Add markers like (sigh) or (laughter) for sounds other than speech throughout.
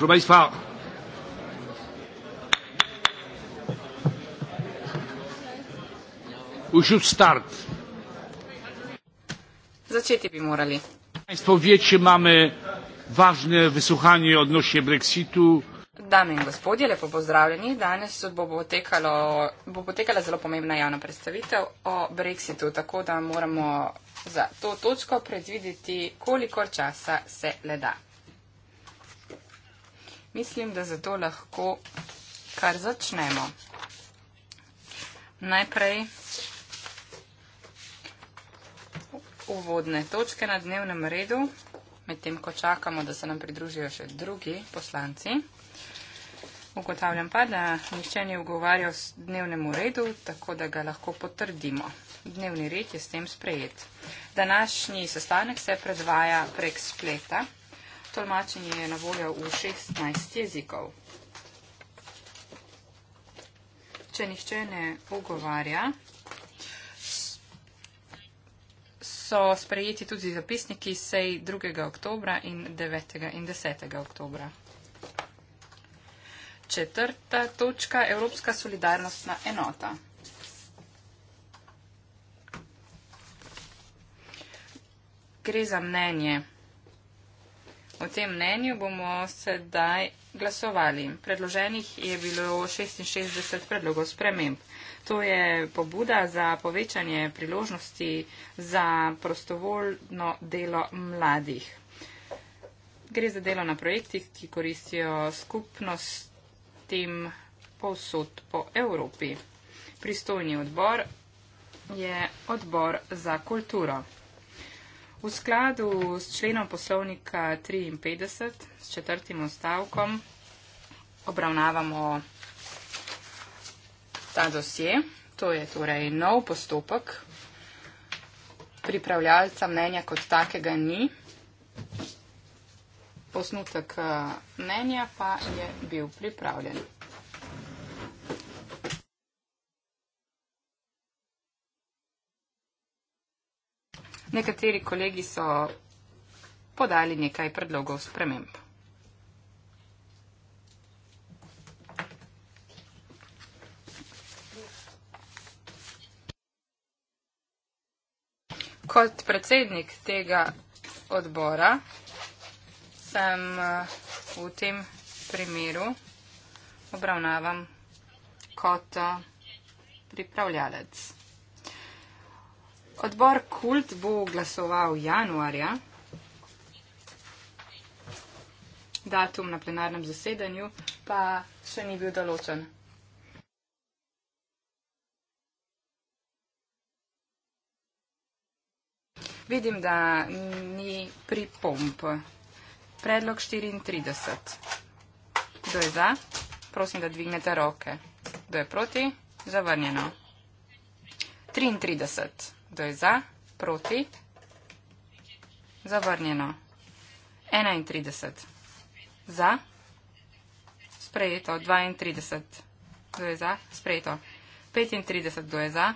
Proszę Państwa. Usiódł start. Za ciebie by morali. Państwo wiecie, mamy ważne wysłuchanie odnośnie Brexitu. Dame in gospodje, lepo pozdravljeni. Danes bo, potekalo, bo potekala zelo pomembna javna predstavitev o Brexitu, tako da moramo za to točko predvideti, kolikor časa se le da. Mislim, da zato lahko kar začnemo. Najprej uvodne točke na dnevnem redu, medtem ko čakamo, da se nam pridružijo še drugi poslanci. Ugotavljam pa, da nišče ni ugovarjal s dnevnemu redu, tako da ga lahko potrdimo. Dnevni red je s tem sprejet. Današnji sestanek se predvaja prek spleta. Tolmačenje je na voljo v 16 jezikov. Če nihče ne ugovarja, so sprejeti tudi zapisniki sej 2. oktobra in 9. in 10. oktobra. Četrta točka, Evropska solidarnostna enota. Gre za mnenje. O tem mnenju bomo sedaj glasovali. Predloženih je bilo 66 predlogov sprememb. To je pobuda za povečanje priložnosti za prostovoljno delo mladih. Gre za delo na projektih, ki koristijo skupnost tem povsod po Evropi. Pristojni odbor je odbor za kulturo. V skladu s členom poslovnika 53, s četrtim ostavkom, obravnavamo ta dosje. To je torej nov postopek. Pripravljalca mnenja kot takega ni. Posnutek eh, mnenja pa je bil pripravljen. Nekateri kolegi so podali nekaj predlogov sprememb. Kot predsednik tega odbora sem eh, v tem primeru obravnavam kot eh, pripravljalec. Odbor Kult bo glasoval januarja. Datum na plenarnem zasedanju pa še ni bil določen. Vidim, da ni pripomp. Predlog 34. Kdo je za? Prosim, da dvignete roke. Kdo je proti? Zavrnjeno. 33. Kdo je za? Proti? Zavrnjeno. 31. Za? Sprejeto. 32. Kdo je za? Sprejeto. 35. Kdo je za?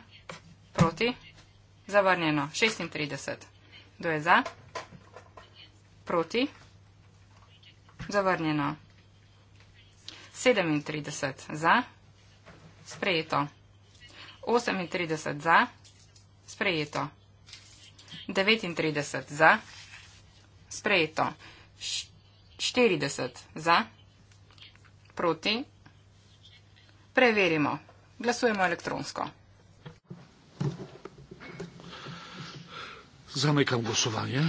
Proti? Zavrnjeno. 36. Kdo je za? Proti? Zavrnjeno. 37 za, sprejeto. 38 za, Sprejeto. 39 za. Sprejeto. 40 za. Proti. Preverimo. Glasujemo elektronsko. Zamekam glasovanje.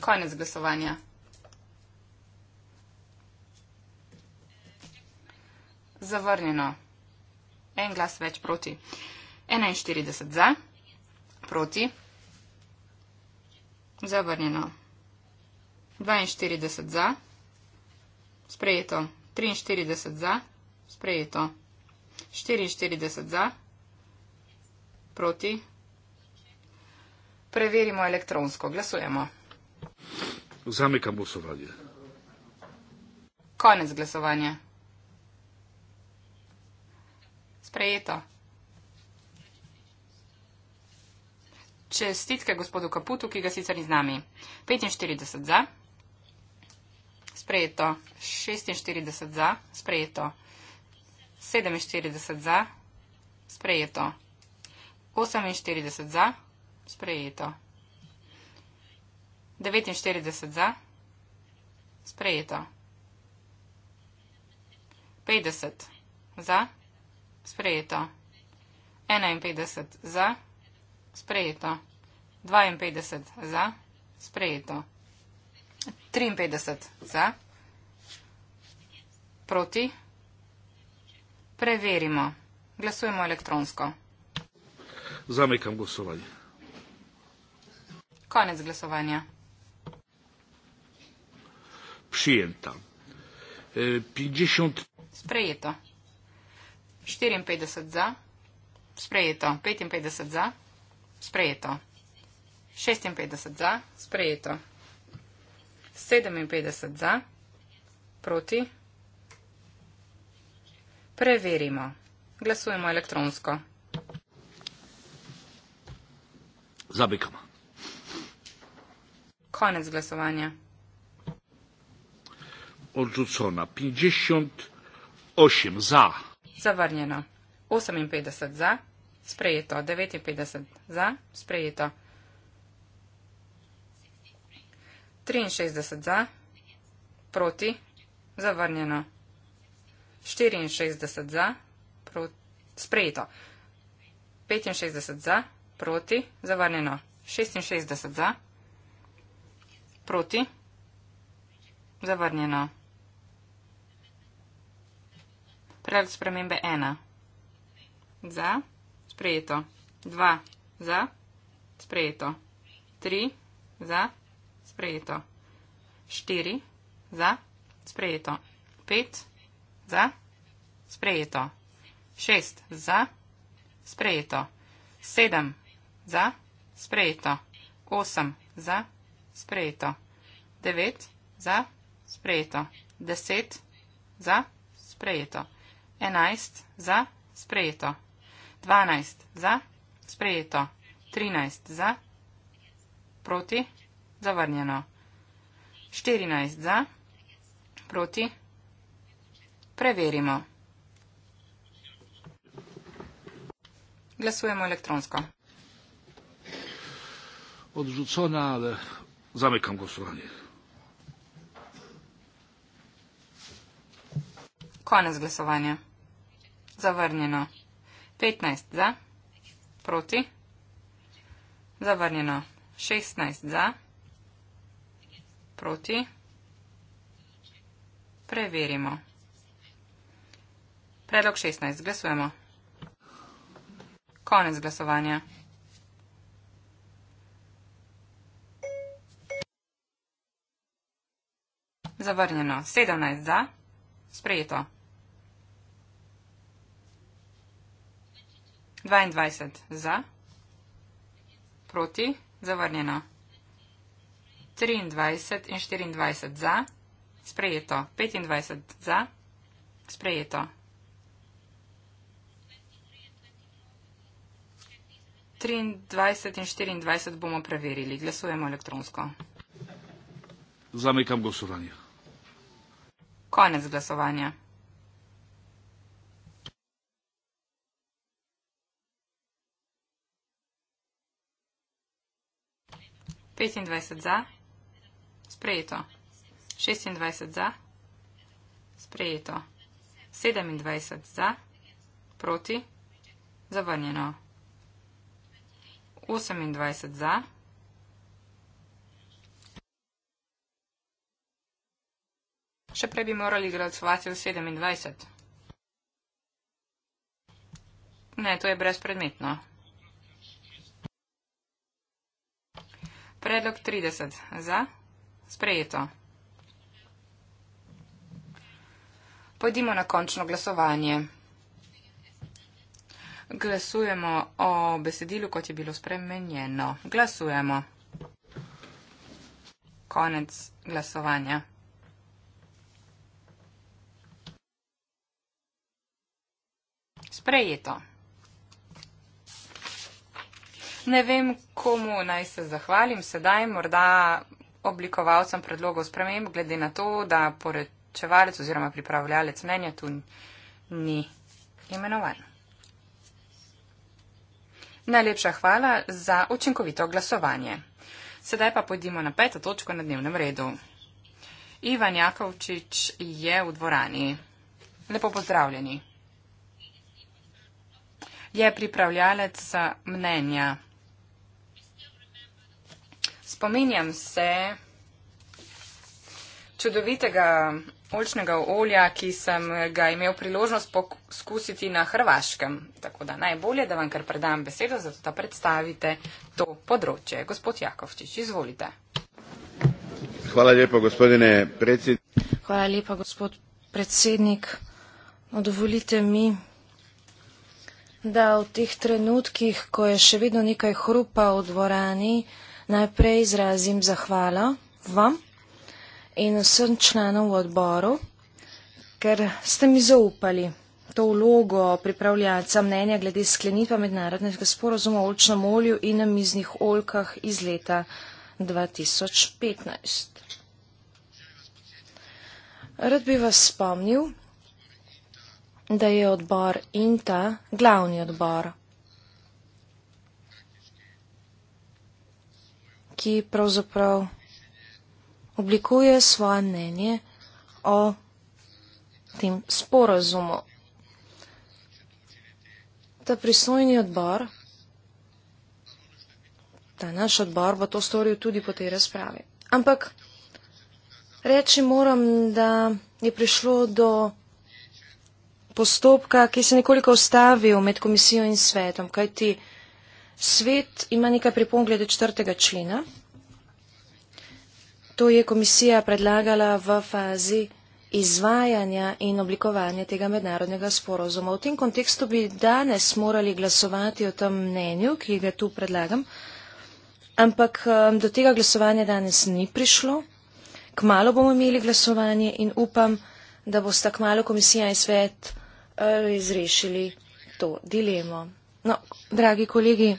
Konec glasovanja. Zavrnjeno. En glas več proti. 41 za, proti, zavrnjeno. 42 za, sprejeto. 43 za, sprejeto. 44 za, proti. Preverimo elektronsko, glasujemo. Zamekam glasovanje. Konec glasovanja. Sprejeto. Čestitke gospodu Kaputu, ki ga sicer ni z nami. 45 za. Sprejeto. 46 za. Sprejeto. 47 za. Sprejeto. 48 za. Sprejeto. 49 za. Sprejeto. 50 za. Sprejeto. 51 za. Sprejeto. 52 za. Sprejeto. 53 za. Proti. Preverimo. Glasujemo elektronsko. Zamekam glasovanje. Konec glasovanja. Prijeta. E, 50... Sprejeto. 54 za. Sprejeto. 55 za. Sprejeto. 56 za. Sprejeto. 57 za. Proti. Preverimo. Glasujemo elektronsko. Zabikamo. Konec glasovanja. Odrucona. 58 za. Zavrnjeno. 58 za. Sprejeto. 59 za. Sprejeto. 63 za. Proti. Zavrnjeno. 64 za. Proti. Sprejeto. 65 za. Proti. Zavrnjeno. 66 za. Proti. Zavrnjeno. Predlog spremembe 1. Za sprejeto. Dva za, sprejeto. Tri za, sprejeto. Štiri za, sprejeto. Pet za, sprejeto. Šest za, sprejeto. Sedem za, sprejeto. Osem za, sprejeto. Devet za, sprejeto. Deset za, sprejeto. Enajst za, sprejeto. 12 za, sprejeto. 13 za, proti, zavrnjeno. 14 za, proti, preverimo. Glasujemo elektronsko. Odrzucone, ale zamykam głosowanie. Koniec głosowania. Zawarnieno. 15 za, proti, zavrnjeno. 16 za, proti, preverimo. Predlog 16, glasujemo. Konec glasovanja. Zavrnjeno 17 za, sprejeto. 22 za, proti, zavrnjeno. 23 in 24 za, sprejeto. 25 za, sprejeto. 23 in 24 bomo preverili. Glasujemo elektronsko. Zamekam glasovanje. Konec glasovanja. 25 za, sprejeto. 26 za, sprejeto. 27 za, proti, zavrnjeno. 28 za. Še prej bi morali glasovati za 27. Ne, to je brezpredmetno. Predlog 30 za. Sprejeto. Pojdimo na končno glasovanje. Glasujemo o besedilu, kot je bilo spremenjeno. Glasujemo. Konec glasovanja. Sprejeto ne vem, komu naj se zahvalim sedaj, morda oblikovalcem predlogov sprememb, glede na to, da porečevalec oziroma pripravljalec mnenja tu ni imenovan. Najlepša hvala za učinkovito glasovanje. Sedaj pa pojdimo na peto točko na dnevnem redu. Ivan Jakovčič je v dvorani. Lepo pozdravljeni. Je pripravljalec mnenja spominjam se čudovitega oljčnega olja, ki sem ga imel priložnost poskusiti na Hrvaškem. Tako da najbolje, da vam kar predam besedo, zato da predstavite to področje. Gospod Jakovčič, izvolite. Hvala lepa, gospodine predsednik. Hvala lepa, gospod predsednik. No, dovolite mi, da v teh trenutkih, ko je še vedno nekaj hrupa v dvorani, Najprej izrazim zahvalo vam in vsem članom v odboru, ker ste mi zaupali to vlogo pripravljalca mnenja glede sklenitva mednarodnega sporozuma o očnem olju in na miznih oljkah iz leta 2015. Rad bi vas spomnil, da je odbor INTA glavni odbor ki pravzaprav oblikuje svoje mnenje o tem sporazumu. Ta pristojni odbor, ta naš odbor bo to storil tudi po tej razpravi. Ampak reči moram, da je prišlo do postopka, ki se nekoliko ustavil med komisijo in svetom, kajti Svet ima nekaj pripom glede četrtega člena. To je komisija predlagala v fazi izvajanja in oblikovanja tega mednarodnega sporozuma. V tem kontekstu bi danes morali glasovati o tem mnenju, ki ga tu predlagam, ampak um, do tega glasovanja danes ni prišlo. Kmalo bomo imeli glasovanje in upam, da boste kmalo komisija in svet izrešili uh, to dilemo. No, dragi kolegi,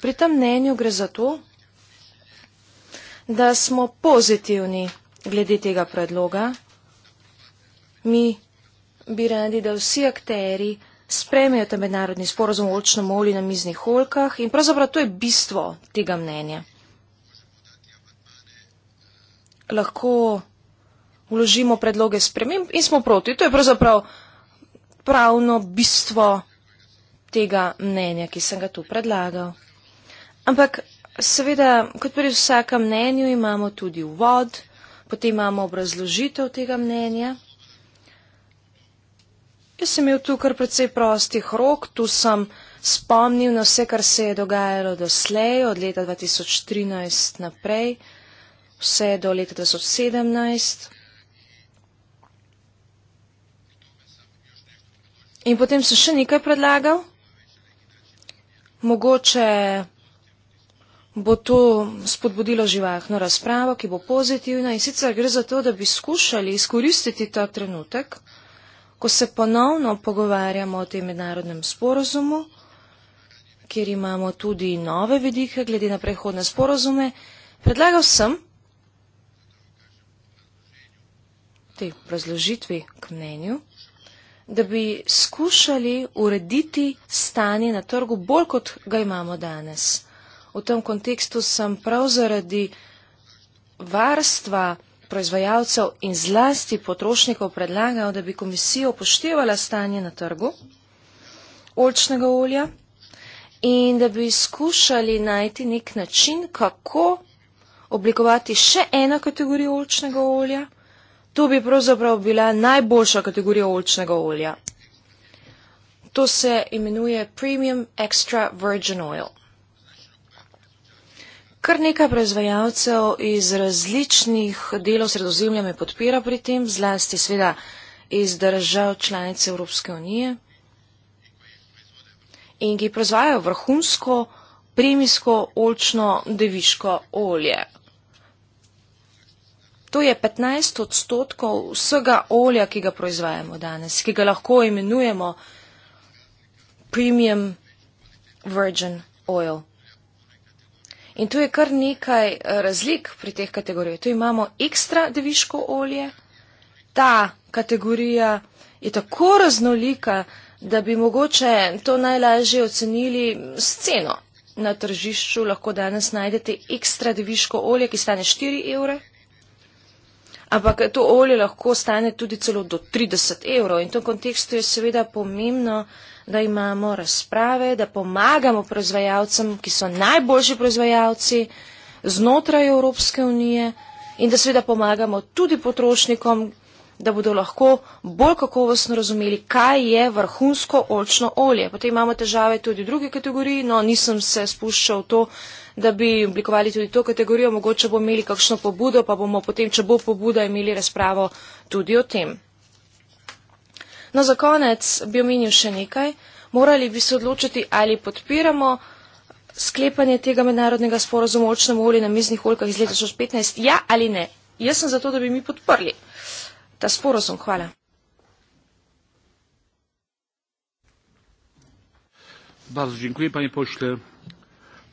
Pri tem mnenju gre za to, da smo pozitivni glede tega predloga. Mi bi radi, da vsi akteri spremejo ta mednarodni sporozum o očnem olju na miznih holkah in pravzaprav to je bistvo tega mnenja. Lahko vložimo predloge sprememb in smo proti. To je pravzaprav pravno bistvo tega mnenja, ki sem ga tu predlagal. Ampak seveda, kot pri vsakem mnenju, imamo tudi uvod, potem imamo obrazložitev tega mnenja. Jaz sem imel tu kar precej prostih rok, tu sem spomnil na vse, kar se je dogajalo doslej, od leta 2013 naprej, vse do leta 2017. In potem sem še nekaj predlagal. Mogoče bo to spodbudilo živahno razpravo, ki bo pozitivna in sicer gre za to, da bi skušali izkoristiti ta trenutek, ko se ponovno pogovarjamo o tem mednarodnem sporozumu, kjer imamo tudi nove vidike glede na prehodne sporozume. Predlagal sem te razložitvi k mnenju, da bi skušali urediti stanje na trgu bolj, kot ga imamo danes v tem kontekstu sem prav zaradi varstva proizvajalcev in zlasti potrošnikov predlagal, da bi komisija upoštevala stanje na trgu olčnega olja in da bi skušali najti nek način, kako oblikovati še eno kategorijo olčnega olja. To bi pravzaprav bila najboljša kategorija olčnega olja. To se imenuje Premium Extra Virgin Oil. Kar nekaj proizvajalcev iz različnih delov sredozemlja me podpira pri tem, zlasti sveda iz držav članice Evropske unije in ki proizvajajo vrhunsko, premijsko, olčno, deviško olje. To je 15 odstotkov vsega olja, ki ga proizvajamo danes, ki ga lahko imenujemo premium virgin oil. In tu je kar nekaj eh, razlik pri teh kategorijah. Tu imamo ekstra deviško olje. Ta kategorija je tako raznolika, da bi mogoče to najlažje ocenili s ceno. Na tržišču lahko danes najdete ekstra deviško olje, ki stane 4 evre. Ampak to olje lahko stane tudi celo do 30 evrov in v tem kontekstu je seveda pomembno, da imamo razprave, da pomagamo proizvajalcem, ki so najboljši proizvajalci znotraj Evropske unije in da seveda pomagamo tudi potrošnikom, da bodo lahko bolj kakovostno razumeli, kaj je vrhunsko očno olje. Potem imamo težave tudi v drugi kategoriji, no nisem se spuščal v to, da bi oblikovali tudi to kategorijo, mogoče bomo imeli kakšno pobudo, pa bomo potem, če bo pobuda, imeli razpravo tudi o tem. No, za konec bi omenil še nekaj. Morali bi se odločiti, ali podpiramo sklepanje tega mednarodnega sporozuma o očnem olju na miznih oljkah iz leta 2015, ja ali ne. Jaz sem za to, da bi mi podprli ta sporozum. Hvala. Bardzo dziękuję panie pośle.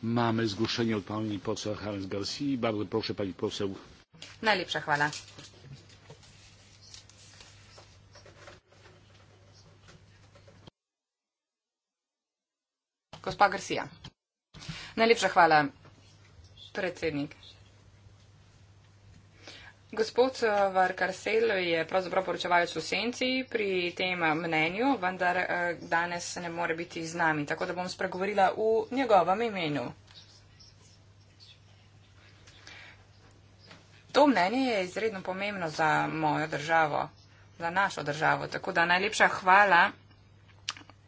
Mamy zgłoszenie od pani poseł Hans Garcia. Bardzo proszę pani poseł. Najlepsza chwała. Gospa Garcia. Najlepša hvala, predsednik. Gospod eh, Varkarsel je pravzaprav poročevalec v senci pri tem eh, mnenju, vendar eh, danes ne more biti z nami, tako da bom spregovorila v njegovem imenu. To mnenje je izredno pomembno za mojo državo, za našo državo, tako da najlepša hvala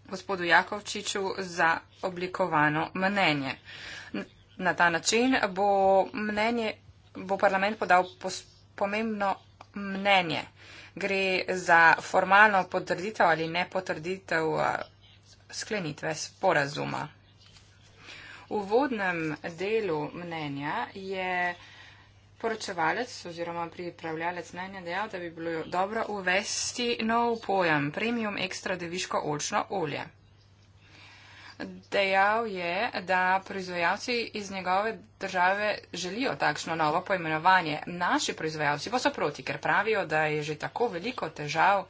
gospodu Jakovčiču za oblikovano mnenje. Na ta način bo, mnenje, bo parlament podal pos, pomembno mnenje. Gre za formalno potrditev ali ne potrditev eh, sklenitve sporazuma. V uvodnem delu mnenja je poročevalec oziroma pripravljalec mnenja dejal, da bi bilo dobro uvesti nov pojem premium ekstra deviško olčno olje. Dejal je, da proizvajalci iz njegove države želijo takšno novo poimenovanje. Naši proizvajalci pa so proti, ker pravijo, da je že tako veliko težav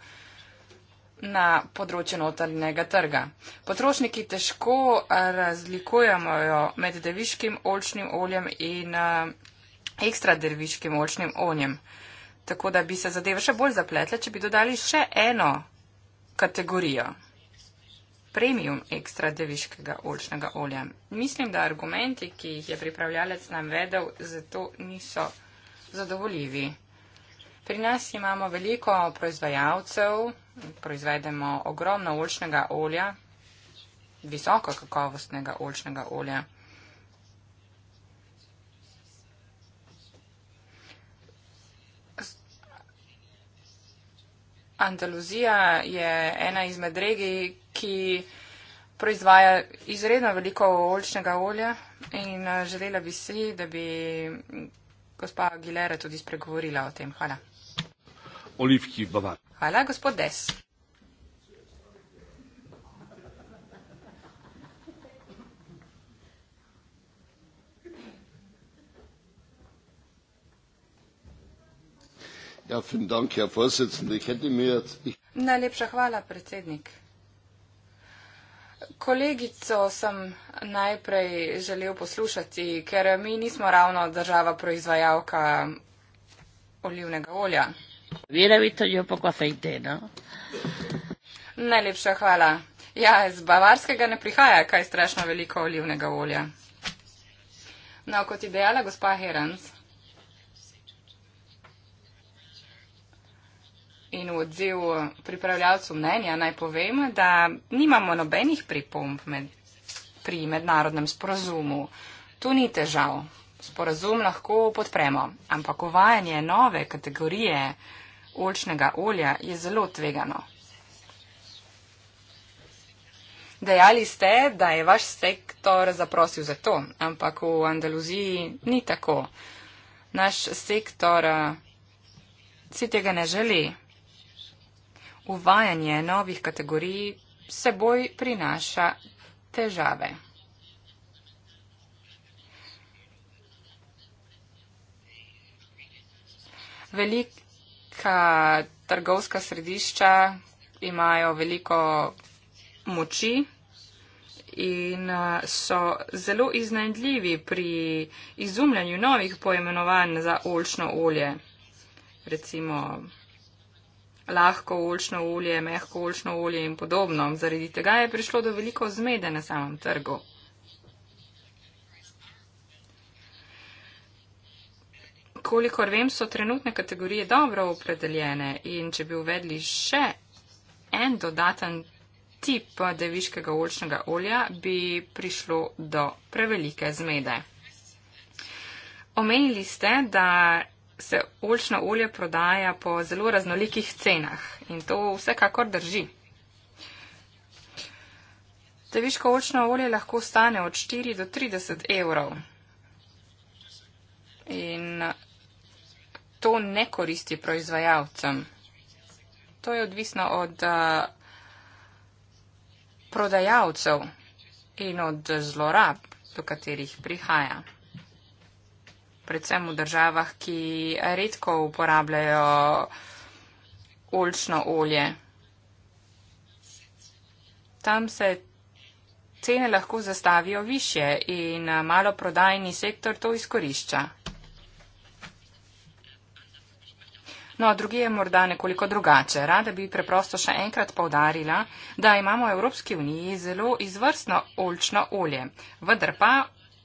na področju notalnega trga. Potrošniki težko razlikujemo med deviškim olčnim oljem in uh, ekstra derviškim očnim onjem. Tako da bi se zadeve še bolj zapletle, če bi dodali še eno kategorijo. Premium ekstra deviškega olčnega olja. Mislim, da argumenti, ki jih je pripravljalec nam vedel, zato niso zadovoljivi. Pri nas imamo veliko proizvajalcev, proizvedemo ogromno olčnega olja, visoko kakovostnega olčnega olja. Andaluzija je ena izmed regij, ki proizvaja izredno veliko oljčnega olja in eh, želela bi si, da bi gospa Aguilera tudi spregovorila o tem. Hvala. Olivki Bavar. Hvala, gospod Des. Ja, Najlepša hvala, predsednik. Kolegico sem najprej želel poslušati, ker mi nismo ravno država proizvajalka olivnega olja. ¿no? Najlepša hvala. Ja, z Bavarskega ne prihaja kaj strašno veliko olivnega olja. No, kot je dejala gospa Herans, in v odziv pripravljavcu mnenja naj povem, da nimamo nobenih pripomb med, pri mednarodnem sporazumu. Tu ni težav. Sporazum lahko podpremo, ampak uvajanje nove kategorije olčnega olja je zelo tvegano. Dejali ste, da je vaš sektor zaprosil za to, ampak v Andaluziji ni tako. Naš sektor eh, si tega ne želi uvajanje novih kategorij seboj prinaša težave. Velika trgovska središča imajo veliko moči in so zelo iznajdljivi pri izumljanju novih poimenovanj za olčno olje. Recimo lahko olčno olje, mehko olčno olje in podobno. Zaradi tega je prišlo do veliko zmede na samem trgu. Kolikor vem, so trenutne kategorije dobro opredeljene in če bi uvedli še en dodaten tip deviškega olčnega olja, bi prišlo do prevelike zmede. Omenili ste, da se olčno olje prodaja po zelo raznolikih cenah in to vsekakor drži. Teviško olčno olje lahko stane od 4 do 30 evrov in to ne koristi proizvajalcem. To je odvisno od eh, prodajalcev in od zlorab, do katerih prihaja predvsem v državah, ki redko uporabljajo olčno olje. Tam se cene lahko zastavijo više in eh, maloprodajni sektor to izkorišča. No, drugi je morda nekoliko drugače. Rada bi preprosto še enkrat povdarila, da imamo v Evropski uniji zelo izvrstno olčno olje. Vendar pa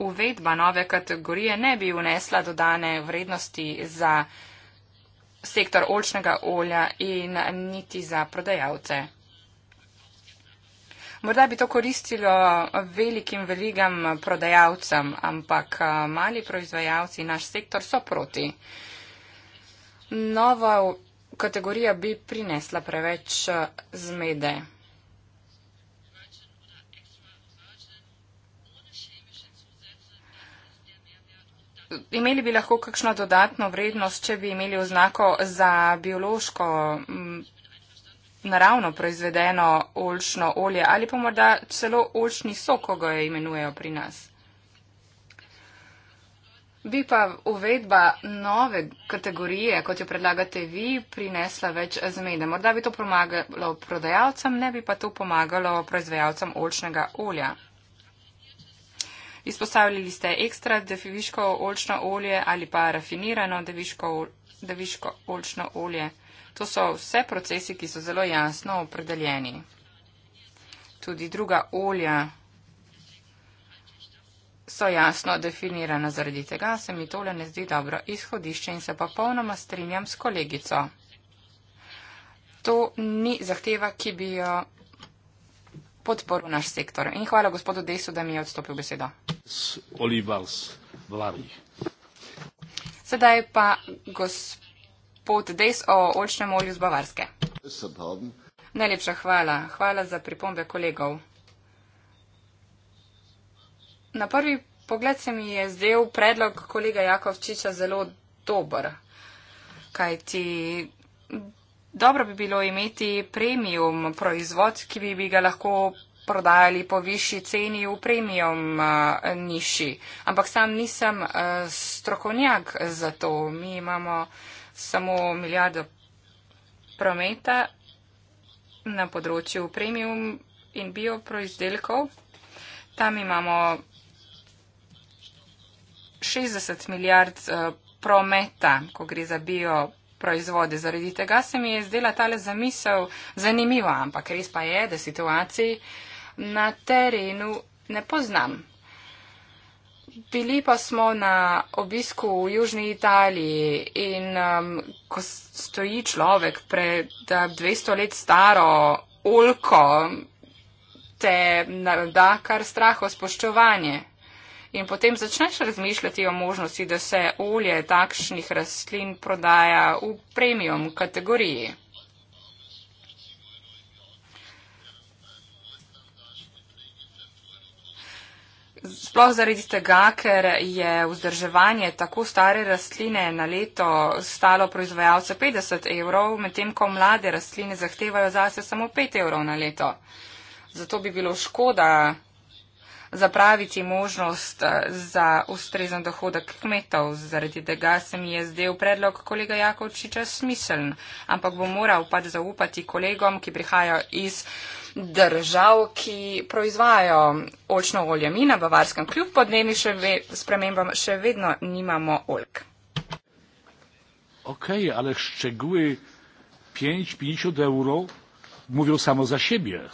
uvedba nove kategorije ne bi unesla dodane vrednosti za sektor olčnega olja in niti za prodajalce. Morda bi to koristilo velikim veligam prodajalcem, ampak eh, mali proizvajalci naš sektor so proti. Nova kategorija bi prinesla preveč eh, zmede. imeli bi lahko kakšno dodatno vrednost, če bi imeli oznako za biološko naravno proizvedeno olčno olje ali pa morda celo olčni sok, ko ga imenujejo pri nas. Bi pa uvedba nove kategorije, kot jo predlagate vi, prinesla več zmede. Morda bi to pomagalo prodajalcem, ne bi pa to pomagalo proizvajalcem olčnega olja. Izpostavljali ste ekstra deviško olčno olje ali pa rafinirano deviško, deviško olčno olje. To so vse procesi, ki so zelo jasno opredeljeni. Tudi druga olja so jasno definirana, zaradi tega se mi tole ne zdi dobro izhodišče in se popolnoma strinjam s kolegico. To ni zahteva, ki bi jo podporil naš sektor. In hvala gospodu Desu, da mi je odstopil besedo. Sedaj pa gospod Des o očnem olju z Bavarske. Najlepša hvala. Hvala za pripombe kolegov. Na prvi pogled se mi je zdel predlog kolega Jakovčiča zelo dober, kajti Dobro bi bilo imeti premium proizvod, ki bi, bi ga lahko prodajali po višji ceni v premium uh, niši. Ampak sam nisem uh, strokovnjak za to. Mi imamo samo milijardo prometa na področju premium in bioproizdelkov. Tam imamo 60 milijard uh, prometa, ko gre za bioproizdelke proizvode. Zaradi tega se mi je zdela tale zamisel zanimiva, ampak res pa je, da situaciji na terenu ne poznam. Bili pa smo na obisku v Južni Italiji in um, ko stoji človek pred 200 let staro ulko, te da kar straho spoštovanje in potem začneš razmišljati o možnosti, da se olje takšnih rastlin prodaja v premium kategoriji. Sploh zaradi tega, ker je vzdrževanje tako stare rastline na leto stalo proizvajalce 50 evrov, medtem ko mlade rastline zahtevajo zase samo 5 evrov na leto. Zato bi bilo škoda zapraviti možnost eh, za ustrezen dohodek kmetov. Zaradi tega se mi je zdel predlog kolega Jakovčiča smiseln, ampak bom moral pač zaupati kolegom, ki prihajajo iz držav, ki proizvajajo olčno olje. Mi na Bavarskem kljub podnebnim še spremembam še vedno nimamo olk. Ok, ampak ščeguje 5-5 evrov, govorijo samo za sebe.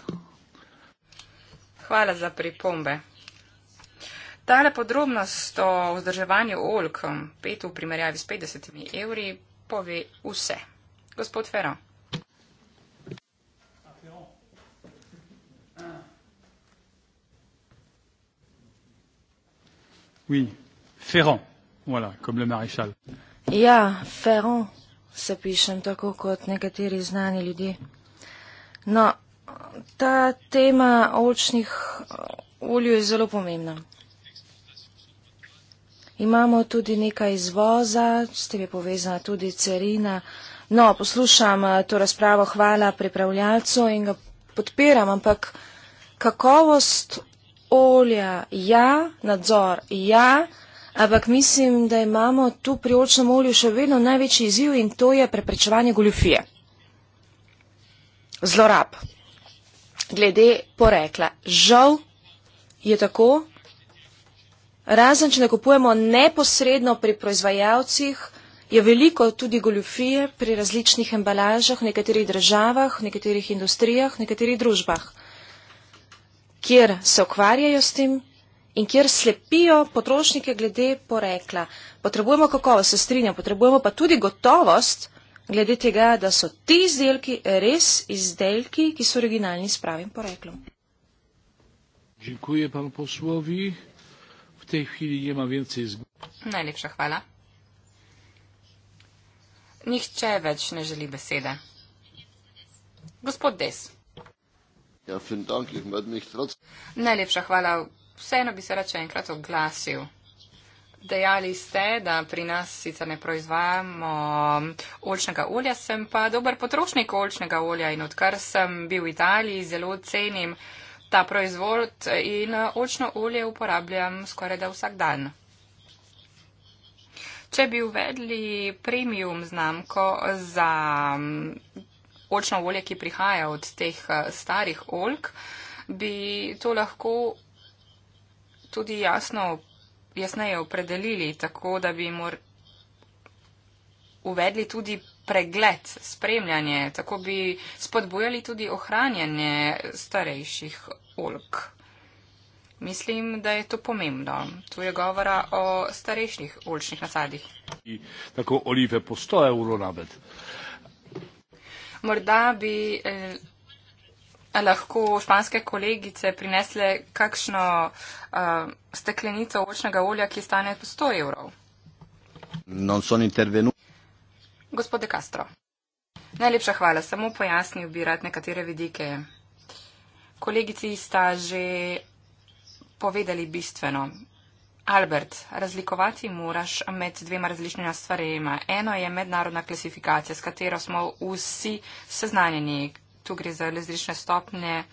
Hvala za pripombe. Tale podrobnost o vzdrževanju oljk, pet v primerjavi s 50 evri, pove vse. Gospod Ferro. Oui, Ferrand, voilà, comme le maréchal. Ja, Ferrand, se pišem tako kot nekateri znani ljudje. No, ta tema očnih eh, olju je zelo pomembna. Imamo tudi nekaj izvoza, s tem je povezana tudi carina. No, poslušam eh, to razpravo, hvala pripravljalcu in ga podpiram, ampak kakovost olja, ja, nadzor, ja, ampak mislim, da imamo tu pri očnem olju še vedno največji izziv in to je preprečevanje goljufije. Zlorab glede porekla. Žal je tako, razen če ne kupujemo neposredno pri proizvajalcih, je veliko tudi goljufije pri različnih embalažah v nekaterih državah, v nekaterih industrijah, v nekaterih družbah, kjer se okvarjajo s tem in kjer slepijo potrošnike glede porekla. Potrebujemo kakovost, se strinjam, potrebujemo pa tudi gotovost, glede tega, da so ti izdelki res izdelki, ki so originalni s pravim poreklom. Dziękuję panu posłowi. W tej chwili nie ma więcej zgłoszeń. Najlepsza chwala. Nikt więc nie żeli besedę. Gospodys. Ja, vielen Dank, ich werde mich trotzdem... Najlepsza chwala. Wszystko by się raczej jedenkrat oglasił. Dejali ste, da pri nas sicer ne proizvajamo oljčnega olja, sem pa dober potrošnik oljčnega olja in odkar sem bil v Italiji, zelo cenim ta proizvod in oljčno olje uporabljam skoraj da vsak dan. Če bi uvedli premium znamko za mm, oljčno olje, ki prihaja od teh starih oljk, bi to lahko tudi jasno jasneje opredelili, tako da bi mor uvedli tudi pregled, spremljanje, tako bi spodbujali tudi ohranjanje starejših olk. Mislim, da je to pomembno. Tu je govora o starejših olčnih nasadih. Tako olive postoje uronabed. Morda bi eh, lahko španske kolegice prinesle kakšno uh, steklenico očnega olja, ki stane 100 evrov? Non sono intervenu. Gospode Castro, najlepša hvala. Samo pojasnil bi rad nekatere vidike. Kolegici sta že povedali bistveno. Albert, razlikovati moraš med dvema različnima stvarema. Eno je mednarodna klasifikacija, s katero smo vsi seznanjeni, tu gre za različne stopnje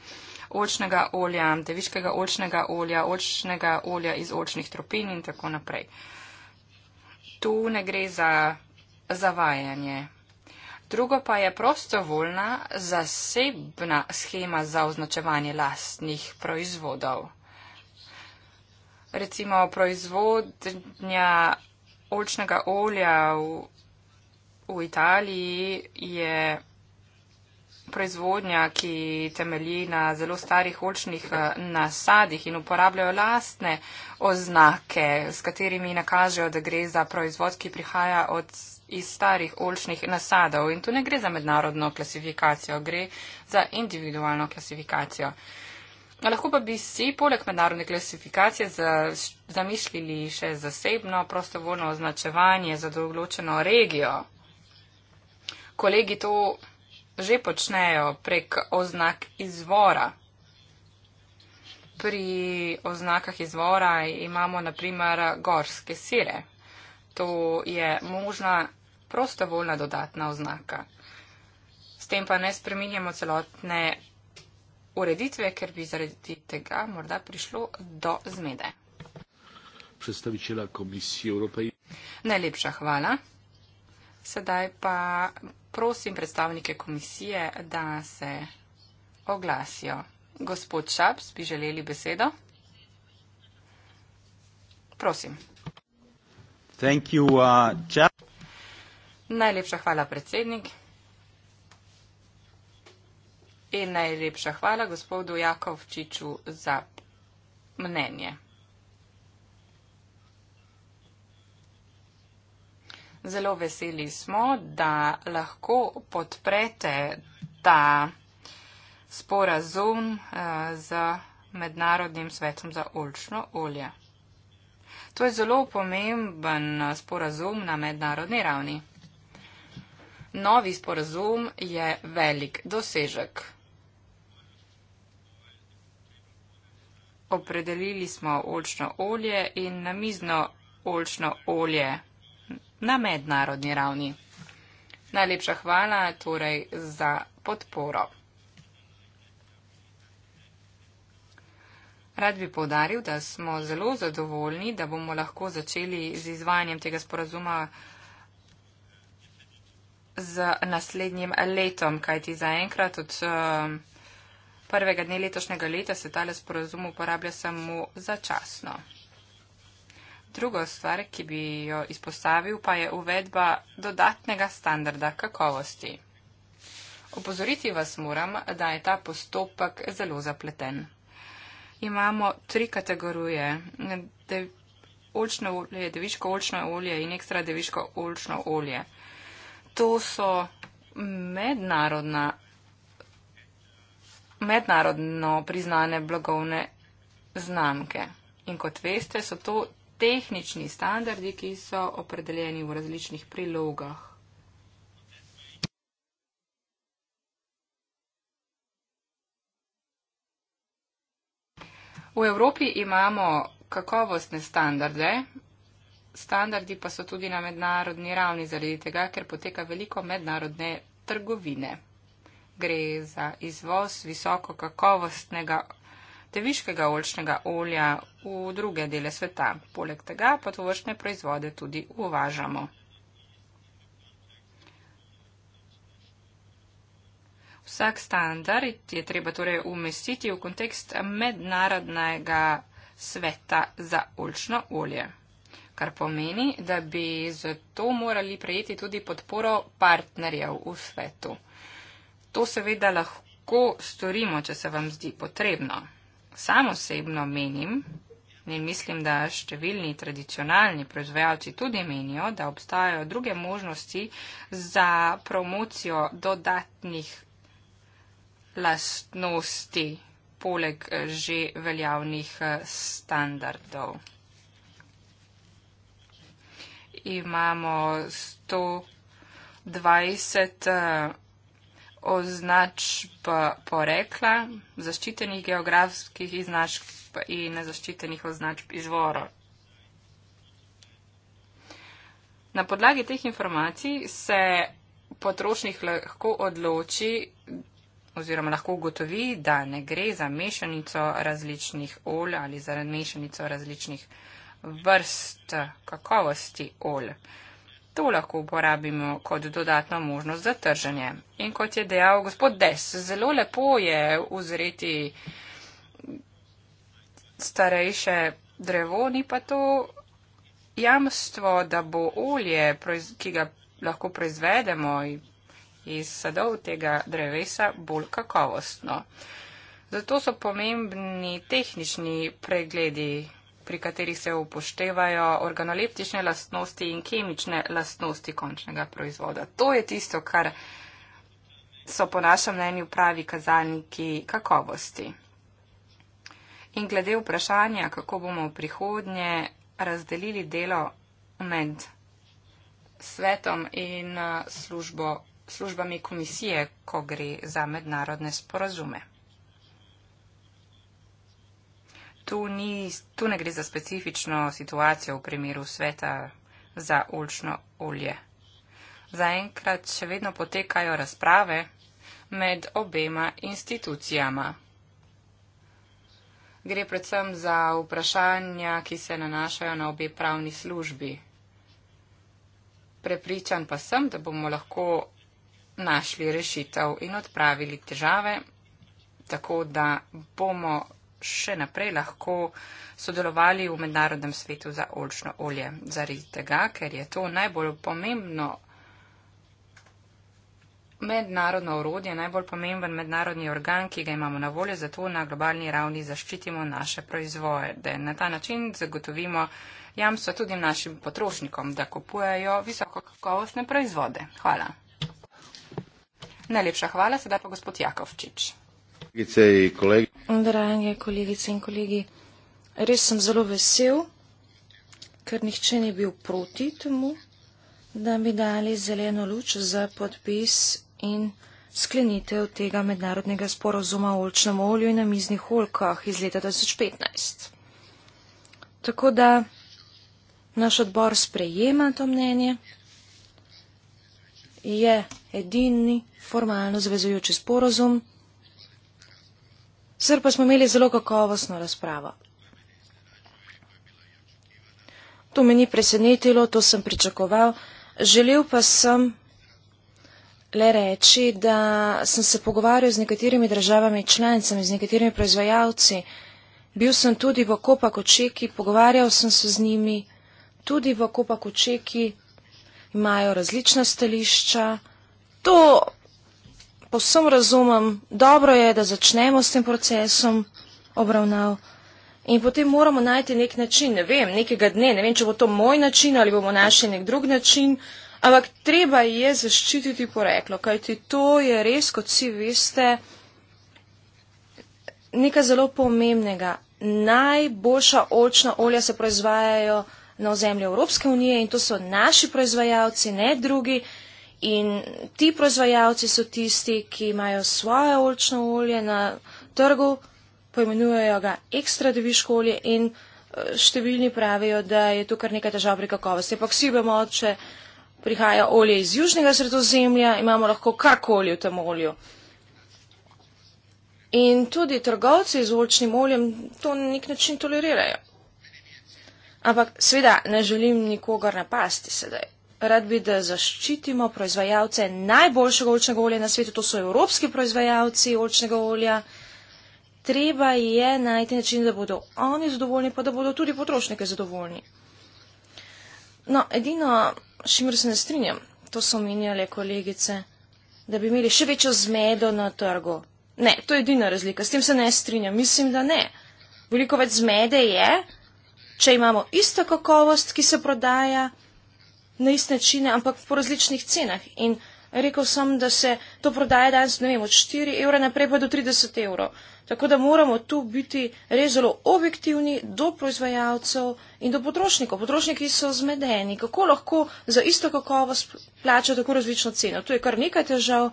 očnega olja, deviškega očnega olja, očnega olja iz očnih tropin in tako naprej. Tu ne gre za zavajanje. Drugo pa je prostovoljna zasebna schema za označevanje lastnih proizvodov. Recimo proizvodnja očnega olja v, v Italiji je proizvodnja, ki temelji na zelo starih oljčnih eh, nasadih in uporabljajo lastne oznake, s katerimi nakažejo, da gre za proizvod, ki prihaja od, iz starih oljčnih nasadov. In tu ne gre za mednarodno klasifikacijo, gre za individualno klasifikacijo. No, lahko pa bi si poleg mednarodne klasifikacije zamišljali še zasebno prostovoljno označevanje za določeno regijo. Kolegi to že počnejo prek oznak izvora. Pri oznakah izvora imamo naprimer gorske sire. To je možna prostovoljna dodatna oznaka. S tem pa ne spreminjamo celotne ureditve, ker bi zaradi tega morda prišlo do zmede. Predstavičila komisije Evropej. Najlepša hvala. Sedaj pa prosim predstavnike komisije, da se oglasijo. Gospod Šaps, bi želeli besedo? Prosim. Thank you, uh, najlepša hvala, predsednik. In najlepša hvala gospodu Jakovčiču za mnenje. Zelo veseli smo, da lahko podprete ta sporazum eh, z Mednarodnim svetom za olčno olje. To je zelo pomemben sporazum na mednarodni ravni. Novi sporazum je velik dosežek. Opredelili smo olčno olje in namizno olčno olje na mednarodni ravni. Najlepša hvala torej za podporo. Rad bi povdaril, da smo zelo zadovoljni, da bomo lahko začeli z izvajanjem tega sporazuma z naslednjim letom, kajti zaenkrat od eh, prvega dne letošnjega leta se tale sporazum uporablja samo začasno. Drugo stvar, ki bi jo izpostavil, pa je uvedba dodatnega standarda kakovosti. Opozoriti vas moram, da je ta postopek zelo zapleten. Imamo tri kategorije. De, olčno olje, deviško olčno olje in ekstra deviško olčno olje. To so mednarodna, mednarodno priznane blagovne znamke. In kot veste, so to tehnični standardi, ki so opredeljeni v različnih prilogah. V Evropi imamo kakovostne standarde, standardi pa so tudi na mednarodni ravni zaradi tega, ker poteka veliko mednarodne trgovine. Gre za izvoz visokokakovostnega deviškega oljčnega olja v druge dele sveta. Poleg tega pa to vrstne proizvode tudi uvažamo. Vsak standard je treba torej umestiti v kontekst mednarodnega sveta za oljčno olje, kar pomeni, da bi zato morali prejeti tudi podporo partnerjev v svetu. To seveda lahko storimo, če se vam zdi potrebno. Sam osebno menim in mislim, da številni tradicionalni proizvajalci tudi menijo, da obstajajo druge možnosti za promocijo dodatnih lastnosti poleg eh, že veljavnih eh, standardov. Imamo 120 označb porekla, zaščitenih geografskih označb in nezaščitenih označb izvora. Na podlagi teh informacij se potrošnik lahko odloči oziroma lahko ugotovi, da ne gre za mešanico različnih olj ali za mešanico različnih vrst kakovosti olj. To lahko uporabimo kot dodatno možnost za trženje. In kot je dejal gospod Des, zelo lepo je uzreti starejše drevo, ni pa to jamstvo, da bo olje, ki ga lahko proizvedemo iz sadov tega drevesa, bolj kakovostno. Zato so pomembni tehnični pregledi pri katerih se upoštevajo organoleptične lastnosti in kemične lastnosti končnega proizvoda. To je tisto, kar so po našem mnenju pravi kazalniki kakovosti. In glede vprašanja, kako bomo v prihodnje razdelili delo med svetom in uh, službo, službami komisije, ko gre za mednarodne sporazume. tu, ni, tu ne gre za specifično situacijo v primeru sveta za olčno olje. Zaenkrat še vedno potekajo razprave med obema institucijama. Gre predvsem za vprašanja, ki se nanašajo na obe pravni službi. Prepričan pa sem, da bomo lahko našli rešitev in odpravili težave, tako da bomo še naprej lahko sodelovali v mednarodnem svetu za olčno olje. Zaradi tega, ker je to najbolj pomembno mednarodno orodje, najbolj pomemben mednarodni organ, ki ga imamo na voljo, zato na globalni ravni zaščitimo naše proizvode. Na ta način zagotovimo jamstvo tudi našim potrošnikom, da kupujejo visokokakovostne proizvode. Hvala. Najlepša hvala, sedaj pa gospod Jakovčič kolegice in kolegi. Drage kolegice in kolegi, res sem zelo vesel, ker nihče ni bil proti temu, da bi dali zeleno luč za podpis in sklenitev tega mednarodnega sporozuma o olčnem olju in namiznih olkah iz leta 2015. Tako da naš odbor sprejema to mnenje, je edini formalno zavezujoči sporozum. Sicer pa smo imeli zelo kakovostno razpravo. To me ni presenetilo, to sem pričakoval. Želel pa sem le reči, da sem se pogovarjal z nekaterimi državami članicami, z nekaterimi proizvajalci. Bil sem tudi v Kopak očeki, pogovarjal sem se z njimi. Tudi v Kopak očeki imajo različna stališča. To povsem razumem, dobro je, da začnemo s tem procesom obravnav in potem moramo najti nek način, ne vem, nekega dne, ne vem, če bo to moj način ali bomo našli nek drug način, ampak treba je zaščititi poreklo, kajti to je res, kot vsi veste, nekaj zelo pomembnega. Najboljša očna olja se proizvajajo na ozemlju Evropske unije in to so naši proizvajalci, ne drugi. In ti proizvajalci so tisti, ki imajo svoje olčno olje na trgu, poimenujejo ga ekstra deviško olje in eh, številni pravijo, da je tu kar nekaj težav pri kakovosti. Ampak vsi vemo, če prihaja olje iz južnega sredozemlja, imamo lahko karkoli v tem olju. In tudi trgovci z olčnim oljem to na nek način tolerirajo. Ampak sveda ne želim nikogar napasti sedaj rad bi, da zaščitimo proizvajalce najboljšega olčnega olja na svetu, to so evropski proizvajalci olčnega olja. Treba je najti način, da bodo oni zadovoljni, pa da bodo tudi potrošniki zadovoljni. No, edino, s čimer se ne strinjam, to so omenjale kolegice, da bi imeli še večjo zmedo na trgu. Ne, to je edina razlika, s tem se ne strinjam, mislim, da ne. Veliko več zmede je, če imamo isto kakovost, ki se prodaja na iste načine, ampak po različnih cenah. In rekel sem, da se to prodaje danes, ne vem, od 4 evra naprej pa do 30 evrov. Tako da moramo tu biti res zelo objektivni do proizvajalcev in do potrošnikov. Potrošniki so zmedeni. Kako lahko za isto kakovost plača tako različno ceno? Tu je kar nekaj težav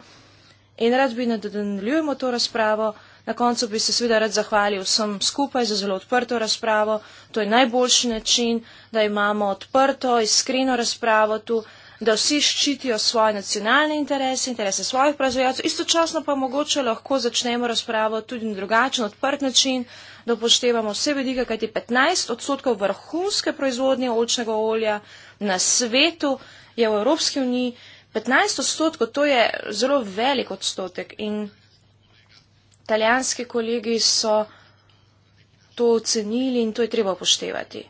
in rad bi nadaljujemo to razpravo. Na koncu bi se seveda rad zahvalil vsem skupaj za zelo odprto razpravo. To je najboljši način, da imamo odprto, iskreno razpravo tu, da vsi ščitijo svoje nacionalne interese, interese svojih proizvajalcev. Istočasno pa mogoče lahko začnemo razpravo tudi na drugačen, odprt način, da upoštevamo vse vedike, kajti 15 odstotkov vrhunske proizvodnje olčnega olja na svetu je v Evropski uniji. 15 odstotkov, to je zelo velik odstotek in italijanski kolegi so to ocenili in to je treba upoštevati.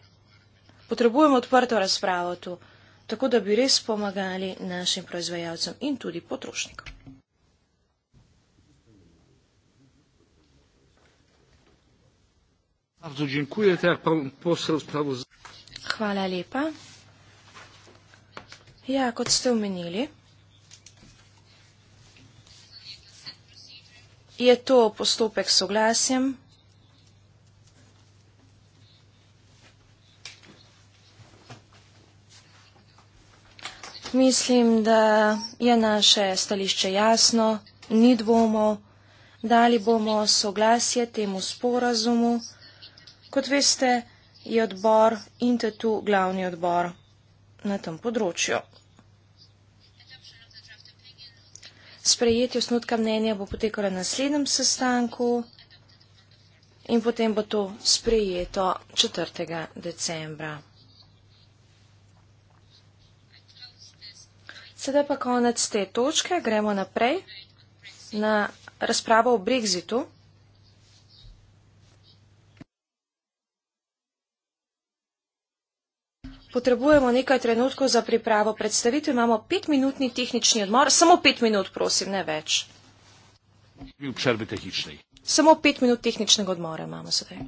Potrebujemo odprto razpravo tu, tako da bi res pomagali našim proizvajalcem in tudi potrošnikom. Hvala lepa. Ja, kot ste omenili. Je to postopek s soglasjem? Mislim, da je naše stališče jasno, ni dvomo, dali bomo soglasje temu sporazumu. Kot veste, je odbor in te tu glavni odbor na tem področju. Sprejetje osnutka mnenja bo potekalo na naslednjem sestanku in potem bo to sprejeto 4. decembra. Sedaj pa konec te točke, gremo naprej na razpravo o brexitu. potrebujemo nekaj trenutkov za pripravo predstavitve. Imamo petminutni tehnični odmor. Samo pet minut, prosim, ne več. Samo pet minut tehničnega odmora imamo sedaj.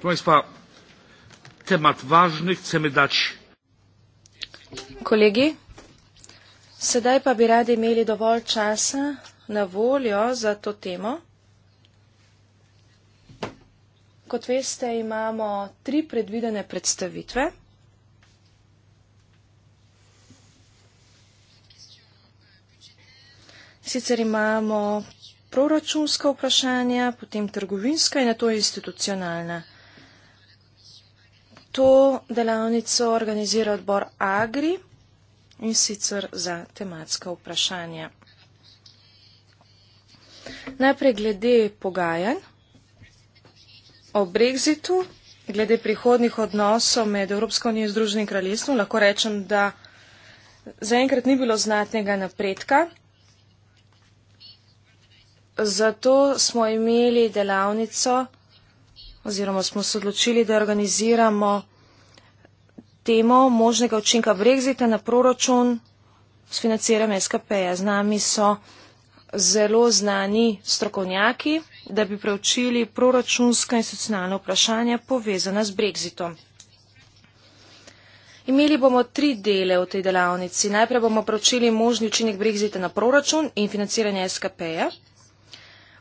Proszę Państwa, temat ważny, chcemy dać. Kolegi, sedaj pa bi radi imeli dovolj časa na voljo za to temo. Kot veste, imamo tri predvidene predstavitve. Sicer imamo proračunska vprašanja, potem trgovinska in na to institucionalna to delavnico organizira odbor Agri in sicer za tematska vprašanja. Najprej glede pogajanj o Brexitu, glede prihodnih odnosov med Evropsko unijo in Združenim kraljestvom, lahko rečem, da zaenkrat ni bilo znatnega napredka. Zato smo imeli delavnico oziroma smo se odločili, da organiziramo temo možnega učinka brexita na proračun s financiranjem SKP-ja. Z nami so zelo znani strokovnjaki, da bi preučili proračunska in socialna vprašanja povezana s brexitom. Imeli bomo tri dele v tej delavnici. Najprej bomo preučili možni učinek brexita na proračun in financiranje SKP-ja.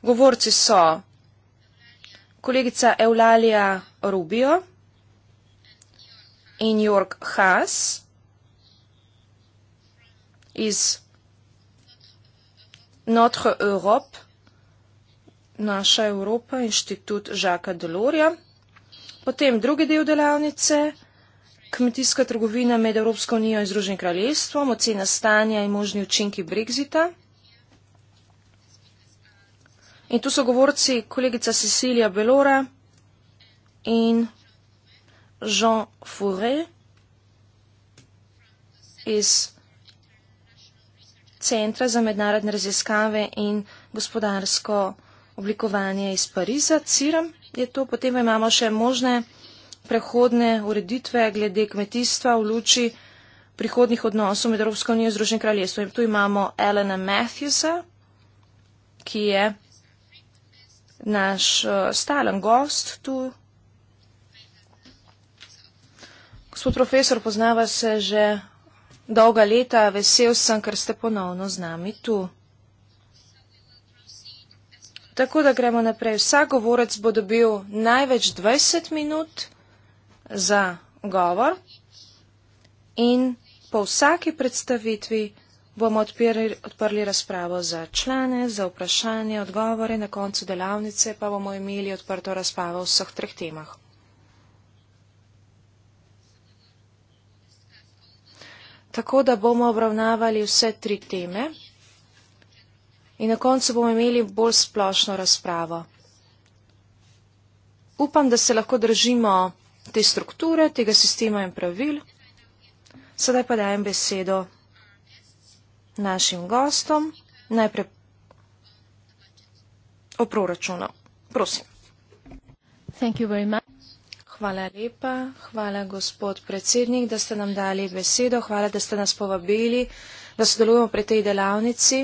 Govorci so kolegica Eulalija Rubio, in York has is Notre Europe, naša Evropa, inštitut Žaka Delorja. Potem drugi del delavnice, kmetijska trgovina med Evropsko unijo in Združenim kraljestvom, ocena stanja in možni učinki Brexita. In tu so govorci kolegica Cecilija Belora in Jean Fourré iz Centra za mednarodne raziskave in gospodarsko oblikovanje iz Pariza, CIRM je to, potem imamo še možne prehodne ureditve glede kmetijstva v luči prihodnih odnosov med Evropsko unijo in Združenim kraljestvom. Tu imamo Elena Matthewsa, ki je naš eh, stalen gost tu Gospod profesor, poznava se že dolga leta, vesel sem, ker ste ponovno z nami tu. Tako da gremo naprej. Vsak govorec bo dobil največ 20 minut za govor in po vsaki predstavitvi bomo odpirli, odprli razpravo za člane, za vprašanje, odgovore, na koncu delavnice pa bomo imeli odprto razpravo o vseh treh temah. Tako da bomo obravnavali vse tri teme in na koncu bomo imeli bolj splošno razpravo. Upam, da se lahko držimo te strukture, tega sistema in pravil. Sedaj pa dajem besedo našim gostom. Najprej o proračunu. Prosim. Thank you very much. Hvala lepa, hvala gospod predsednik, da ste nam dali besedo, hvala, da ste nas povabili, da sodelujemo pri tej delavnici.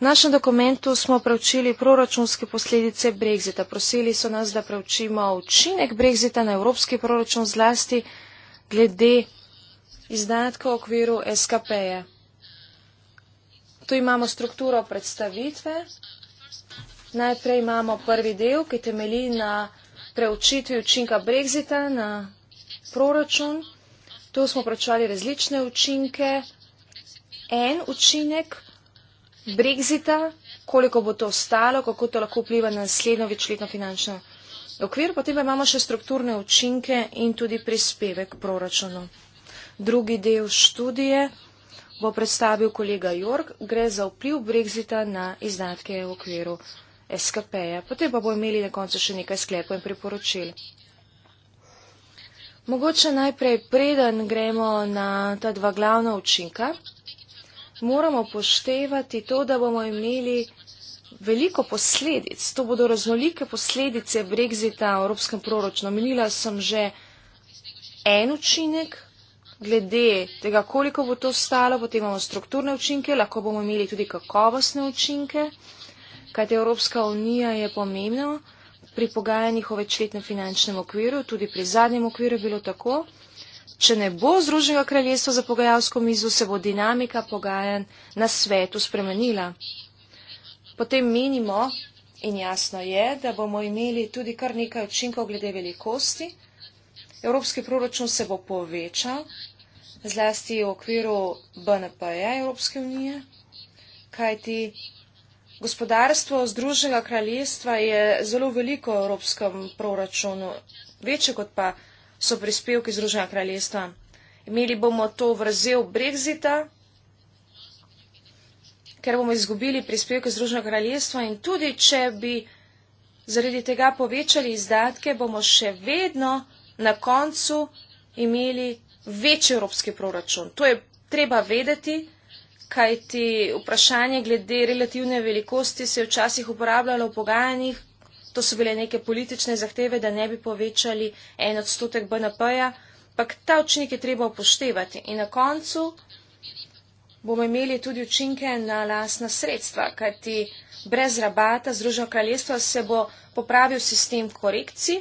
V našem dokumentu smo pravčili proračunske posledice Brexita. Prosili so nas, da pravčimo učinek Brexita na evropski proračun zlasti glede izdatka v okviru SKP-ja. Tu imamo strukturo predstavitve. Najprej imamo prvi del, ki temeli na preučitvi učinka Brexita na proračun. Tu smo vprašali različne učinke. En učinek Brexita, koliko bo to stalo, kako to lahko vpliva na naslednjo večletno finančno okvir, potem pa imamo še strukturne učinke in tudi prispevek k proračunu. Drugi del študije bo predstavil kolega Jork, gre za vpliv Brexita na izdatke v okviru SKP-ja, potem pa bo imeli na koncu še nekaj sklepov in priporočil. Mogoče najprej, preden gremo na ta dva glavna učinka, moramo poštevati to, da bomo imeli veliko posledic. To bodo raznolike posledice Brexita v evropskem proračunu. Menila sem že en učinek glede tega, koliko bo to stalo, potem imamo strukturne učinke, lahko bomo imeli tudi kakovostne učinke kajte Evropska unija je pomembna pri pogajanjih o večletnem finančnem okviru, tudi pri zadnjem okviru je bilo tako. Če ne bo Združenega kraljestva za pogajalsko mizo, se bo dinamika pogajanj na svetu spremenila. Potem menimo in jasno je, da bomo imeli tudi kar nekaj učinkov glede velikosti. Evropski proračun se bo povečal, zlasti v okviru BNP-ja Evropske unije, kajti Gospodarstvo Združenega kraljestva je zelo veliko v evropskem proračunu, večje kot pa so prispevki Združenega kraljestva. Imeli bomo to vrzel Brexita, ker bomo izgubili prispevke Združenega kraljestva in tudi, če bi zaradi tega povečali izdatke, bomo še vedno na koncu imeli večji evropski proračun. To je treba vedeti kaj ti vprašanje glede relativne velikosti se je včasih uporabljalo v pogajanjih, to so bile neke politične zahteve, da ne bi povečali en odstotek BNP-ja, ampak ta učinek je treba upoštevati in na koncu bomo imeli tudi učinke na lasna sredstva, kaj ti brez rabata Združeno kraljestvo se bo popravil sistem korekcij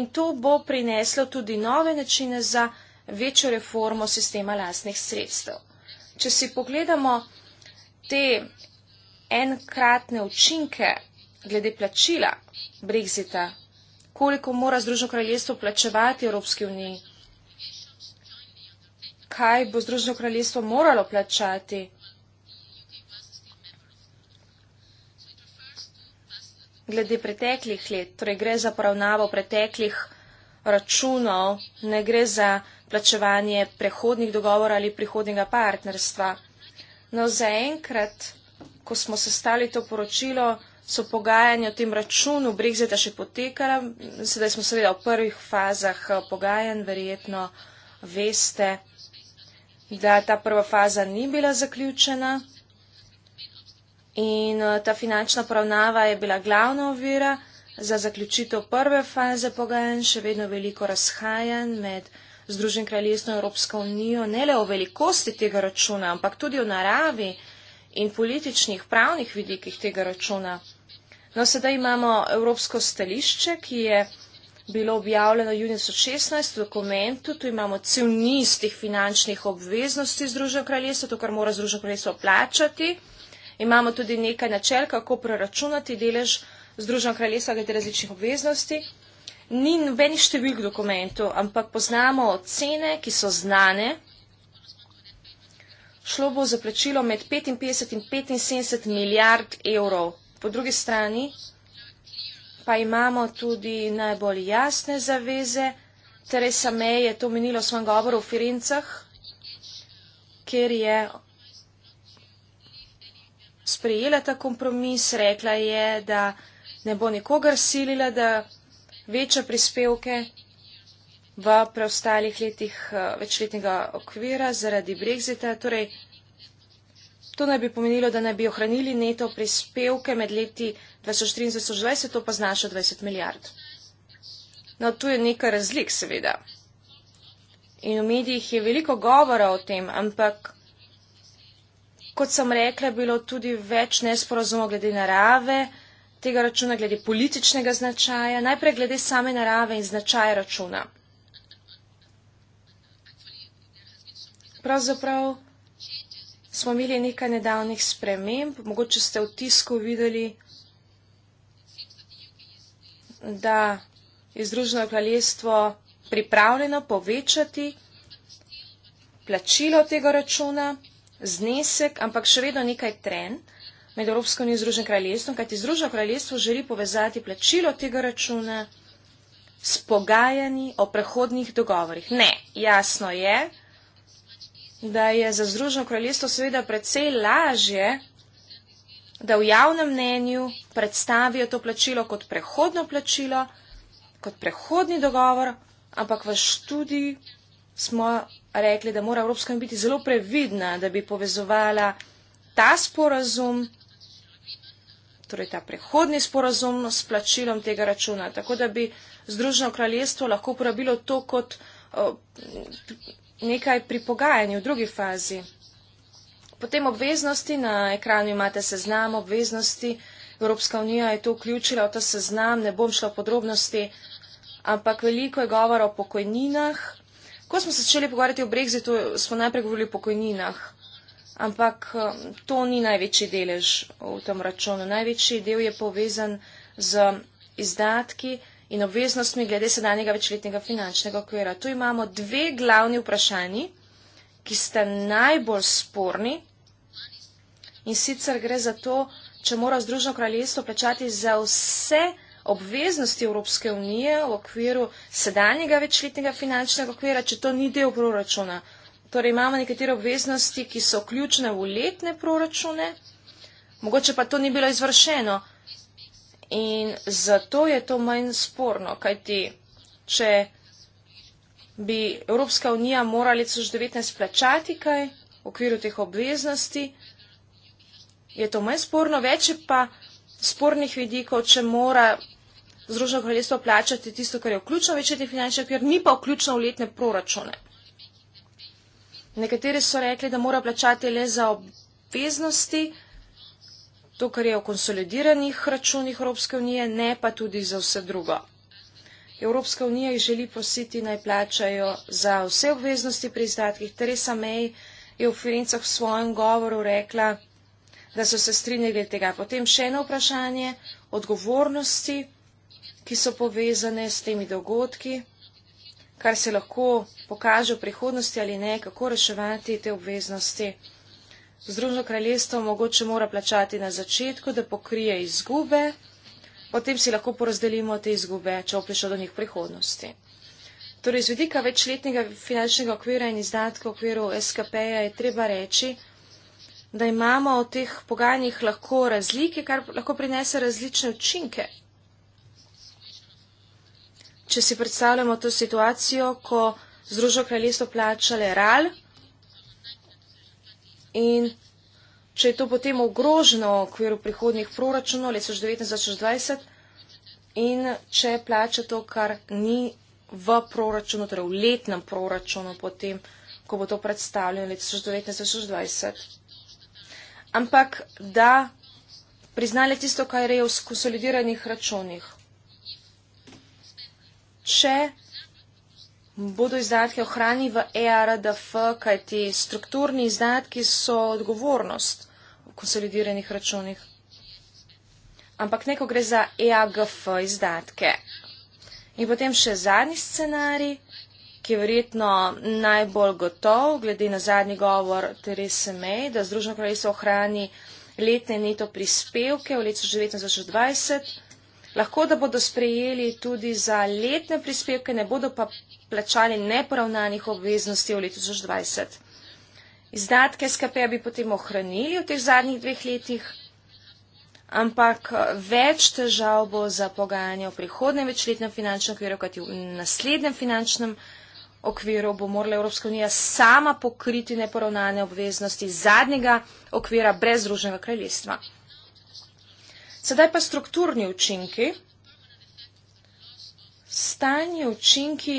in to bo prineslo tudi nove načine za večjo reformo sistema lasnih sredstev če si pogledamo te enkratne učinke glede plačila Brexita, koliko mora Združeno kraljestvo plačevati Evropski uniji, kaj bo Združeno kraljestvo moralo plačati. Glede preteklih let, torej gre za poravnavo preteklih let, računov, ne gre za plačevanje prehodnih dogovorov ali prihodnega partnerstva. No, zaenkrat, ko smo sestavili to poročilo, so pogajanja o tem računu Brexita še potekala. Sedaj smo seveda v prvih fazah eh, pogajanj, verjetno veste, da ta prva faza ni bila zaključena. In eh, ta finančna pravnava je bila glavna ovira, Za zaključitev prve faze pogajanj še vedno veliko razhajanj med Združenim kraljestvom Evropsko unijo, ne le o velikosti tega računa, ampak tudi o naravi in političnih, pravnih vidikih tega računa. No, sedaj imamo Evropsko stališče, ki je bilo objavljeno v juni 2016 v dokumentu, tu imamo cel niz teh finančnih obveznosti Združenega kraljestva, to, kar mora Združeno kraljestvo plačati. Imamo tudi nekaj načel, kako preračunati delež Združeno kraljestvo glede različnih obveznosti. Ni nobenih številk dokumentov, ampak poznamo cene, ki so znane. Šlo bo za plačilo med 55 in 75 milijard evrov. Po drugi strani pa imamo tudi najbolj jasne zaveze. Teresa May je to menila v svojem govoru v Firencah, kjer je sprejela ta kompromis, rekla je, da ne bo nikogar silila, da veča prispevke v preostalih letih eh, večletnega okvira zaradi brexita. Torej, to naj bi pomenilo, da naj bi ohranili neto prispevke med leti 2023 in 2020, to pa znaša 20 milijard. No, tu je nekaj razlik, seveda. In v medijih je veliko govora o tem, ampak, kot sem rekla, je bilo tudi več nesporazumov glede narave tega računa glede političnega značaja, najprej glede same narave in značaja računa. Pravzaprav smo imeli nekaj nedavnih sprememb, mogoče ste v tisku videli, da je Združeno kraljestvo pripravljeno povečati plačilo tega računa, znesek, ampak še vedno nekaj trend med Evropsko unijo in Združenim kraljestvom, kajti Združeno kraljestvo želi povezati plačilo tega računa s pogajanji o prehodnih dogovorih. Ne, jasno je, da je za Združeno kraljestvo seveda precej lažje, da v javnem mnenju predstavijo to plačilo kot prehodno plačilo, kot prehodni dogovor, ampak v študiji smo rekli, da mora Evropska unija biti zelo previdna, da bi povezovala ta sporazum torej ta prehodni sporazum s plačilom tega računa. Tako da bi Združeno kraljestvo lahko uporabilo to kot nekaj pri pogajanju v drugi fazi. Potem obveznosti, na ekranu imate seznam obveznosti, Evropska unija je to vključila v ta seznam, ne bom šla v podrobnosti, ampak veliko je govora o pokojninah. Ko smo se začeli pogovarjati o brexitu, smo najprej govorili o pokojninah. Ampak eh, to ni največji delež v tem računu. Največji del je povezan z izdatki in obveznostmi glede sedanjega večletnega finančnega okvira. Tu imamo dve glavni vprašanji, ki sta najbolj sporni in sicer gre za to, če mora Združeno kraljestvo plačati za vse obveznosti Evropske unije v okviru sedanjega večletnega finančnega okvira, če to ni del proračuna torej imamo nekatere obveznosti, ki so ključne v letne proračune, mogoče pa to ni bilo izvršeno in zato je to manj sporno, kajti če bi Evropska unija morala leto 2019 plačati kaj v okviru teh obveznosti, je to manj sporno, več je pa spornih vidikov, če mora Združeno kraljestvo plačati tisto, kar je vključno v večji finančni okvir, ni pa vključno v letne proračune. Nekateri so rekli, da mora plačati le za obveznosti, to, kar je v konsolidiranih računih Evropske unije, ne pa tudi za vse drugo. Evropska unija jih želi prositi, naj plačajo za vse obveznosti pri izdatkih. Teresa May je v Firencah v svojem govoru rekla, da so se strinjali tega. Potem še eno vprašanje odgovornosti, ki so povezane s temi dogodki kar se lahko pokaže v prihodnosti ali ne, kako reševati te obveznosti. Združeno kraljestvo mogoče mora plačati na začetku, da pokrije izgube, potem si lahko porazdelimo te izgube, če bo prišlo do njih v prihodnosti. Torej, z vidika večletnega finančnega okvira in izdatka v okviru SKP-ja je treba reči, da imamo v teh pogajanjih lahko razlike, kar lahko prinese različne učinke če si predstavljamo to situacijo, ko Združeno kraljestvo plača le RAL in če je to potem ogroženo v okviru prihodnih proračunov leta 2019-2020 in če plača to, kar ni v proračunu, torej v letnem proračunu, potem, ko bo to predstavljeno leta 2019-2020. Ampak da priznali tisto, kar je v konsolidiranih računih če bodo izdatke ohrani v ERDF, kajti strukturni izdatki so odgovornost v konsolidiranih računih. Ampak neko gre za EAGF izdatke. In potem še zadnji scenarij, ki je verjetno najbolj gotov, glede na zadnji govor Therese May, da Združeno kraljestvo ohrani letne neto prispevke v letu 1920. Lahko, da bodo sprejeli tudi za letne prispevke, ne bodo pa plačali neporavnanih obveznosti v letu 2020. Izdatke SKP bi potem ohranili v teh zadnjih dveh letih, ampak eh, več težav bo za pogajanje v prihodnem večletnem finančnem okviru, kajti v naslednjem finančnem okviru bo morala Evropska unija sama pokriti neporavnane obveznosti zadnjega okvira brez druženega kraljestva. Sedaj pa strukturni učinki. Stanje učinki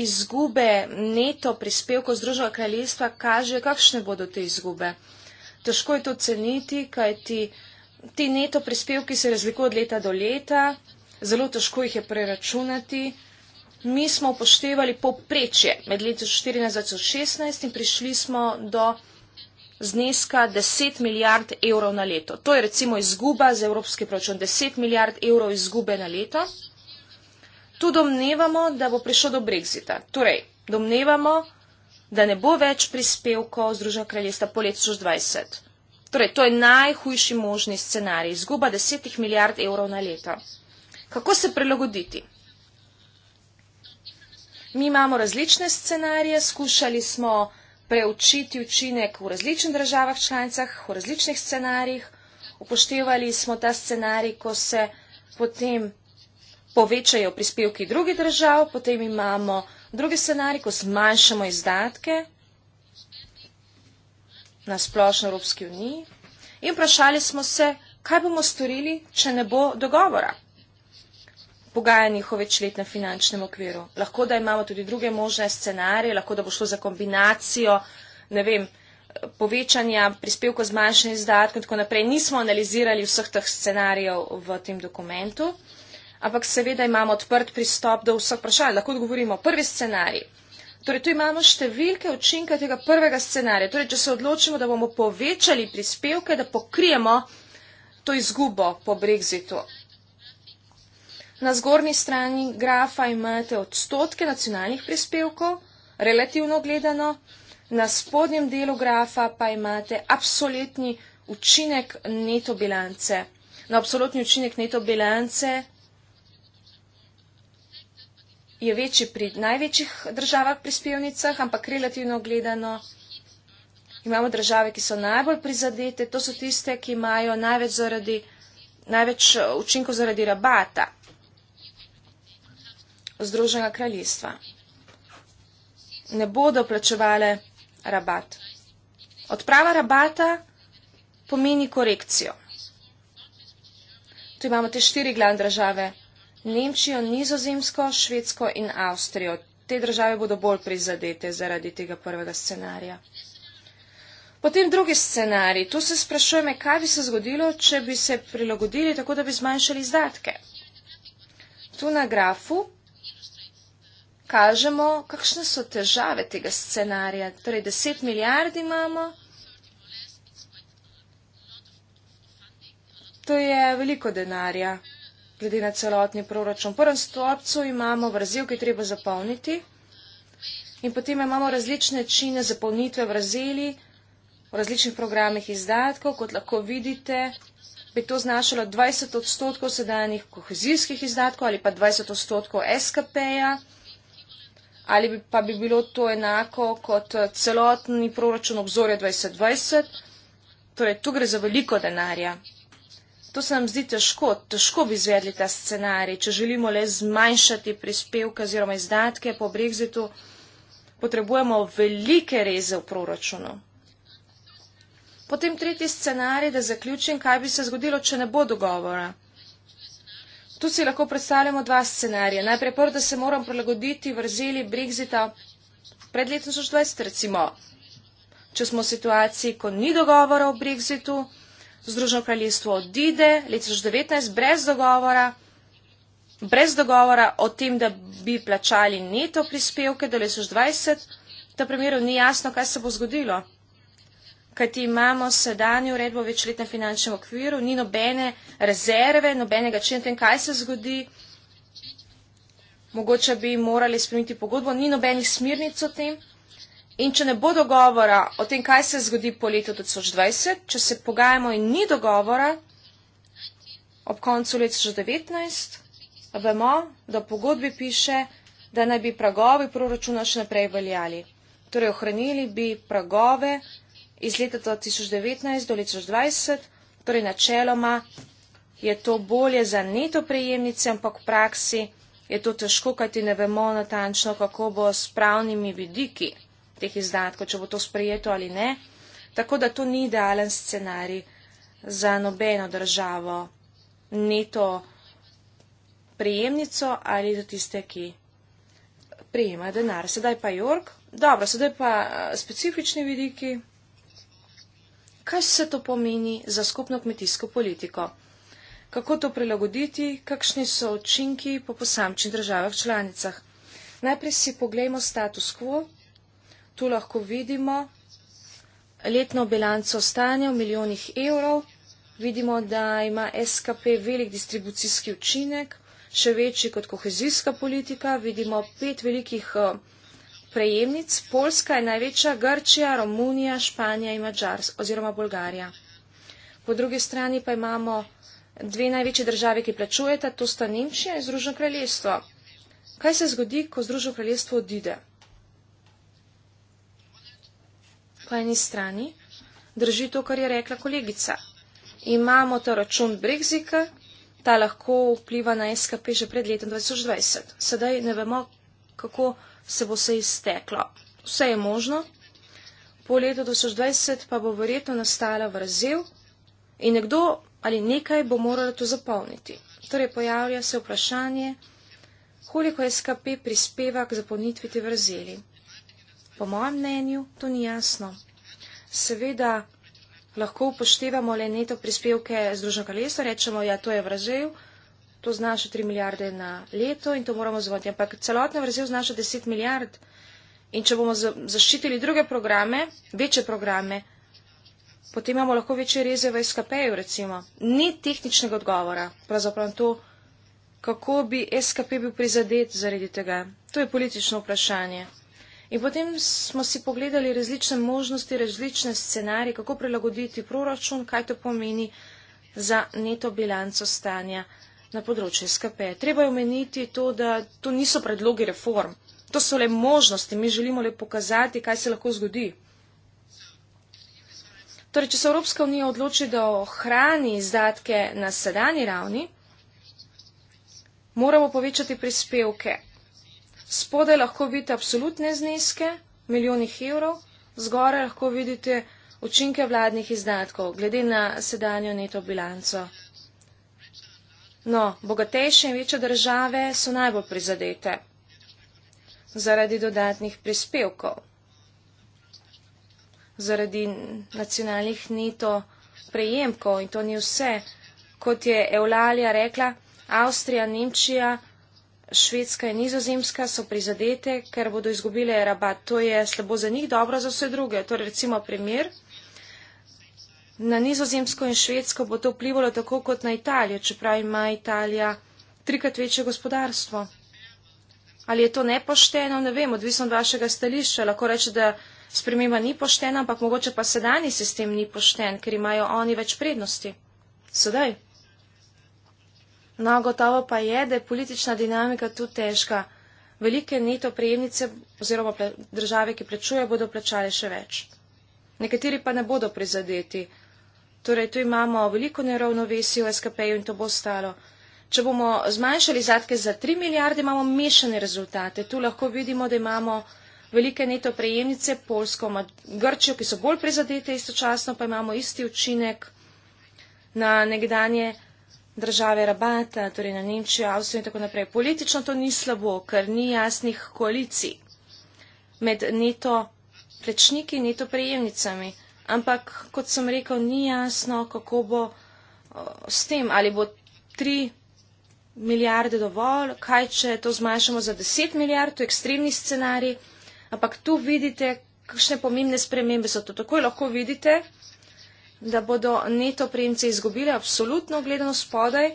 izgube neto prispevkov Združenega kraljestva kaže, kakšne bodo te izgube. Težko je to ceniti, kaj ti, ti neto prispevki se razlikujejo od leta do leta, zelo težko jih je preračunati. Mi smo upoštevali poprečje med letom 2014 in 2016 in prišli smo do zneska 10 milijard evrov na leto. To je recimo izguba za evropski proračun, 10 milijard evrov izgube na leto. Tu domnevamo, da bo prišlo do brexita. Torej, domnevamo, da ne bo več prispevkov Združenega kraljestva po letu 2020. Torej, to je najhujši možni scenarij, izguba 10 milijard evrov na leto. Kako se prilagoditi? Mi imamo različne scenarije, skušali smo preučiti učinek v različnih državah članicah, v različnih scenarijih. Upoštevali smo ta scenarij, ko se potem povečajo prispevki drugih držav, potem imamo drugi scenarij, ko zmanjšamo izdatke na splošno Evropski uniji. In vprašali smo se, kaj bomo storili, če ne bo dogovora pogajanjih o večletnem finančnem okviru. Lahko da imamo tudi druge možne scenarije, lahko da bo šlo za kombinacijo, ne vem, povečanja prispevkov zmanjšanja izdatkov in tako naprej. Nismo analizirali vseh teh scenarijev v tem dokumentu, ampak seveda imamo odprt pristop do vseh vprašanj. Lahko odgovorimo prvi scenarij. Torej, tu imamo številke učinka tega prvega scenarija. Torej, če se odločimo, da bomo povečali prispevke, da pokrijemo to izgubo po brexitu. Na zgornji strani grafa imate odstotke nacionalnih prispevkov, relativno gledano, na spodnjem delu grafa pa imate absolutni učinek neto bilance. Na no, absolutni učinek neto bilance je večji pri največjih državah prispevnicah, ampak relativno gledano imamo države, ki so najbolj prizadete, to so tiste, ki imajo največ, zaradi, največ eh, učinkov zaradi rabata. Združenega kraljestva. Ne bodo plačevale rabat. Odprava rabata pomeni korekcijo. Tu imamo te štiri glavne države: Nemčijo, Nizozemsko, Švedsko in Avstrijo. Te države bodo bolj prizadete zaradi tega prvega scenarija. Potem drugi scenarij. Tu se sprašujeme, kaj bi se zgodilo, če bi se prilagodili tako, da bi zmanjšali izdatke. Tu na grafu kažemo, kakšne so težave tega scenarija. Torej, 10 milijard imamo. To je veliko denarja, glede na celotni proračun. V prvem stolpcu imamo vrzel, ki je treba zapolniti. In potem imamo različne čine zapolnitve vrzeli v različnih programih izdatkov. Kot lahko vidite, bi to znašalo 20 odstotkov sedanjih kohezijskih izdatkov ali pa 20 odstotkov SKP-ja ali bi, pa bi bilo to enako kot celotni proračun obzorja 2020. Torej, tu gre za veliko denarja. To se nam zdi težko, težko bi izvedli ta scenarij, če želimo le zmanjšati prispevke oziroma izdatke po brexitu, potrebujemo velike reze v proračunu. Potem tretji scenarij, da zaključim, kaj bi se zgodilo, če ne bo dogovora. Tu si lahko predstavljamo dva scenarija. Najprej prvo, da se moram prilagoditi vrzeli Brexita pred letom 2020, recimo, če smo v situaciji, ko ni dogovora o Brexitu, Združeno kraljestvo odide, leta 2019 brez dogovora, brez dogovora o tem, da bi plačali neto prispevke do leta 2020, v tem primeru ni jasno, kaj se bo zgodilo kajti imamo sedanje uredbo o večletnem finančnem okviru, ni nobene rezerve, nobenega čim tem, kaj se zgodi. Mogoče bi morali spremeniti pogodbo, ni nobenih smirnic o tem. In če ne bo dogovora o tem, kaj se zgodi po letu 2020, če se pogajamo in ni dogovora ob koncu leta 2019, vemo, da v pogodbi piše, da naj bi pragovi proračuna še naprej veljali. Torej, ohranili bi pragove iz leta 2019 do leta 2020, torej načeloma je to bolje za neto prejemnice, ampak v praksi je to težko, kajti ne vemo natančno, kako bo s pravnimi vidiki teh izdatkov, če bo to sprejeto ali ne. Tako da to ni idealen scenarij za nobeno državo, neto prejemnico ali za tiste, ki prejemajo denar. Sedaj pa Jork. Dobro, sedaj pa eh, specifični vidiki kaj se to pomeni za skupno kmetijsko politiko, kako to prilagoditi, kakšni so učinki po posamčnih državah članicah. Najprej si pogledajmo status quo. Tu lahko vidimo letno bilanco stanja v milijonih evrov. Vidimo, da ima SKP velik distribucijski učinek, še večji kot kohezijska politika. Vidimo pet velikih. Uh, prejemnic, Poljska je največja, Grčija, Romunija, Španija in Mačars oziroma Bolgarija. Po drugi strani pa imamo dve največje države, ki plačujete, to sta Nemčija in Združeno kraljestvo. Kaj se zgodi, ko Združeno kraljestvo odide? Po eni strani drži to, kar je rekla kolegica. Imamo ta račun Brexita, ta lahko vpliva na SKP že pred letom 2020. Sedaj ne vemo, kako se bo se izteklo. Vse je možno. Po letu 2020 pa bo verjetno nastala vrzel in nekdo ali nekaj bo moralo to zapolniti. Torej pojavlja se vprašanje, koliko SKP prispeva k zapolnitvi te vrzeli. Po mojem mnenju to ni jasno. Seveda lahko upoštevamo le neto prispevke Združenega kraljestva, rečemo, ja, to je vrzel to znaša 3 milijarde na leto in to moramo zvoditi. Ampak celotna vrzel znaša 10 milijard in če bomo zaščitili druge programe, večje programe, potem imamo lahko večje reze v SKP-ju recimo. Ni tehničnega odgovora, pravzaprav to, kako bi SKP bil prizadet zaradi tega. To je politično vprašanje. In potem smo si pogledali različne možnosti, različne scenarije, kako prilagoditi proračun, kaj to pomeni za neto bilanco stanja na področju SKP. Treba je omeniti to, da to niso predlogi reform. To so le možnosti. Mi želimo le pokazati, kaj se lahko zgodi. Torej, če se Evropska unija odloči, da ohrani izdatke na sedanji ravni, moramo povečati prispevke. Spodaj lahko vidite absolutne zneske, milijonih evrov, zgore lahko vidite učinke vladnih izdatkov, glede na sedanjo neto bilanco. No, bogatejše in večje države so najbolj prizadete zaradi dodatnih prispevkov, zaradi nacionalnih neto prejemkov in to ni vse. Kot je Eulalija rekla, Avstrija, Nemčija, Švedska in Nizozemska so prizadete, ker bodo izgubile rabat. To je slabo za njih, dobro za vse druge. Torej, recimo primer na nizozemsko in švedsko bo to vplivalo tako kot na Italijo, čeprav ima Italija trikrat večje gospodarstvo. Ali je to nepošteno, ne vem, odvisno od vašega stališča. Lahko reče, da sprememba ni poštena, ampak mogoče pa sedani sistem ni pošten, ker imajo oni več prednosti. Sedaj. No, gotovo pa je, da je politična dinamika tu težka. Velike neto prejemnice oziroma države, ki plačujejo, bodo plačale še več. Nekateri pa ne bodo prizadeti. Torej, tu imamo veliko neravnovesij v SKP-ju in to bo ostalo. Če bomo zmanjšali zadke za 3 milijarde, imamo mešane rezultate. Tu lahko vidimo, da imamo velike neto prejemnice, Polsko, Grčijo, ki so bolj prizadete istočasno, pa imamo isti učinek na nekdanje države Rabata, torej na Nemčijo, Avstrijo in tako naprej. Politično to ni slabo, ker ni jasnih koalicij med neto plečniki in neto prejemnicami. Ampak, kot sem rekel, ni jasno, kako bo s tem, ali bo 3 milijarde dovolj, kaj če to zmanjšamo za 10 milijard, to je ekstremni scenarij. Ampak tu vidite, kakšne pomembne spremembe so to. Takoj lahko vidite, da bodo neto prejemce izgubile, absolutno gledano spodaj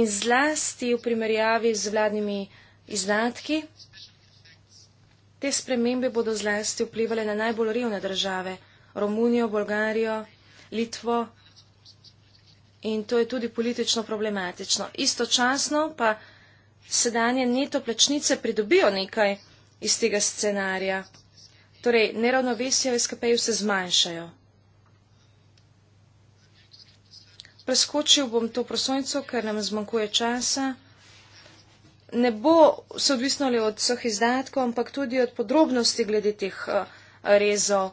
in zlasti v primerjavi z vladnimi izdatki. Te spremembe bodo zlasti vplivali na najbolj revne države. Romunijo, Bolgarijo, Litvo. In to je tudi politično problematično. Istočasno pa sedanje neto plačnice pridobijo nekaj iz tega scenarija. Torej, neravnovesja v SKP-ju se zmanjšajo. Preskočil bom to prosojnico, ker nam zmanjkuje časa. Ne bo se odvisno le od vseh izdatkov, ampak tudi od podrobnosti glede teh uh, rezov.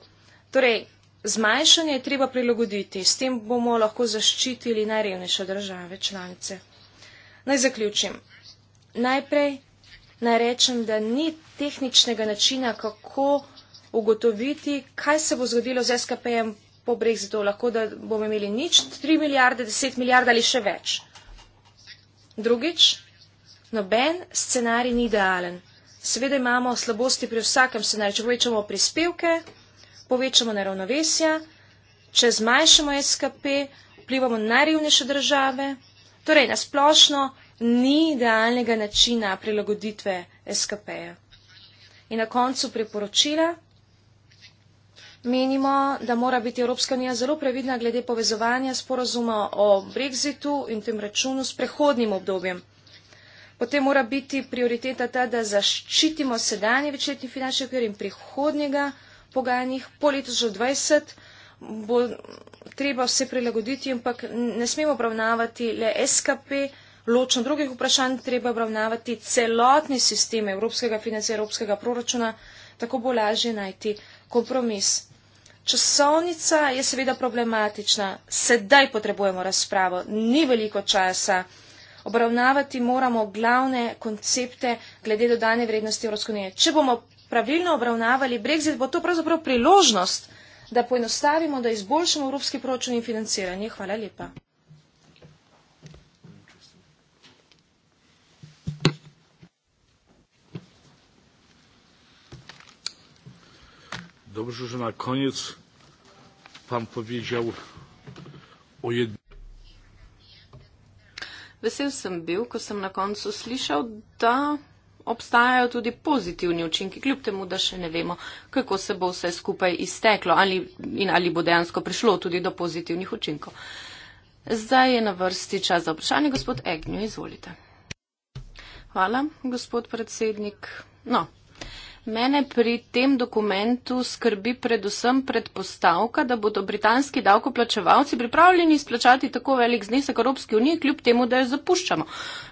Torej, zmanjšanje je treba prilagoditi, s tem bomo lahko zaščitili najrevnejše države članice. Naj zaključim. Najprej naj rečem, da ni tehničnega načina, kako ugotoviti, kaj se bo zgodilo z SKP-jem po Brexitu. Lahko, da bomo imeli nič, 3 milijarde, 10 milijard ali še več. Drugič, noben scenarij ni idealen. Seveda imamo slabosti pri vsakem scenariju. Če povečamo prispevke, povečamo neravnovesja, če zmanjšamo SKP, vplivamo na najrevnejše države. Torej, nasplošno ni idealnega načina prilagoditve SKP-ja. In na koncu priporočila. Menimo, da mora biti Evropska unija zelo previdna glede povezovanja sporozuma o brexitu in tem računu s prehodnim obdobjem. Potem mora biti prioriteta ta, da zaščitimo sedanje večletni finančni okvir in prihodnjega pogajanjih. Po letu 2020 bo treba vse prilagoditi, ampak ne smemo obravnavati le SKP, ločno drugih vprašanj, treba obravnavati celotni sistem evropskega financiranja, evropskega proračuna, tako bo lažje najti kompromis. Časovnica je seveda problematična, sedaj potrebujemo razpravo, ni veliko časa. Obravnavati moramo glavne koncepte glede dodane vrednosti Evropske unije. Če bomo pravilno obravnavali brexit, bo to pravzaprav priložnost, da poenostavimo, da izboljšamo evropski proračun in financiranje. Hvala lepa. Dobrze, że na koniec pan powiedział o jednym. Wesel sem bil, ko sem na koncu slišal, da obstajajo tudi pozitivni učinki, kljub temu, da še ne vemo, kako se bo vse skupaj izteklo ali, in ali bo dejansko prišlo tudi do pozitivnih učinkov. Zdaj je na vrsti čas za vprašanje. Gospod Egnjo, izvolite. Hvala, gospod predsednik. No, Mene pri tem dokumentu skrbi predvsem predpostavka, da bodo britanski davkoplačevalci pripravljeni splačati tako velik znesek Evropske unije, kljub temu, da jo zapuščamo.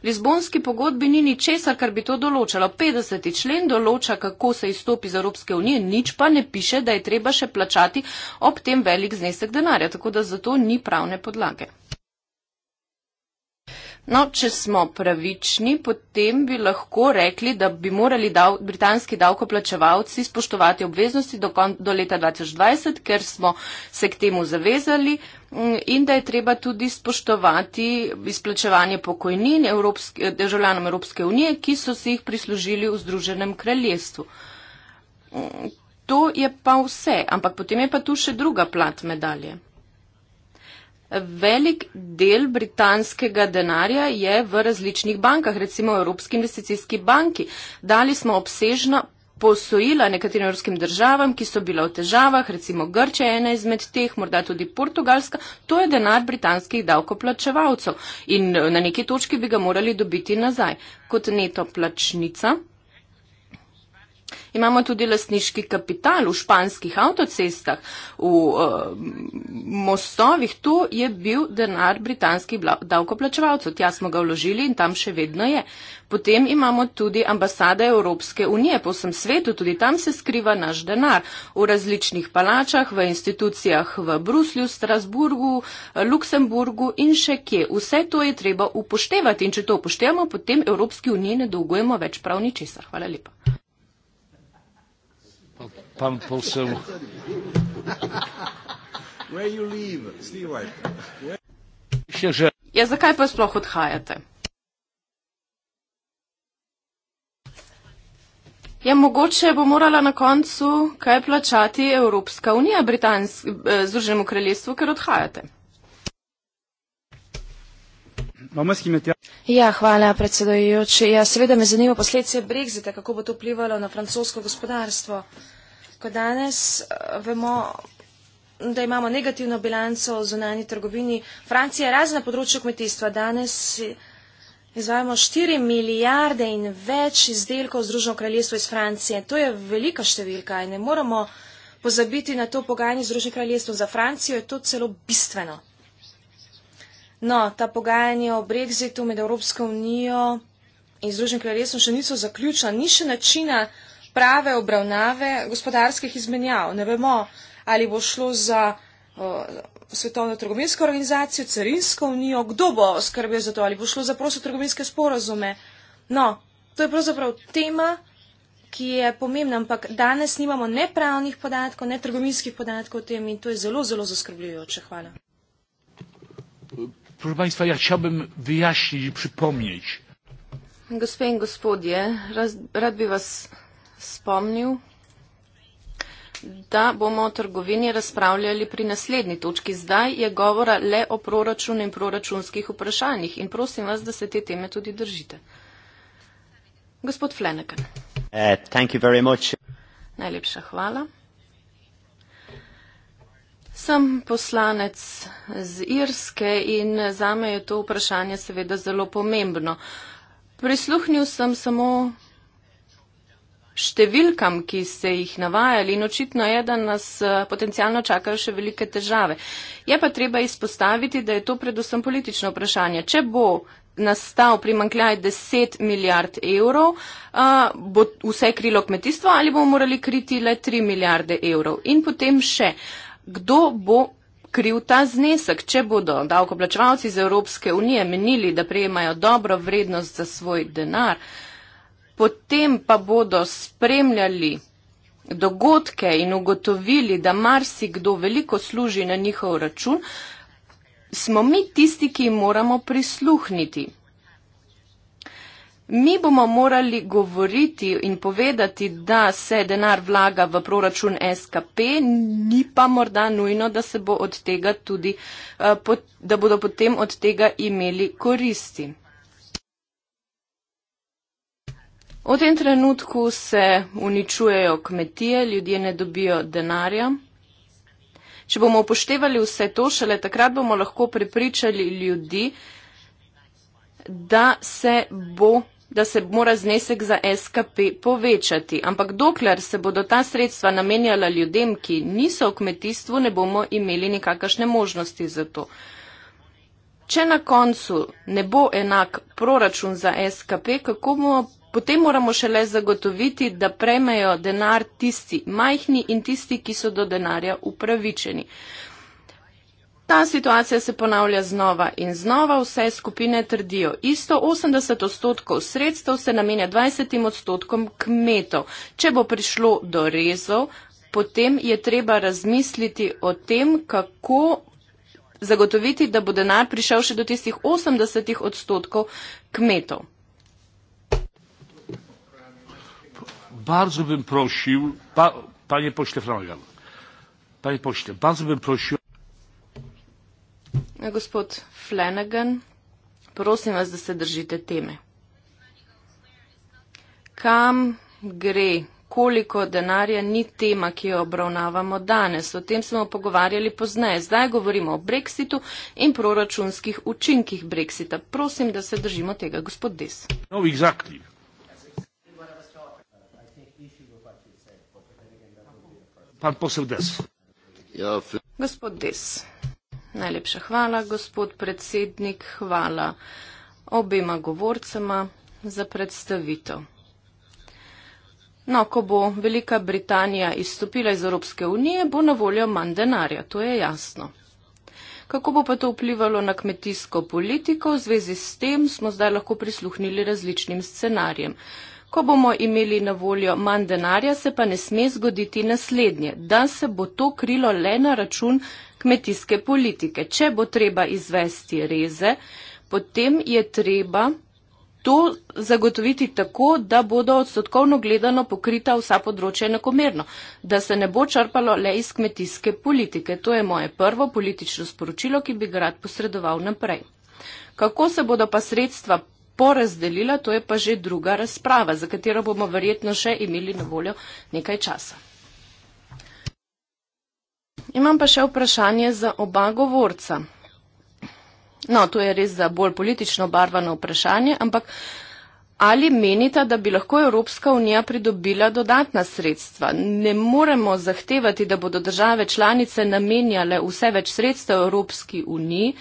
Lizbonski pogodbi ni ničesar, kar bi to določalo. 50. člen določa, kako se izstopi iz Evropske unije, nič pa ne piše, da je treba še plačati ob tem velik znesek denarja, tako da zato ni pravne podlage. No, če smo pravični, potem bi lahko rekli, da bi morali dav britanski davkoplačevalci spoštovati obveznosti do, do leta 2020, ker smo se k temu zavezali mm, in da je treba tudi spoštovati izplačevanje pokojnin Evropske, državljanom Evropske unije, ki so si jih prislužili v Združenem kraljestvu. Mm, to je pa vse, ampak potem je pa tu še druga plat medalje velik del britanskega denarja je v različnih bankah, recimo v Evropski investicijski banki. Dali smo obsežna posojila nekaterim evropskim državam, ki so bila v težavah, recimo Grče je ena izmed teh, morda tudi Portugalska, to je denar britanskih davkoplačevalcev in na neki točki bi ga morali dobiti nazaj kot neto plačnica. Imamo tudi lastniški kapital v španskih avtocestah, v uh, mostovih. To je bil denar britanskih davkoplačevalcev. Tja smo ga vložili in tam še vedno je. Potem imamo tudi ambasade Evropske unije po vsem svetu, tudi tam se skriva naš denar. V različnih palačah, v institucijah v Bruslju, Strasburgu, Luksemburgu in še kje. Vse to je treba upoštevati in če to upoštevamo, potem Evropski uniji ne dolgujemo več prav ničesar. Hvala lepa pumpal sem. Ja, zakaj pa sploh odhajate? Ja, mogoče bo morala na koncu kaj plačati Evropska unija eh, Združenemu kraljestvu, ker odhajate. Ja, hvala, predsedojoči. Ja, seveda me zanima posledice Brexita, kako bo to vplivalo na francosko gospodarstvo ko danes eh, vemo, da imamo negativno bilanco o zunanji trgovini Francije, razen na področju kmetijstva. Danes izvajamo 4 milijarde in več izdelkov z Združeno kraljestvo iz Francije. To je velika številka in ne moramo pozabiti na to pogajanje z Združenim kraljestvom. Za Francijo je to celo bistveno. No, ta pogajanja o Brexitu med Evropsko unijo in Združenim kraljestvom še niso zaključena, ni še načina, prave obravnave gospodarskih izmenjav. Ne vemo, ali bo šlo za uh, svetovno trgovinsko organizacijo, carinsko unijo, kdo bo skrbel za to, ali bo šlo za prosto trgovinske sporozume. No, to je pravzaprav tema, ki je pomembna, ampak danes nimamo ne pravnih podatkov, ne trgovinskih podatkov o tem in to je zelo, zelo zaskrbljujoče. Hvala. Proszę Państwa, ja chciałbym wyjaśnić i przypomnieć. Gospodzie, raz, rad by was spomnil, da bomo o trgovini razpravljali pri naslednji točki. Zdaj je govora le o proračunu in proračunskih vprašanjih in prosim vas, da se te teme tudi držite. Gospod Fleneken. Uh, eh, Najlepša hvala. Sem poslanec z Irske in za me je to vprašanje seveda zelo pomembno. Prisluhnil sem samo številkam, ki ste jih navajali in očitno je, da nas eh, potencialno čakajo še velike težave. Je pa treba izpostaviti, da je to predvsem politično vprašanje. Če bo nastal primankljaj 10 milijard evrov, eh, bo vse krilo kmetijstvo ali bomo morali kriti le 3 milijarde evrov. In potem še, kdo bo kriv ta znesek, če bodo davkoplačevalci iz Evropske unije menili, da prejemajo dobro vrednost za svoj denar potem pa bodo spremljali dogodke in ugotovili, da marsikdo veliko služi na njihov račun, smo mi tisti, ki moramo prisluhniti. Mi bomo morali govoriti in povedati, da se denar vlaga v proračun SKP, ni pa morda nujno, da, bo tudi, eh, da bodo potem od tega imeli koristi. V tem trenutku se uničujejo kmetije, ljudje ne dobijo denarja. Če bomo upoštevali vse to, šele takrat bomo lahko prepričali ljudi, da se, bo, da se mora znesek za SKP povečati. Ampak dokler se bodo ta sredstva namenjala ljudem, ki niso v kmetijstvu, ne bomo imeli nikakršne možnosti za to. Če na koncu ne bo enak proračun za SKP, kako bomo potem moramo šele zagotoviti, da prejmejo denar tisti majhni in tisti, ki so do denarja upravičeni. Ta situacija se ponavlja znova in znova, vse skupine trdijo. Isto 80 odstotkov sredstev se namenja 20 odstotkom kmetov. Če bo prišlo do rezov, potem je treba razmisliti o tem, kako zagotoviti, da bo denar prišel še do tistih 80 odstotkov kmetov. bardzo bym prosił pa, panie pośle Flanagan, panie pośle, bardzo bym prosił no, gospod Flanagan, prosim vas, da se držite teme. Kam gre, koliko denarja ni tema, ki jo obravnavamo danes. O tem smo pogovarjali pozneje. Zdaj govorimo o Brexitu in proračunskih učinkih Brexita. Prosim, da se držimo tega, gospod Des. No, exactly. Ja gospod Des, najlepša hvala, gospod predsednik, hvala obema govorcema za predstavitev. No, ko bo Velika Britanija izstopila iz Evropske unije, bo na voljo manj denarja, to je jasno. Kako bo pa to vplivalo na kmetijsko politiko, v zvezi s tem smo zdaj lahko prisluhnili različnim scenarijem ko bomo imeli na voljo manj denarja, se pa ne sme zgoditi naslednje, da se bo to krilo le na račun kmetijske politike. Če bo treba izvesti reze, potem je treba to zagotoviti tako, da bodo odstotkovno gledano pokrita vsa področja enakomerno, da se ne bo črpalo le iz kmetijske politike. To je moje prvo politično sporočilo, ki bi ga rad posredoval naprej. Kako se bodo pa sredstva porazdelila, to je pa že druga razprava, za katero bomo verjetno še imeli na voljo nekaj časa. Imam pa še vprašanje za oba govorca. No, to je res za bolj politično barvano vprašanje, ampak ali menite, da bi lahko Evropska unija pridobila dodatna sredstva? Ne moremo zahtevati, da bodo države članice namenjale vse več sredstev Evropski uniji,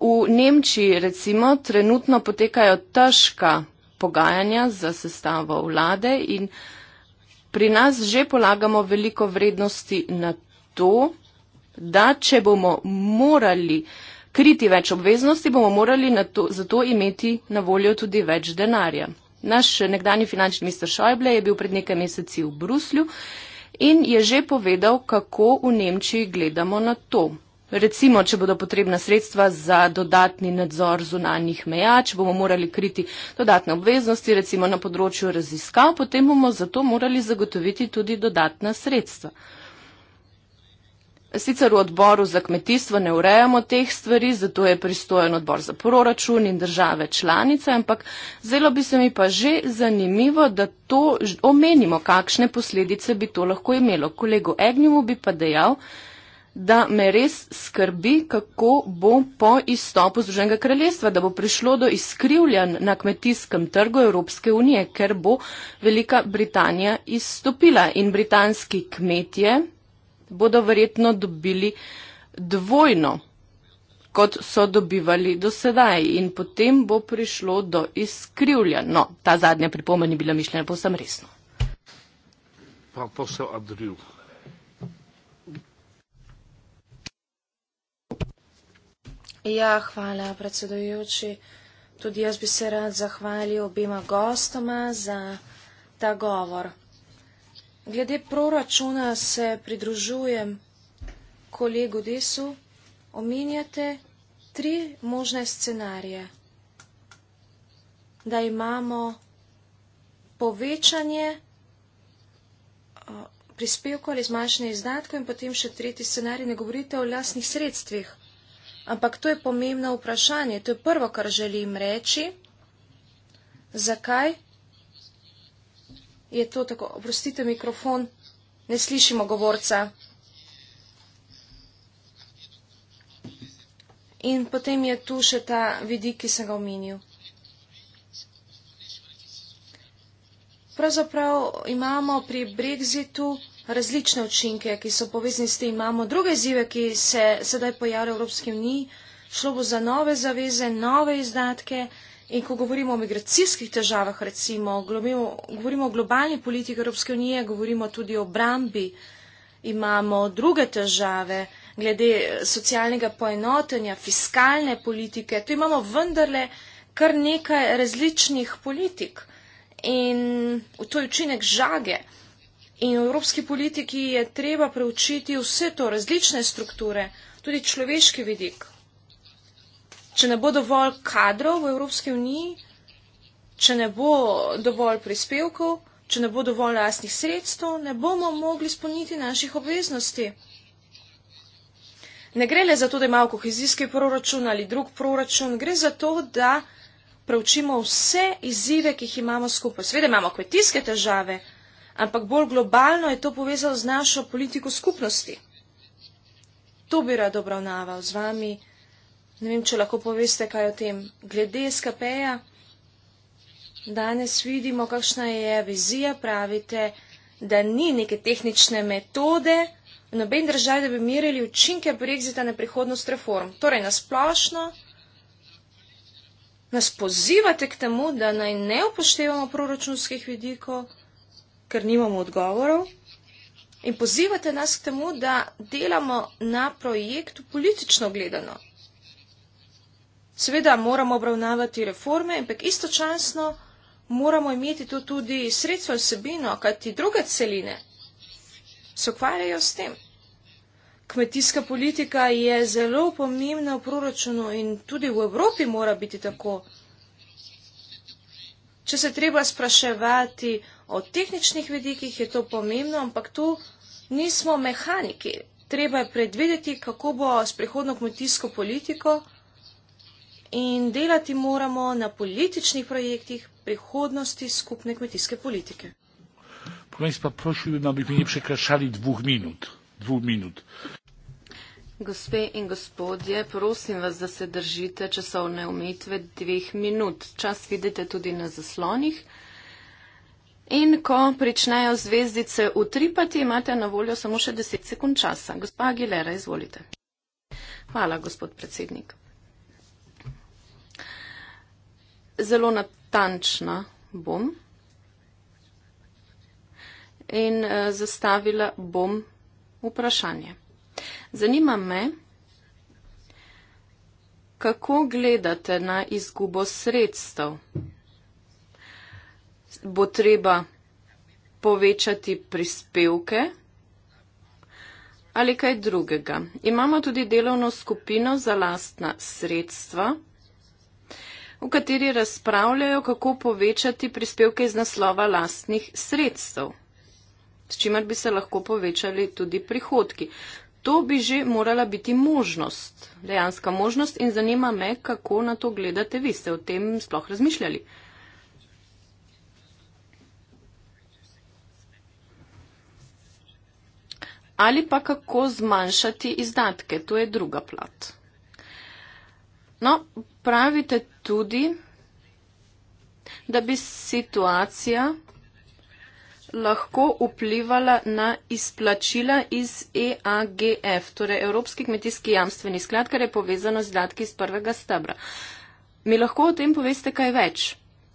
V Nemčiji recimo trenutno potekajo težka pogajanja za sestavo vlade in pri nas že polagamo veliko vrednosti na to, da če bomo morali kriti več obveznosti, bomo morali to, zato imeti na voljo tudi več denarja. Naš nekdani finančni minister Šojble je bil pred nekaj meseci v Bruslju in je že povedal, kako v Nemčiji gledamo na to. Recimo, če bodo potrebna sredstva za dodatni nadzor zunanjih meja, če bomo morali kriti dodatne obveznosti, recimo na področju raziskav, potem bomo zato morali zagotoviti tudi dodatna sredstva. Sicer v odboru za kmetijstvo ne urejamo teh stvari, zato je pristojen odbor za proračun in države članice, ampak zelo bi se mi pa že zanimivo, da to omenimo, kakšne posledice bi to lahko imelo. Kolego Egnjumu bi pa dejal, da me res skrbi, kako bo po izstopu Združenega kraljestva, da bo prišlo do izkrivljanj na kmetijskem trgu Evropske unije, ker bo Velika Britanija izstopila in britanski kmetje bodo verjetno dobili dvojno, kot so dobivali do sedaj in potem bo prišlo do izkrivljanj. No, ta zadnja pripomba ni bila mišljena povsem resno. Pa posel Adriu. Ja, hvala, predsedujoči. Tudi jaz bi se rad zahvalil obima gostoma za ta govor. Glede proračuna se pridružujem kolegu Desu. Omenjate tri možne scenarije, da imamo povečanje eh, prispevkov ali zmanjšanje izdatkov in potem še tretji scenarij, ne govorite o lasnih sredstvih. Ampak to je pomembno vprašanje, to je prvo, kar želim reči. Zakaj je to tako? Oprostite mikrofon, ne slišimo govorca. In potem je tu še ta vidik, ki sem ga omenil. Pravzaprav imamo pri Brexitu različne učinke, ki so povezani s tem. Imamo druge izzive, ki se sedaj pojavljajo v Evropski uniji. Šlo bo za nove zaveze, nove izdatke. In ko govorimo o migracijskih težavah, recimo, govorimo o globalni politiki Evropske unije, govorimo tudi o obrambi, imamo druge težave glede socialnega poenotenja, fiskalne politike. Tu imamo vendarle kar nekaj različnih politik. In to je učinek žage. In evropski politiki je treba preučiti vse to, različne strukture, tudi človeški vidik. Če ne bo dovolj kadrov v Evropski uniji, če ne bo dovolj prispevkov, če ne bo dovolj lastnih sredstev, ne bomo mogli spolniti naših obveznosti. Ne gre le za to, da imamo kohezijski proračun ali drug proračun, gre za to, da preučimo vse izzive, ki jih imamo skupaj. Sveda imamo kmetijske težave ampak bolj globalno je to povezal z našo politiko skupnosti. To bi rad obravnaval z vami. Ne vem, če lahko poveste kaj o tem. Glede SKP-ja, danes vidimo, kakšna je vizija, pravite, da ni neke tehnične metode v nobeni državi, da bi merili učinke Brexita na prihodnost reform. Torej, nasplošno nas pozivate k temu, da naj ne upoštevamo proračunskih vidikov, ker nimamo odgovorov. In pozivate nas k temu, da delamo na projektu politično gledano. Seveda moramo obravnavati reforme, ampak istočasno moramo imeti tu tudi sredstvo vsebino, kajti druge celine se ukvarjajo s tem. Kmetijska politika je zelo pomembna v proračunu in tudi v Evropi mora biti tako. Če se treba spraševati o tehničnih vidikih, je to pomembno, ampak tu nismo mehaniki. Treba je predvideti, kako bo s prihodno kmetijsko politiko in delati moramo na političnih projektih prihodnosti skupne kmetijske politike. Povem, pa prosim, da bi mi ne prekršali dvoh minut. Dvoh minut. Gospe in gospodje, prosim vas, da se držite časovne omejitve dveh minut. Čas vidite tudi na zaslonih. In ko pričnejo zvezdice utripati, imate na voljo samo še deset sekund časa. Gospa Aguilera, izvolite. Hvala, gospod predsednik. Zelo natančna bom in eh, zastavila bom vprašanje. Zanima me, kako gledate na izgubo sredstev? Bo treba povečati prispevke? Ali kaj drugega? Imamo tudi delovno skupino za lastna sredstva, v kateri razpravljajo, kako povečati prispevke iz naslova lastnih sredstev, s čimer bi se lahko povečali tudi prihodki. To bi že morala biti možnost, dejanska možnost in zanima me, kako na to gledate vi. Ste o tem sploh razmišljali? Ali pa kako zmanjšati izdatke? To je druga plat. No, pravite tudi, da bi situacija lahko vplivala na izplačila iz EAGF, torej Evropski kmetijski jamstveni sklad, kar je povezano z datki iz prvega stebra. Mi lahko o tem poveste kaj več?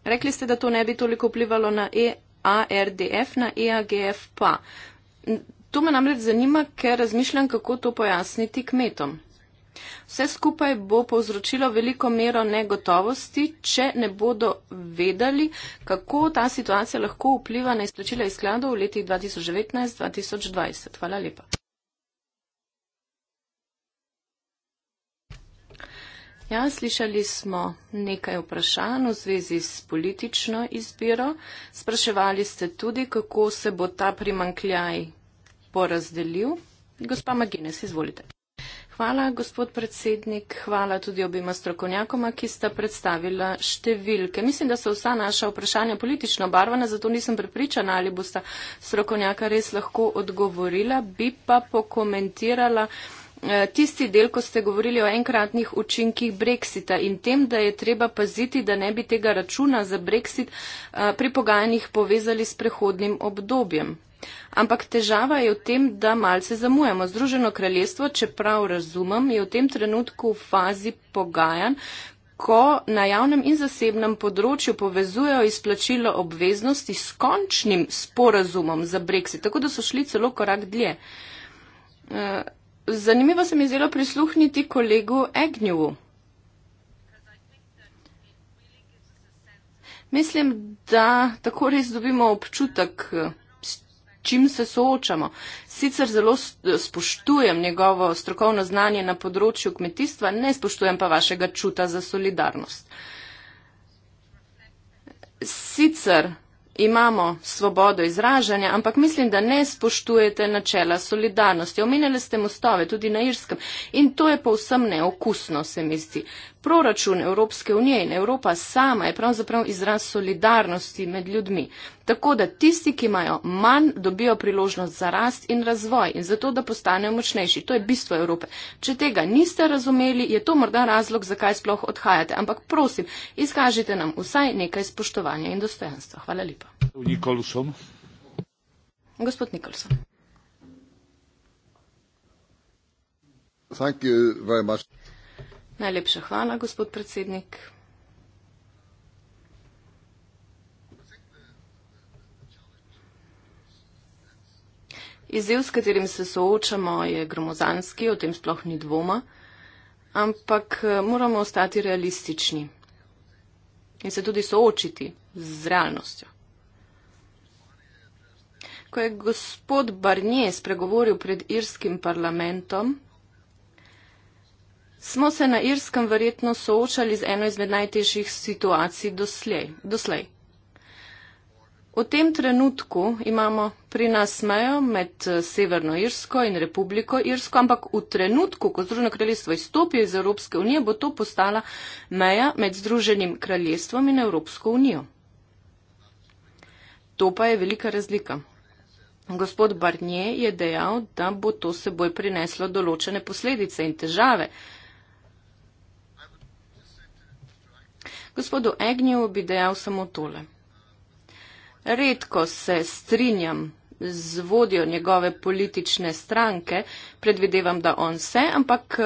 Rekli ste, da to ne bi toliko vplivalo na EARDF, na EAGF pa. To me namreč zanima, ker razmišljam, kako to pojasniti kmetom. Vse skupaj bo povzročilo veliko mero negotovosti, če ne bodo vedeli, kako ta situacija lahko vpliva na izplačila iz skladov v letih 2019-2020. Hvala lepa. Ja, slišali smo nekaj vprašanj v zvezi s politično izbiro. Spraševali ste tudi, kako se bo ta primankljaj porazdelil. Gospa Magines, izvolite. Hvala, gospod predsednik. Hvala tudi obima strokovnjakoma, ki sta predstavila številke. Mislim, da so vsa naša vprašanja politično barvana, zato nisem prepričana, ali bosta strokovnjaka res lahko odgovorila. Bi pa pokomentirala eh, tisti del, ko ste govorili o enkratnih učinkih Brexita in tem, da je treba paziti, da ne bi tega računa za Brexit eh, pri pogajanjih povezali s prehodnim obdobjem. Ampak težava je v tem, da malce zamujamo. Združeno kraljestvo, čeprav razumem, je v tem trenutku v fazi pogajanj, ko na javnem in zasebnem področju povezujejo izplačilo obveznosti s končnim sporazumom za Brexit, tako da so šli celo korak dlje. Eh, zanimivo se mi je zelo prisluhniti kolegu Egnjovu. Mislim, da tako res dobimo občutek eh, čim se soočamo. Sicer zelo spoštujem njegovo strokovno znanje na področju kmetijstva, ne spoštujem pa vašega čuta za solidarnost. Sicer imamo svobodo izražanja, ampak mislim, da ne spoštujete načela solidarnosti. Omenjali ste mostove tudi na Irskem in to je povsem neokusno, se mi zdi proračun Evropske unije in Evropa sama je pravzaprav izraz solidarnosti med ljudmi. Tako da tisti, ki imajo manj, dobijo priložnost za rast in razvoj in zato, da postanejo močnejši. To je bistvo Evrope. Če tega niste razumeli, je to morda razlog, zakaj sploh odhajate. Ampak prosim, izkažite nam vsaj nekaj spoštovanja in dostojanstva. Hvala lepa. Nikolson. Gospod Nikolson. Thank you very much. Najlepša hvala, gospod predsednik. Izziv, s katerim se soočamo, je gromozanski, o tem sploh ni dvoma, ampak eh, moramo ostati realistični in se tudi soočiti z realnostjo. Ko je gospod Barnier spregovoril pred irskim parlamentom, smo se na Irskem verjetno soočali z eno izmed najtežjih situacij doslej. doslej. V tem trenutku imamo pri nas mejo med eh, Severno Irsko in Republiko Irsko, ampak v trenutku, ko Združeno kraljestvo izstopi iz Evropske unije, bo to postala meja med Združenim kraljestvom in Evropsko unijo. To pa je velika razlika. Gospod Barnier je dejal, da bo to seboj prineslo določene posledice in težave. Gospodu Egnju bi dejal samo tole. Redko se strinjam z vodjo njegove politične stranke, predvidevam, da on se, ampak eh,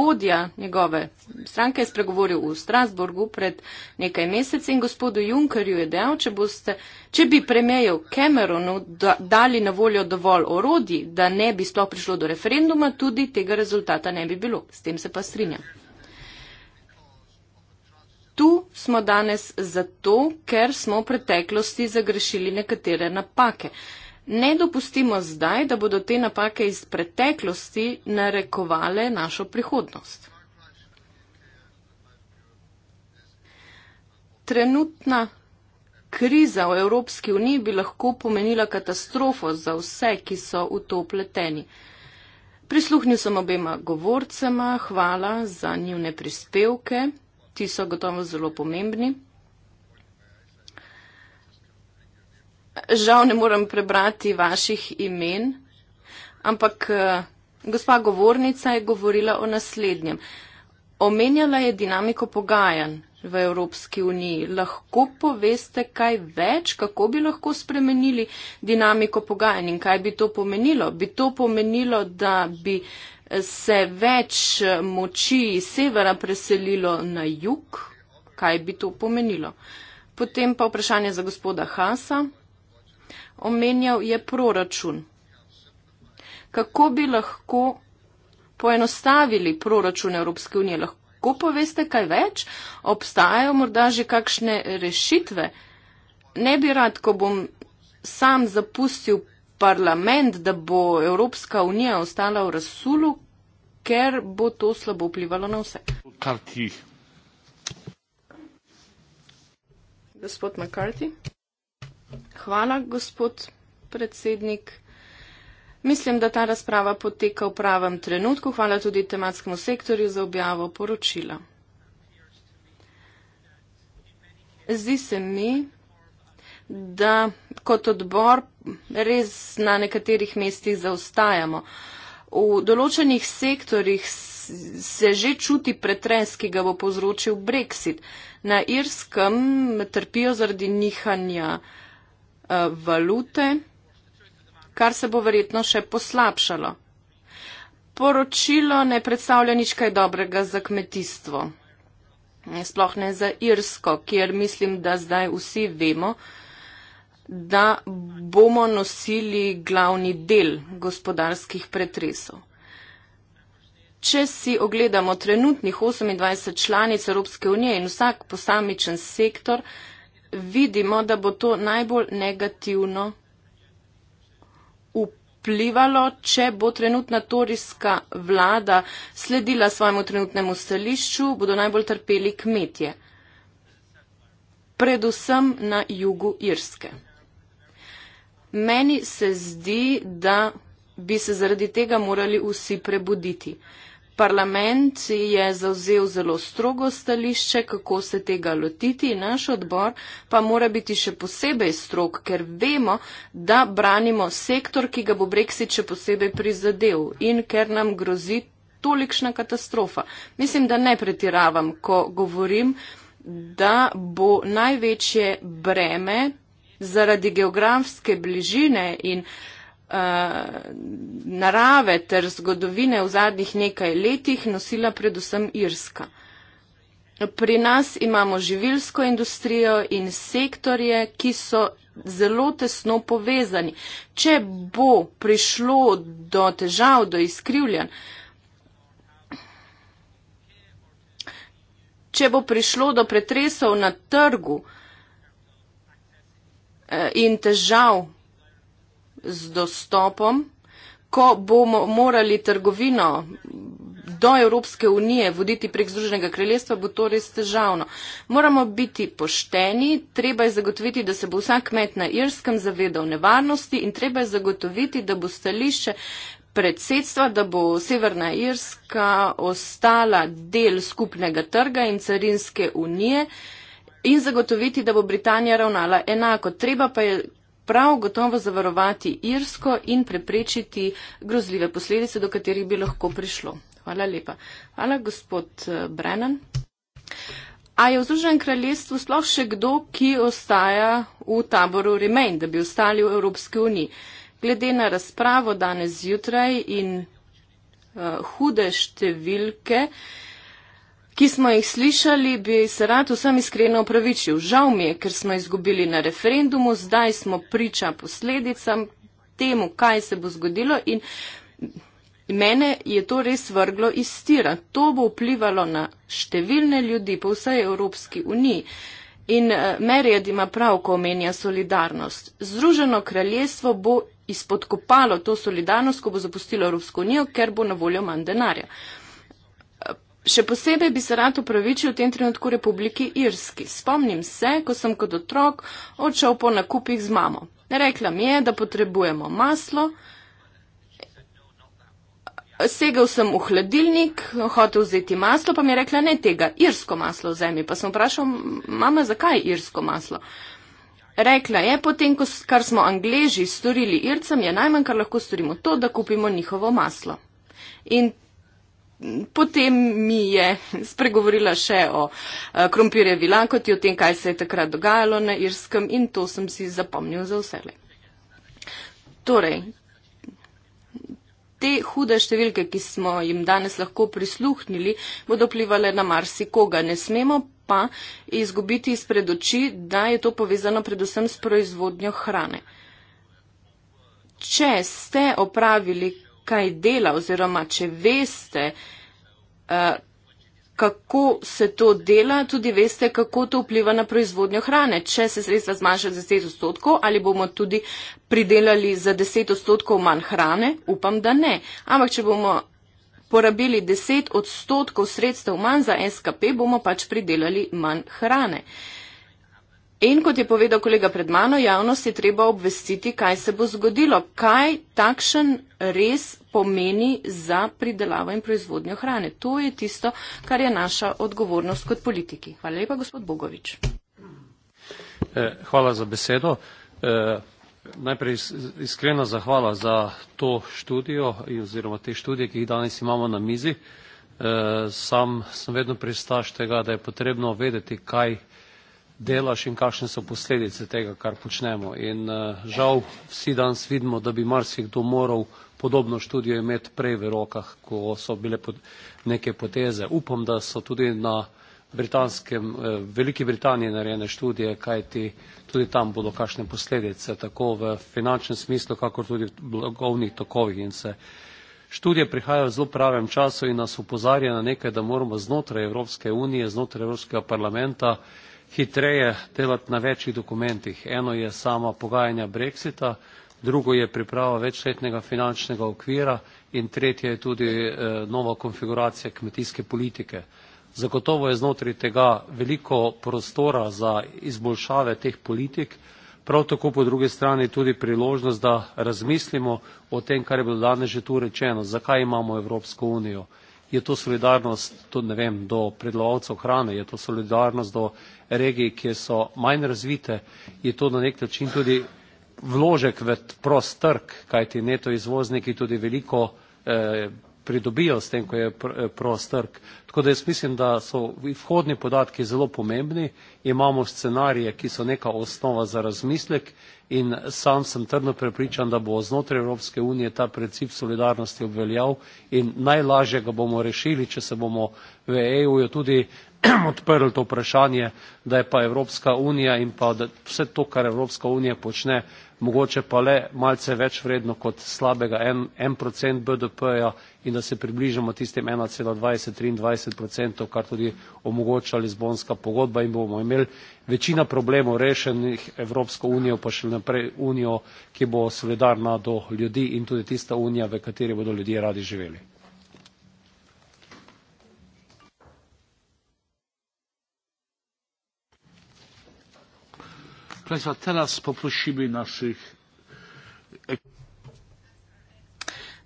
vodja njegove stranke je spregovoril v Strasburgu pred nekaj meseci in gospodu Junkerju je dejal, če, boste, če bi premijev Cameronu da, dali na voljo dovolj orodij, da ne bi sploh prišlo do referenduma, tudi tega rezultata ne bi bilo. S tem se pa strinjam tu smo danes zato, ker smo v preteklosti zagrešili nekatere napake. Ne dopustimo zdaj, da bodo te napake iz preteklosti narekovale našo prihodnost. Trenutna kriza v Evropski uniji bi lahko pomenila katastrofo za vse, ki so v to pleteni. Prisluhnil sem obema govorcema, hvala za njihove prispevke ti so gotovo zelo pomembni. Žal ne morem prebrati vaših imen, ampak eh, gospa govornica je govorila o naslednjem. Omenjala je dinamiko pogajanj v Evropski uniji. Lahko poveste kaj več, kako bi lahko spremenili dinamiko pogajanj in kaj bi to pomenilo? Bi to pomenilo, da bi uh, se več moči iz severa preselilo na jug? Kaj bi to pomenilo? Potem pa vprašanje za gospoda Hasa. Omenjal je proračun. Kako bi lahko poenostavili proračun Evropske unije? Lahko poveste kaj več? Obstajajo morda že kakšne rešitve? Ne bi rad, ko bom sam zapustil parlament, da bo Evropska unija ostala v razsulu, ker bo to slabo vplivalo na vse. McCarthy. Gospod McCarthy. Hvala, gospod predsednik. Mislim, da ta razprava poteka v pravem trenutku. Hvala tudi tematskemu sektorju za objavo poročila. Zdi se mi, da kot odbor res na nekaterih mestih zaostajamo. V določenih sektorjih se že čuti pretres, ki ga bo povzročil Brexit. Na Irskem trpijo zaradi nihanja eh, valute, kar se bo verjetno še poslabšalo. Poročilo ne predstavlja nič kaj dobrega za kmetijstvo. Sploh ne za Irsko, kjer mislim, da zdaj vsi vemo, da bomo nosili glavni del gospodarskih pretresov. Če si ogledamo trenutnih 28 članic Evropske unije in vsak posamičen sektor, vidimo, da bo to najbolj negativno vplivalo, če bo trenutna torijska vlada sledila svojemu trenutnemu stališču, bodo najbolj trpeli kmetje, predvsem na jugu Irske meni se zdi, da bi se zaradi tega morali vsi prebuditi. Parlament je zauzel zelo strogo stališče, kako se tega lotiti, naš odbor pa mora biti še posebej strog, ker vemo, da branimo sektor, ki ga bo Brexit še posebej prizadel in ker nam grozi tolikšna katastrofa. Mislim, da ne pretiravam, ko govorim, da bo največje breme zaradi geografske bližine in uh, narave ter zgodovine v zadnjih nekaj letih nosila predvsem Irska. Pri nas imamo živilsko industrijo in sektorje, ki so zelo tesno povezani. Če bo prišlo do težav, do izkrivljanj, če bo prišlo do pretresov na trgu, uh, Eh, in težav z dostopom, ko bomo morali trgovino do Evropske unije voditi prek Združenega kraljestva, bo to res težavno. Moramo biti pošteni, treba je zagotoviti, da se bo vsak kmet na Irskem zavedal nevarnosti in treba je zagotoviti, da bo stališče predsedstva, da bo Severna Irska ostala del skupnega trga in carinske unije. Uh, in zagotoviti, da bo Britanija ravnala enako. Treba pa je prav gotovo zavarovati Irsko in preprečiti grozljive posledice, do katerih bi lahko prišlo. Hvala lepa. Hvala, gospod eh, Brennan. A je v Združenem kraljestvu sploh še kdo, ki ostaja v taboru Remain, da bi ostali v Evropski uniji? Glede na razpravo danes zjutraj in uh, hude številke, uh, ki smo jih slišali, bi se rad vsem iskreno opravičil. Žal mi je, ker smo izgubili na referendumu, zdaj smo priča posledicam temu, kaj se bo zgodilo in mene je to res vrglo iz tira. To bo vplivalo na številne ljudi po vsej Evropski uniji. In eh, Merijad ima prav, ko omenja solidarnost. Združeno kraljestvo bo izpodkopalo to solidarnost, ko bo zapustilo Evropsko unijo, ker bo na voljo manj denarja. Še posebej bi se rad upravičil v tem trenutku Republiki Irski. Spomnim se, ko sem kot otrok odšel po nakupih z mamo. Rekla mi je, da potrebujemo maslo. Segel sem v hladilnik, hotel vzeti maslo, pa mi je rekla, ne tega, irsko maslo vzemi. Pa sem vprašal, mama, zakaj irsko maslo? Rekla je, potem, ko, kar smo angleži storili ircem, je najmanj, kar lahko storimo to, da kupimo njihovo maslo. In potem mi je spregovorila še o eh, krompirjevi lakoti, o tem, kaj se je takrat dogajalo na Irskem in to sem si zapomnil za vse. Torej, te hude številke, ki smo jim danes lahko prisluhnili, bodo vplivali na marsikoga. Ne smemo pa izgubiti izpred oči, da je to povezano predvsem s proizvodnjo hrane. Če ste opravili kaj dela oziroma če veste, eh, kako se to dela, tudi veste, kako to vpliva na proizvodnjo hrane. Če se sredstva zmanjšajo za 10 odstotkov ali bomo tudi pridelali za 10 odstotkov manj hrane, upam, da ne. Ampak če bomo porabili 10 odstotkov sredstev manj za SKP, bomo pač pridelali manj hrane. Uh, In kot je povedal kolega pred mano, javnost je treba obvestiti, kaj se bo zgodilo, kaj takšen res pomeni za pridelavo in proizvodnjo hrane. To je tisto, kar je naša odgovornost kot politiki. Hvala lepa, gospod Bogovič. Eh, hvala za besedo. Eh, najprej iskrena zahvala za to študijo oziroma te študije, ki jih danes imamo na mizi. Eh, sam sem vedno pristaš tega, da je potrebno vedeti, kaj delaš in kakšne so posledice tega, kar počnemo. In eh, žal vsi danes vidimo, da bi marsikdo moral podobno študijo imeti prej v rokah, ko so bile neke poteze. Upam, da so tudi na britanskem, eh, Veliki Britaniji narejene študije, kaj ti tudi tam bodo kakšne posledice, tako v finančnem smislu, kakor tudi v blagovnih tokovih in se. Študije prihajajo v zelo pravem času in nas upozarja na nekaj, da moramo znotraj Evropske unije, znotraj Evropskega parlamenta hitreje delati na večjih dokumentih. Eno je sama pogajanja brexita, drugo je priprava večletnega finančnega okvira in tretje je tudi eh, nova konfiguracija kmetijske politike. Zagotovo je znotraj tega veliko prostora za izboljšave teh politik, prav tako po drugi strani tudi priložnost, da razmislimo o tem, kar je bilo danes že tu rečeno, zakaj imamo Evropsko unijo je to solidarnost tudi, ne vem, do predlovalcev hrane, je to solidarnost do regij, kjer so manj razvite, je to na nek način tudi vložek v prost trg, kajti neto izvozniki tudi veliko eh, pridobijo s tem, ko je eh, prost trg. Tako da jaz mislim, da so vhodni podatki zelo pomembni, imamo scenarije, ki so neka osnova za razmislek in sam sem trdno prepričan, da bo znotraj Evropske unije ta princip solidarnosti obveljal in najlažje ga bomo rešili, če se bomo v EU-ju tudi (clears throat) odprli to vprašanje, da je pa Evropska unija in pa vse to, kar Evropska unija počne, mogoče pa le malce več vredno kot slabega 1% BDP-ja in da se približamo tistim 1,20-23%, kar tudi omogoča Lizbonska pogodba in bomo imeli večina problemov rešenih Evropsko unijo, pa še naprej unijo, ki bo solidarna do ljudi in tudi tista unija, v kateri bodo ljudje radi živeli. Państwa, teraz poprosimy naszych.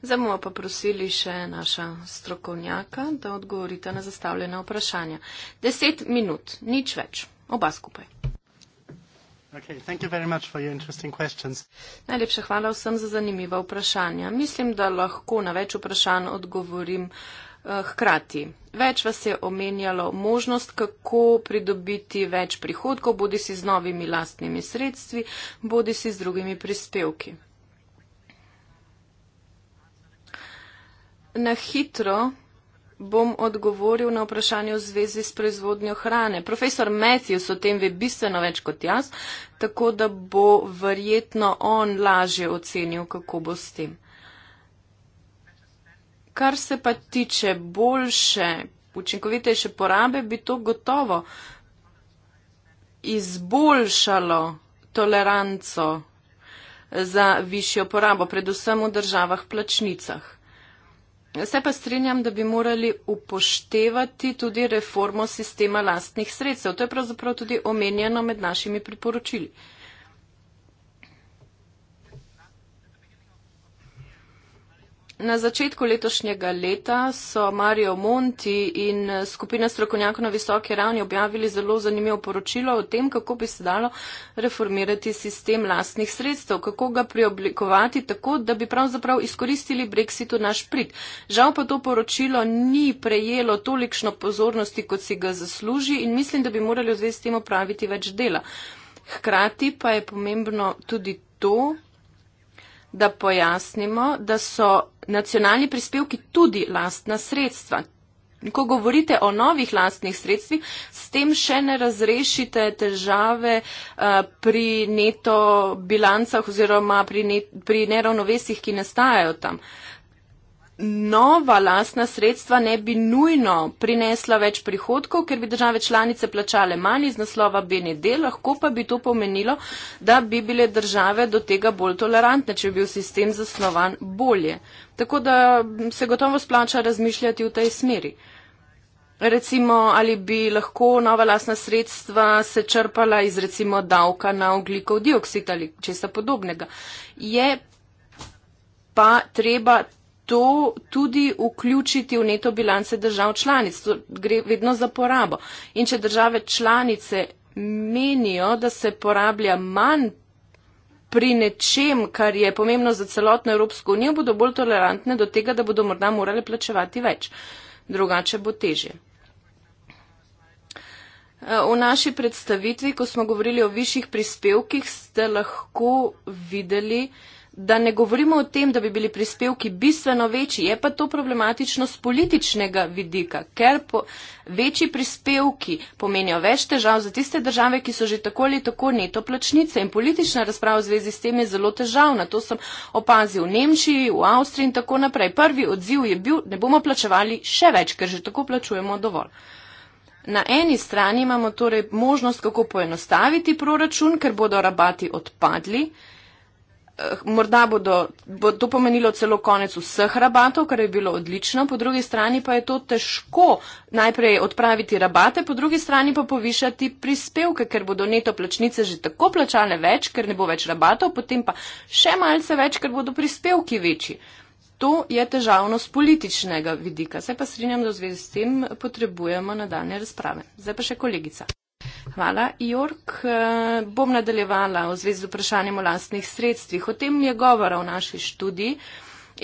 Zamuła poprosili się nasza strokowniaka, da odgovorite na zastawione opraszania. 10 minut, nic več. Oba skupaj. Okay, thank you very much for your interesting questions. Najlepša hvala vsem za zanimiva vprašanja. Mislim, da lahko na več vprašanj odgovorim uh, Eh, hkrati. Več vas je omenjalo možnost, kako pridobiti več prihodkov, bodi si z novimi lastnimi sredstvi, bodi si z drugimi prispevki. Na hitro bom odgovoril na vprašanje v zvezi s proizvodnjo hrane. Profesor Matthews o tem ve bistveno več kot jaz, tako da bo verjetno on lažje ocenil, kako bo s tem. Kar se pa tiče boljše, učinkovitejše porabe, bi to gotovo izboljšalo toleranco za višjo porabo, predvsem v državah plačnicah. Se pa strinjam, da bi morali upoštevati tudi reformo sistema lastnih sredstev. To je pravzaprav tudi omenjeno med našimi priporočili. Na začetku letošnjega leta so Mario Monti in skupina strokovnjakov na visoki ravni objavili zelo zanimivo poročilo o tem, kako bi se dalo reformirati sistem lastnih sredstev, kako ga preoblikovati tako, da bi pravzaprav izkoristili Brexitu naš prid. Žal pa to poročilo ni prejelo tolikšno pozornosti, kot si ga zasluži in mislim, da bi morali v zvezi s tem opraviti več dela. Hkrati pa je pomembno tudi to, da pojasnimo, da so nacionalni prispevki tudi lastna sredstva. Ko govorite o novih lastnih sredstvih, s tem še ne razrešite težave eh, pri neto bilancah oziroma pri, ne, pri neravnovesih, ki nastajajo tam nova lastna sredstva ne bi nujno prinesla več prihodkov, ker bi države članice plačale manj iz naslova BND, lahko pa bi to pomenilo, da bi bile države do tega bolj tolerantne, če bi bil sistem zasnovan bolje. Tako da mm, se gotovo splača razmišljati v tej smeri. Recimo, ali bi lahko nova lastna sredstva se črpala iz recimo davka na oglikov dioksid ali česa podobnega. Je pa treba to tudi vključiti v neto bilance držav članic. To gre vedno za porabo. In če države članice menijo, da se porablja manj pri nečem, kar je pomembno za celotno Evropsko unijo, bodo bolj tolerantne do tega, da bodo morda morale plačevati več. Drugače bo težje. Eh, v naši predstavitvi, ko smo govorili o višjih prispevkih, ste lahko videli, da ne govorimo o tem, da bi bili prispevki bistveno večji, je pa to problematično z političnega vidika, ker po, večji prispevki pomenijo več težav za tiste države, ki so že tako ali tako neto plačnice in politična razprava v zvezi s tem je zelo težavna. To sem opazil v Nemčiji, v Avstriji in tako naprej. Prvi odziv je bil, ne bomo plačevali še več, ker že tako plačujemo dovolj. Na eni strani imamo torej možnost, kako poenostaviti proračun, ker bodo rabati odpadli. Eh, morda bodo, bo to pomenilo celo konec vseh rabatov, kar je bilo odlično, po drugi strani pa je to težko najprej odpraviti rabate, po drugi strani pa povišati prispevke, ker bodo neto plačnice že tako plačane več, ker ne bo več rabatov, potem pa še malce več, ker bodo prispevki večji. To je težavno z političnega vidika. Se pa strinjam, da v zvezi s tem potrebujemo nadaljne razprave. Zdaj pa še kolegica. Hvala, Jork. Eh, bom nadaljevala v zvezi z vprašanjem o lastnih sredstvih. O tem je govora v naši študiji.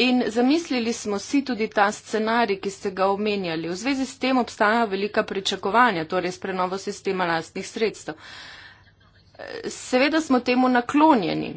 In zamislili smo si tudi ta scenarij, ki ste ga omenjali. V zvezi s tem obstajajo velika pričakovanja, torej s prenovo sistema lastnih sredstev. Eh, seveda smo temu naklonjeni.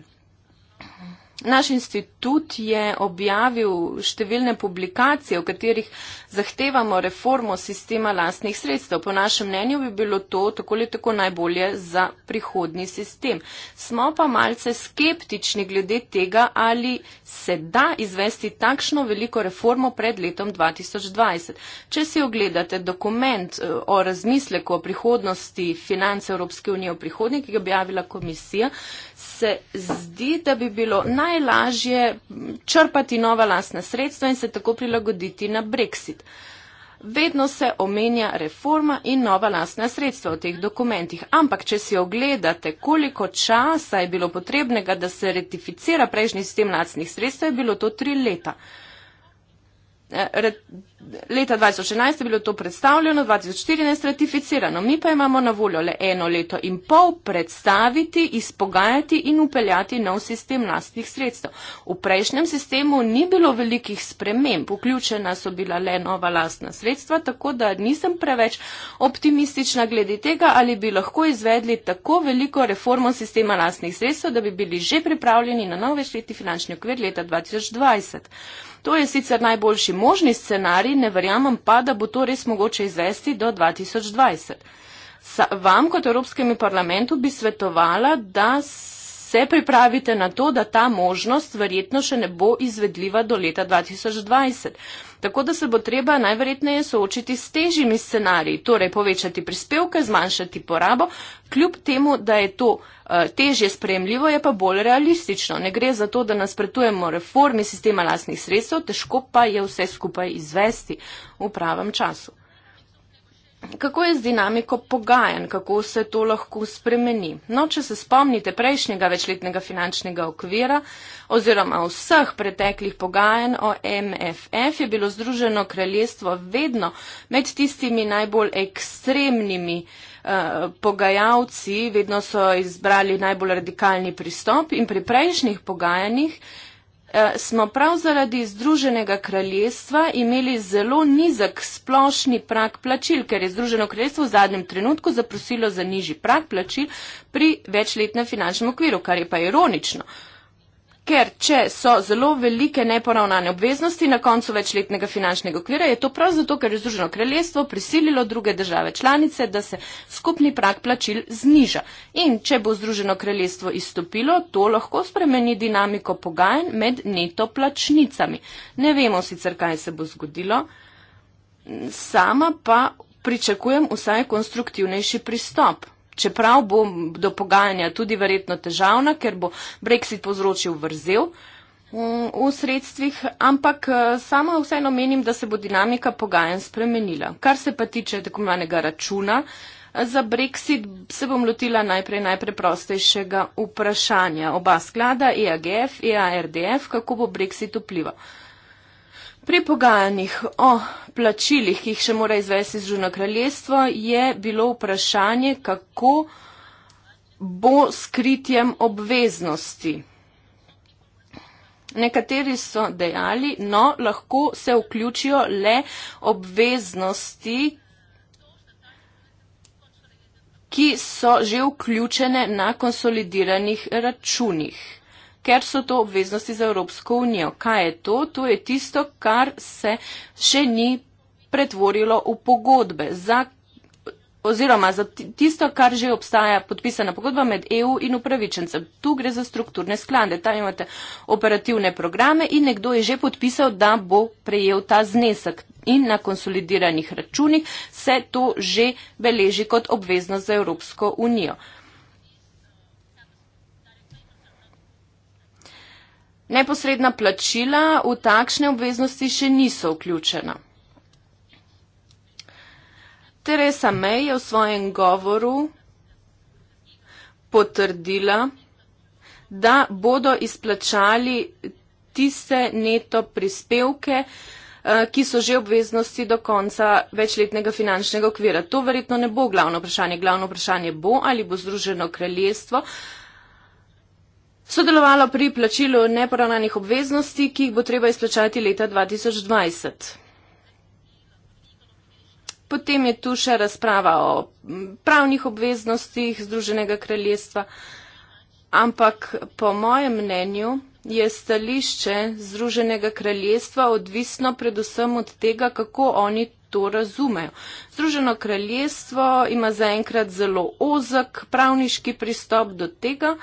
Naš institut je objavil številne publikacije, v katerih zahtevamo reformo sistema lastnih sredstev. Po našem mnenju bi bilo to tako ali tako najbolje za prihodni sistem. Smo pa malce skeptični glede tega, ali se da izvesti takšno veliko reformo pred letom 2020. Če si ogledate dokument eh, o razmisleku o prihodnosti financ Evropske unije v prihodnje, ki ga objavila komisija, se zdi, da bi bilo najlažje črpati nova lasna sredstva in se tako prilagoditi na brexit. Vedno se omenja reforma in nova lasna sredstva v teh dokumentih, ampak če si ogledate, koliko časa je bilo potrebnega, da se retificira prejšnji sistem lasnih sredstev, je bilo to tri leta. Leta 2011 je bilo to predstavljeno, 2014 ratificirano. Mi pa imamo na voljo le eno leto in pol predstaviti, izpogajati in upeljati nov sistem lastnih sredstev. V prejšnjem sistemu ni bilo velikih sprememb, vključena so bila le nova lastna sredstva, tako da nisem preveč optimistična glede tega, ali bi lahko izvedli tako veliko reformo sistema lastnih sredstev, da bi bili že pripravljeni na nove šleti finančni okvir leta 2020. To je sicer najboljši možni scenarij, ne verjamem pa, da bo to res mogoče izvesti do 2020. Sa, vam kot Evropskemu parlamentu bi svetovala, da se pripravite na to, da ta možnost verjetno še ne bo izvedljiva do leta 2020. Tako da se bo treba najverjetneje soočiti s težjimi scenariji, torej povečati prispevke, zmanjšati porabo, kljub temu, da je to uh, težje sprejemljivo, je pa bolj realistično. Ne gre za to, da nasprotujemo reformi sistema lasnih sredstev, težko pa je vse skupaj izvesti v pravem času kako je z dinamiko pogajanj, kako se to lahko spremeni. No, če se spomnite prejšnjega večletnega finančnega okvira oziroma vseh preteklih pogajanj o MFF, je bilo Združeno kraljestvo vedno med tistimi najbolj ekstremnimi eh, pogajalci, vedno so izbrali najbolj radikalni pristop in pri prejšnjih pogajanjih Eh, smo prav zaradi Združenega kraljestva imeli zelo nizek splošni prak plačil, ker je Združeno kraljestvo v zadnjem trenutku zaprosilo za nižji prak plačil pri večletnem finančnem okviru, kar je pa ironično. Ker, če so zelo velike neporavnane obveznosti na koncu večletnega finančnega okvira, je to prav zato, ker je Združeno kraljestvo prisililo druge države članice, da se skupni prak plačil zniža. In če bo Združeno kraljestvo izstopilo, to lahko spremeni dinamiko pogajanj med neto plačnicami. Ne vemo sicer, kaj se bo zgodilo, sama pa pričakujem vsaj konstruktivnejši pristop čeprav bo do pogajanja tudi verjetno težavna, ker bo Brexit povzročil vrzel mm, v sredstvih, ampak eh, sama vseeno menim, da se bo dinamika pogajanj spremenila. Kar se pa tiče tako imenega računa eh, za Brexit, se bom lotila najprej najpreprostejšega vprašanja. Oba sklada, EAGF, EARDF, kako bo Brexit vplival. Pri pogajanjih o plačilih, ki jih še mora izvesti Združeno kraljestvo, je bilo vprašanje, kako bo s kritjem obveznosti. Nekateri so dejali, no, lahko se vključijo le obveznosti, ki so že vključene na konsolidiranih računih ker so to obveznosti za Evropsko unijo. Kaj je to? To je tisto, kar se še ni pretvorilo v pogodbe. Za oziroma za tisto, kar že obstaja podpisana pogodba med EU in upravičencem. Tu gre za strukturne sklade, tam imate operativne programe in nekdo je že podpisal, da bo prejel ta znesek. In na konsolidiranih računih se to že beleži kot obveznost za Evropsko unijo. Neposredna plačila v takšne obveznosti še niso vključena. Teresa May je v svojem govoru potrdila, da bodo izplačali tiste neto prispevke, eh, ki so že obveznosti do konca večletnega finančnega okvira. To verjetno ne bo glavno vprašanje. Glavno vprašanje bo, ali bo Združeno kraljestvo sodelovalo pri plačilu neporavnanih obveznosti, ki jih bo treba izplačati leta 2020. Potem je tu še razprava o pravnih obveznostih Združenega kraljestva, ampak po mojem mnenju je stališče Združenega kraljestva odvisno predvsem od tega, kako oni to razumejo. Združeno kraljestvo ima zaenkrat zelo ozek pravniški pristop do tega,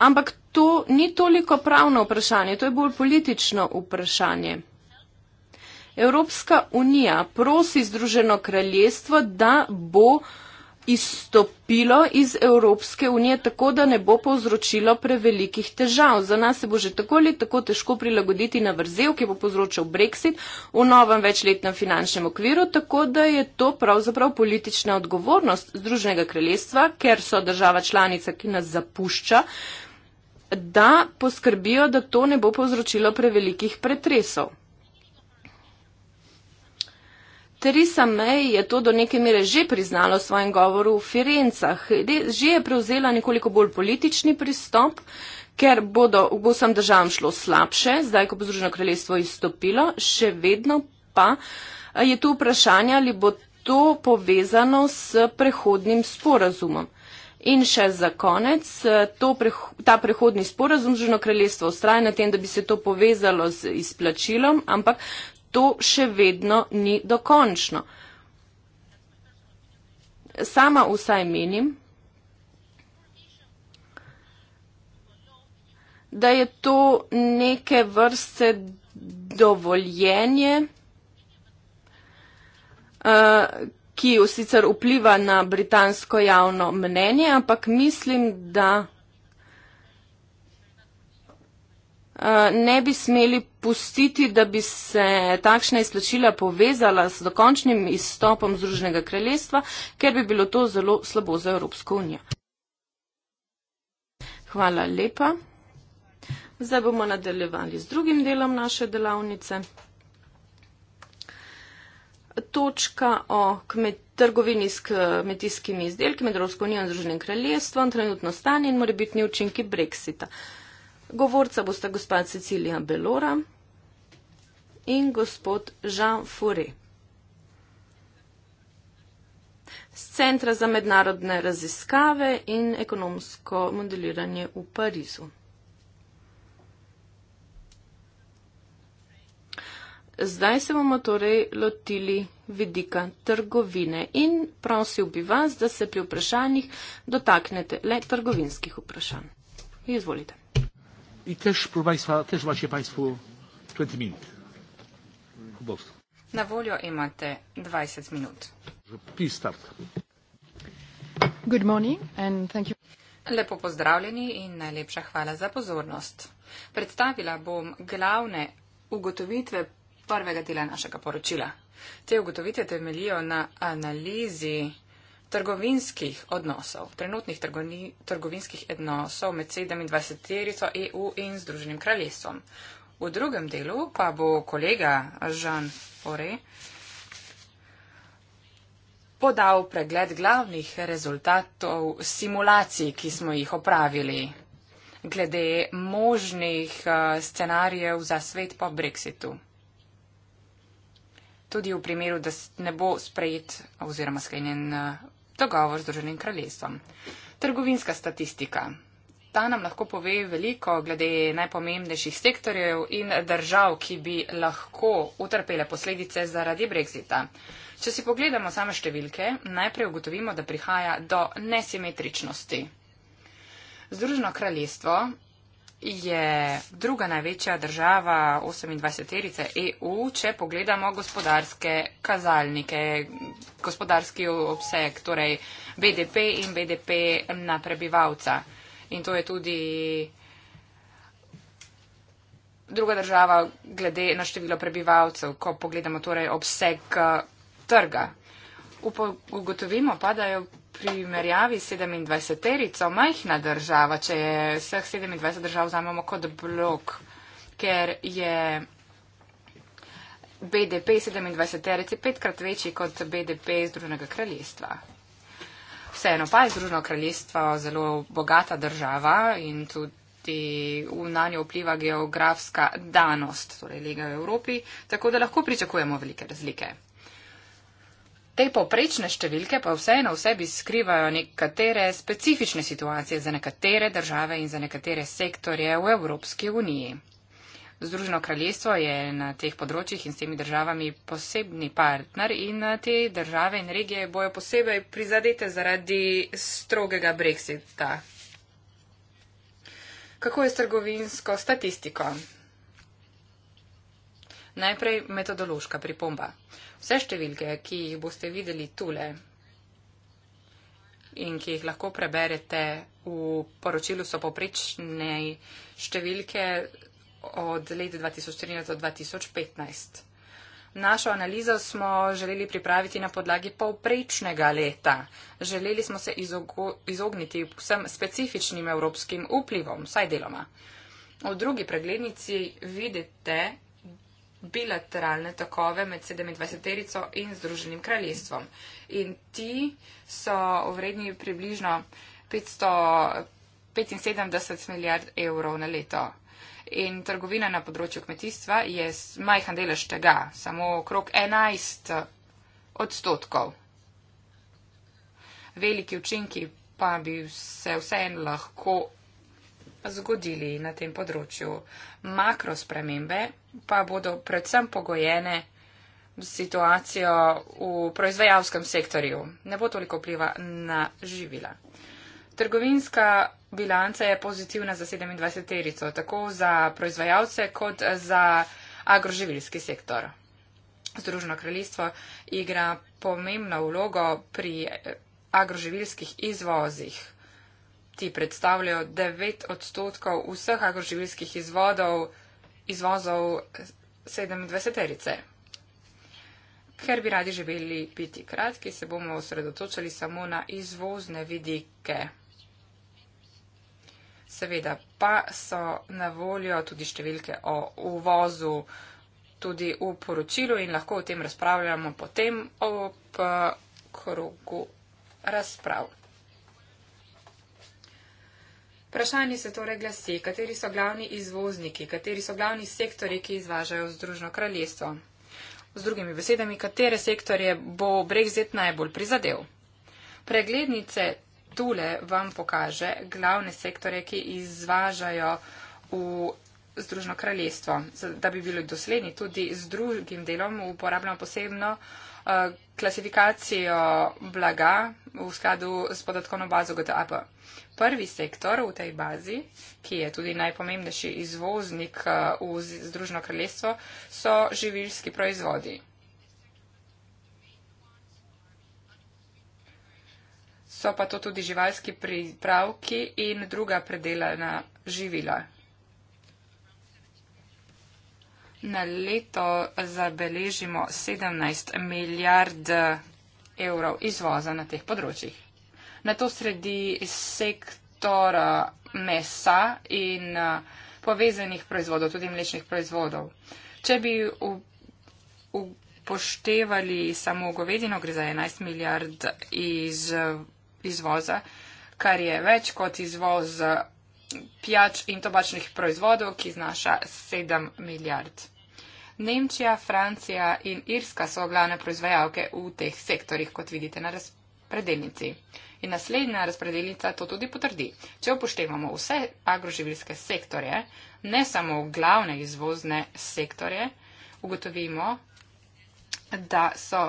Ampak to ni toliko pravno vprašanje, to je bolj politično vprašanje. Evropska unija prosi Združeno kraljestvo, da bo izstopilo iz Evropske unije, tako da ne bo povzročilo prevelikih težav. Za nas se bo že tako ali tako težko prilagoditi na vrzel, ki bo povzročil Brexit v novem večletnem finančnem okviru, tako da je to pravzaprav politična odgovornost Združenega kraljestva, ker so država članica, ki nas zapušča, da poskrbijo, da to ne bo povzročilo prevelikih pretresov. Teresa May je to do neke mere že priznala v svojem govoru v Firencah. Že je prevzela nekoliko bolj politični pristop, ker bodo v vsem državam šlo slabše, zdaj, ko bo Združeno kraljestvo izstopilo, še vedno pa eh, je tu vprašanje, ali bo to povezano s prehodnim sporazumom. In še za konec, eh, preh ta prehodni sporazum Združeno kraljestvo ustraja na tem, da bi se to povezalo z izplačilom, ampak to še vedno ni dokončno. Sama vsaj menim, da je to neke vrste dovoljenje, eh, ki sicer vpliva na britansko javno mnenje, ampak mislim, da eh, ne bi smeli pustiti, da bi se takšna izplačila povezala s dokončnim izstopom Združenega kraljestva, ker bi bilo to zelo slabo za Evropsko unijo. Hvala lepa. Zdaj bomo nadaljevali z drugim delom naše delavnice točka o kmet, trgovini s kmetijskimi izdelki med Evropsko unijo in Združenim kraljestvom, trenutno stanje in morebitni učinki brexita. Govorca bosta gospa Cecilija Belora in gospod Jean Fure. Z Centra za mednarodne raziskave in ekonomsko modeliranje v Parizu. zdaj se bomo torej lotili vidika trgovine in prosil bi vas, da se pri vprašanjih dotaknete le trgovinskih vprašanj. Izvolite. In tež probajstva, tež vaše pajstvo 20 minut. Na voljo imate 20 minut. Please start. Good morning and thank you. Lepo pozdravljeni in najlepša hvala za pozornost. Predstavila bom glavne ugotovitve prvega dela našega poročila. Te ugotovitve temelijo na analizi trgovinskih odnosov, trenutnih trgoni, trgovinskih odnosov med 27. terico EU in Združenim kraljestvom. V drugem delu pa bo kolega Žan Ore podal pregled glavnih rezultatov simulacij, ki smo jih opravili glede možnih eh, scenarijev za svet po Brexitu tudi v primeru, da ne bo sprejet oziroma sklenjen eh, dogovor z Združenim kraljestvom. Trgovinska statistika. Ta nam lahko pove veliko glede najpomembnejših sektorjev in držav, ki bi lahko utrpele posledice zaradi brexita. Če si pogledamo same številke, najprej ugotovimo, da prihaja do nesimetričnosti. Združeno kraljestvo je druga največja država 28-terice EU, če pogledamo gospodarske kazalnike, gospodarski obseg, torej BDP in BDP na prebivalca. In to je tudi druga država glede na število prebivalcev, ko pogledamo torej obseg eh, trga. Upo ugotovimo pa, da je primerjavi s 27-terico majhna država, če je vseh 27 držav vzamemo kot blok, ker je BDP 27-terici petkrat večji kot BDP Združenega kraljestva. Vseeno pa je Združeno kraljestvo zelo bogata država in tudi ki v na njo vpliva geografska danost, torej lega v Evropi, tako da lahko pričakujemo velike razlike. Te poprečne številke pa vseeno vsebi skrivajo nekatere specifične situacije za nekatere države in za nekatere sektorje v Evropski uniji. Združeno kraljestvo je na teh področjih in s temi državami posebni partner in te države in regije bojo posebej prizadete zaradi strogega Brexita. Kako je s trgovinsko statistiko? Najprej metodološka pripomba. Vse številke, ki jih boste videli tule in ki jih lahko preberete v poročilu, so poprečne številke od leta 2013 do 2015. Našo analizo smo želeli pripraviti na podlagi povprečnega leta. Želeli smo se izogniti vsem specifičnim evropskim vplivom, saj deloma. V drugi preglednici vidite, bilateralne takove med 27-terico in Združenim kraljestvom. In ti so vredni približno 575 milijard evrov na leto. In trgovina na področju kmetijstva je majhen delež tega, samo okrog 11 odstotkov. Veliki učinki pa bi se vseeno lahko zgodili na tem področju. Makro spremembe pa bodo predvsem pogojene situacijo v proizvajalskem sektorju. Ne bo toliko vpliva na živila. Trgovinska bilanca je pozitivna za 27 terico, tako za proizvajalce kot za agroživilski sektor. Združeno kraljestvo igra pomembno vlogo pri eh, agroživilskih izvozih. Ti predstavljajo 9 odstotkov vseh agroživilskih izvodov, izvozov 27-erice. Ker bi radi želeli biti kratki, se bomo osredotočili samo na izvozne vidike. Seveda pa so na voljo tudi številke o uvozu tudi v poročilu in lahko o tem razpravljamo potem ob krogu razprav. Vprašanje se torej glasi, kateri so glavni izvozniki, kateri so glavni sektori, ki izvažajo Združeno kraljestvo. Z drugimi besedami, katere sektorje bo Brexit najbolj prizadel? Preglednice tule vam pokaže glavne sektore, ki izvažajo v Združeno kraljestvo. Da bi bili dosledni tudi z drugim delom, uporabljamo posebno eh, klasifikacijo blaga v skladu s podatkovno bazo GDAP prvi sektor v tej bazi, ki je tudi najpomembnejši izvoznik eh, v Združeno kraljestvo, so živilski proizvodi. So pa to tudi živalski pripravki in druga predelana živila. Na leto zabeležimo 17 milijard eh, evrov izvoza na teh področjih na to sredi sektora mesa in povezanih proizvodov, tudi mlečnih proizvodov. Če bi upoštevali samo govedino, gre za 11 milijard iz izvoza, kar je več kot izvoz pijač in tobačnih proizvodov, ki znaša 7 milijard. Nemčija, Francija in Irska so glavne proizvajalke v teh sektorjih, kot vidite na razpredelnici in naslednja razpredelica to tudi potrdi. Če upoštevamo vse agroživilske sektorje, ne samo glavne izvozne sektorje, ugotovimo, da so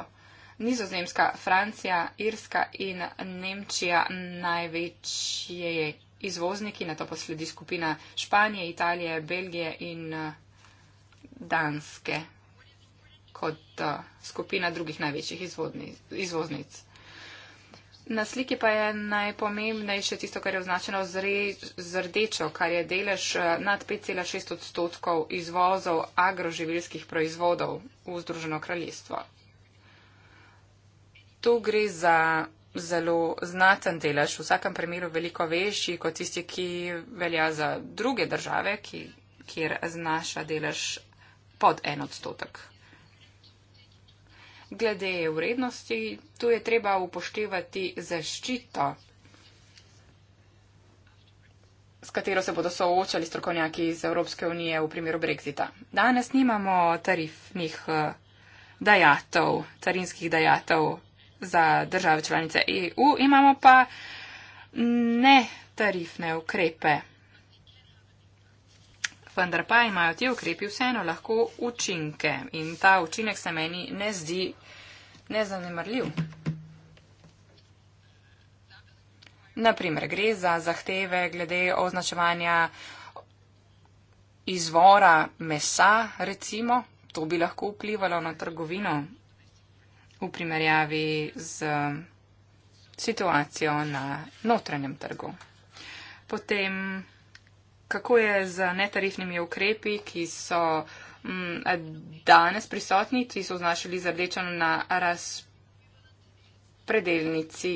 Nizozemska, Francija, Irska in Nemčija največje izvozniki, na to posledi skupina Španije, Italije, Belgije in eh, Danske kot eh, skupina drugih največjih izvodni, izvoznic. Na sliki pa je najpomembnejše tisto, kar je označeno z, re, z rdečo, kar je delež eh, nad 5,6 odstotkov izvozov agroživilskih proizvodov v Združeno kraljestvo. Tu gre za zelo znaten delež, v vsakem primeru veliko večji kot tisti, ki velja za druge države, ki, kjer znaša delež pod en odstotek glede vrednosti, tu je treba upoštevati zaščito, s katero se bodo soočali strokovnjaki iz Evropske unije v primeru Brexita. Danes nimamo tarifnih eh, dajatov, carinskih dajatov za države članice EU, imamo pa ne tarifne ukrepe vendar pa imajo ti ukrepi vseeno lahko učinke in ta učinek se meni ne zdi nezanemrljiv. Naprimer, gre za zahteve glede označevanja izvora mesa, recimo, to bi lahko vplivalo na trgovino v primerjavi z situacijo na notranjem trgu. Potem kako je z netarifnimi ukrepi, ki so m, mm, danes prisotni, ki so označili zrdečo na razpredelnici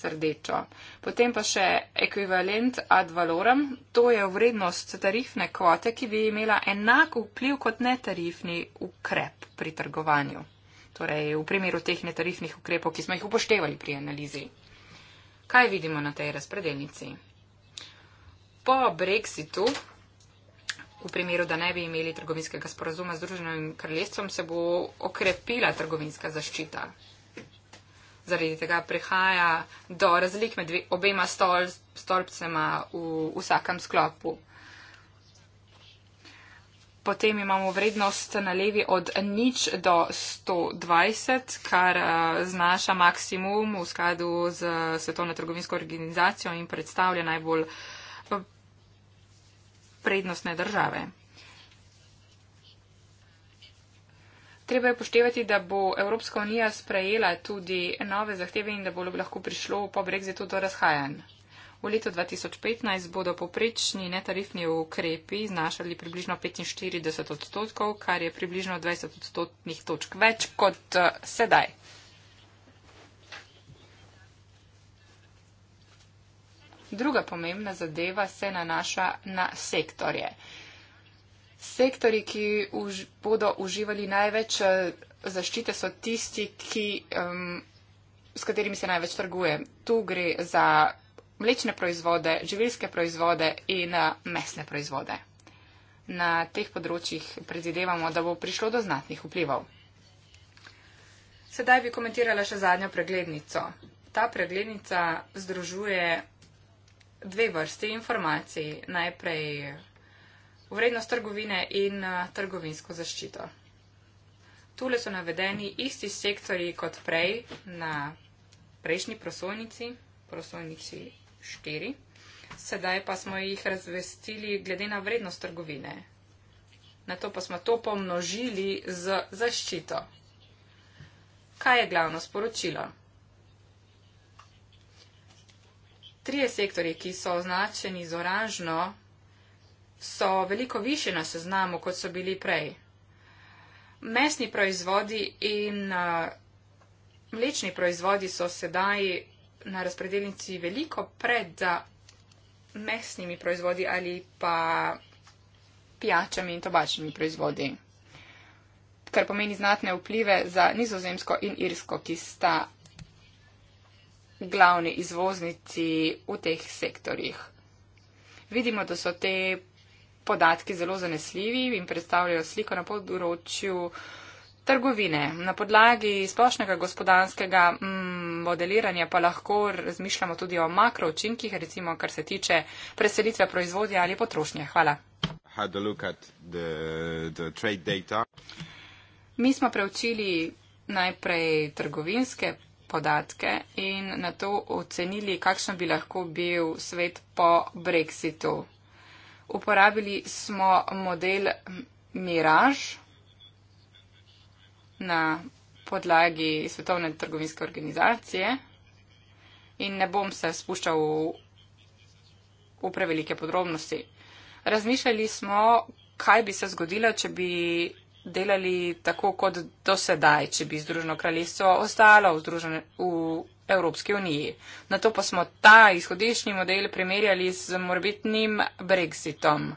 zrdečo. Potem pa še ekvivalent ad valorem, to je vrednost tarifne kvote, ki bi imela enak vpliv kot netarifni ukrep pri trgovanju. Torej, v primeru teh netarifnih ukrepov, ki smo jih upoštevali pri analizi. Kaj vidimo na tej razpredelnici? po brexitu, v primeru, da ne bi imeli trgovinskega sporazuma z Združenim kraljestvom, se bo okrepila trgovinska zaščita. Zaradi tega prihaja do razlik med obema stol, stolpcema v vsakem sklopu. Potem imamo vrednost na levi od nič do 120, kar eh, znaša maksimum v skladu z Svetovno trgovinsko organizacijo in predstavlja najbolj uh, prednostne države. Treba je poštevati, da bo Evropska unija sprejela tudi nove zahteve in da bo lahko prišlo po brexitu do razhajanj. V letu 2015 bodo poprečni netarifni ukrepi znašali približno 45 odstotkov, kar je približno 20 odstotnih točk več kot eh, sedaj. Druga pomembna zadeva se nanaša na sektorje. Sektori, ki už, bodo uživali največ eh, zaščite, so tisti, ki, um, s katerimi se največ trguje. Tu gre za mlečne proizvode, živilske proizvode in eh, mesne proizvode. Na teh področjih predvidevamo, da bo prišlo do znatnih vplivov. Sedaj bi komentirala še zadnjo preglednico. Ta preglednica združuje dve vrsti informacij. Najprej vrednost trgovine in eh, trgovinsko zaščito. Tule so navedeni isti sektori kot prej na prejšnji prosojnici, prosojnici 4. Sedaj pa smo jih razvestili glede na vrednost trgovine. Na to pa smo to pomnožili z zaščito. Kaj je glavno sporočilo? trije sektori, ki so označeni z oranžno, so veliko više na seznamu, kot so bili prej. Mesni proizvodi in uh, mlečni proizvodi so sedaj na razpredelnici veliko pred za uh, mesnimi proizvodi ali pa pijačami in tobačnimi proizvodi, kar pomeni znatne vplive za nizozemsko in irsko, ki sta glavni izvoznici v teh sektorjih. Vidimo, da so te podatki zelo zanesljivi in predstavljajo sliko na področju trgovine. Na podlagi splošnega gospodanskega mm, modeliranja pa lahko razmišljamo tudi o makroučinkih, recimo kar se tiče preselitve proizvodnje ali potrošnje. Hvala. Mi smo preučili najprej trgovinske podatke in na to ocenili, kakšen bi lahko bil svet po Brexitu. Uporabili smo model Mirage na podlagi Svetovne trgovinske organizacije in ne bom se spuščal v, v prevelike podrobnosti. Razmišljali smo, kaj bi se zgodilo, če bi delali tako kot dosedaj, če bi Združeno kraljestvo ostalo v, Združen, v Evropski uniji. Na to pa smo ta izhodišnji model primerjali z morbitnim Brexitom.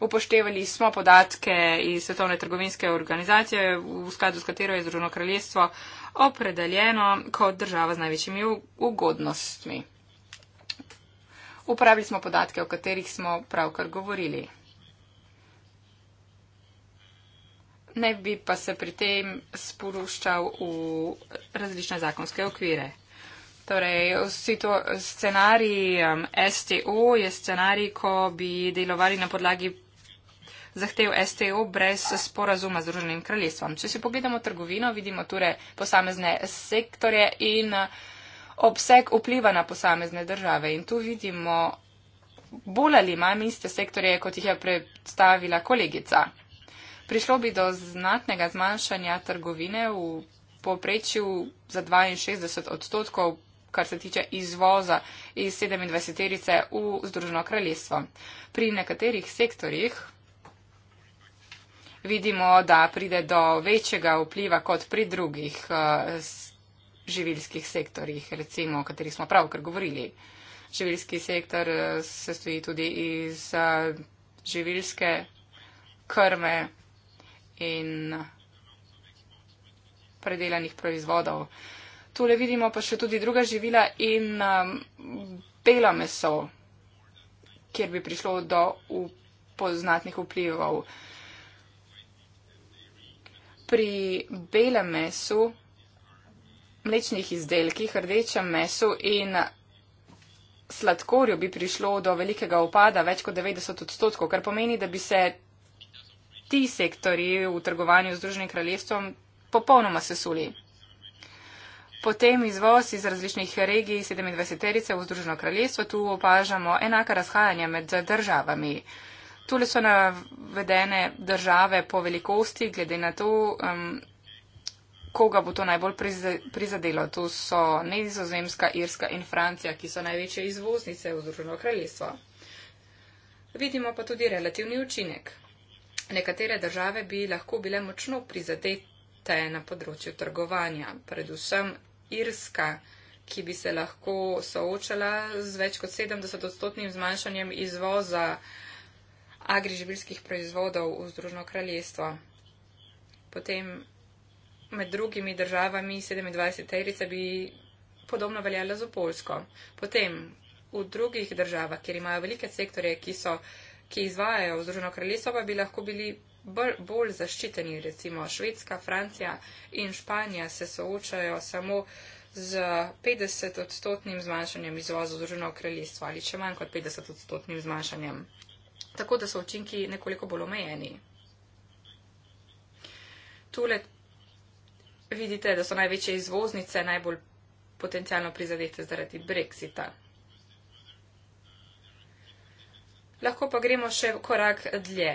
Upoštevali smo podatke iz Svetovne trgovinske organizacije, v skladu s katero je Združeno kraljestvo opredeljeno kot država z največjimi ugodnostmi. Uporabili smo podatke, o katerih smo pravkar govorili. ne bi pa se pri tem spuščal v različne zakonske okvire. Torej, situ, scenarij um, STO je scenarij, ko bi delovali na podlagi zahtev STO brez sporazuma z Združenim kraljestvom. Če si pogledamo trgovino, vidimo torej posamezne sektorje in uh, obseg vpliva na posamezne države. In tu vidimo bolj ali manj iste sektorje, kot jih je predstavila kolegica prišlo bi do znatnega zmanjšanja trgovine v poprečju za 62 odstotkov, kar se tiče izvoza iz 27-erice v Združeno kraljestvo. Pri nekaterih sektorjih vidimo, da pride do večjega vpliva kot pri drugih eh, živilskih sektorjih, recimo, o katerih smo pravkar govorili. Živilski sektor eh, se stoji tudi iz eh, živilske krme in predelanih proizvodov. Tole vidimo pa še tudi druga živila in um, belo meso, kjer bi prišlo do upoznatnih vplivov. Pri belem mesu, mlečnih izdelkih, rdečem mesu in sladkorju bi prišlo do velikega upada, več kot 90 odstotkov, kar pomeni, da bi se ti sektori v trgovanju z Združenim kraljestvom popolnoma sesuli. Potem izvoz iz različnih regij 27. terice v Združeno kraljestvo, tu opažamo enaka razhajanja med državami. Tule so navedene države po velikosti, glede na to, um, koga bo to najbolj prizadelo. Tu so Nizozemska, Irska in Francija, ki so največje izvoznice v Združeno kraljestvo. Vidimo pa tudi relativni učinek. Nekatere države bi lahko bile močno prizadete na področju trgovanja, predvsem Irska, ki bi se lahko soočala z več kot 70 odstotnim zmanjšanjem izvoza agriživilskih proizvodov v Združno kraljestvo. Potem med drugimi državami 27. terice bi podobno veljalo za Polsko. Potem v drugih državah, kjer imajo velike sektore, ki so ki izvajajo v Združeno kraljestvo, pa bi lahko bili bolj, bolj zaščiteni. Recimo Švedska, Francija in Španija se soočajo samo z 50-odstotnim zmanjšanjem izvoza v Združeno kraljestvo ali če manj kot 50-odstotnim zmanjšanjem. Tako da so učinki nekoliko bolj omejeni. Tule vidite, da so največje izvoznice najbolj potencialno prizadete zaradi brexita. Lahko pa gremo še korak dlje.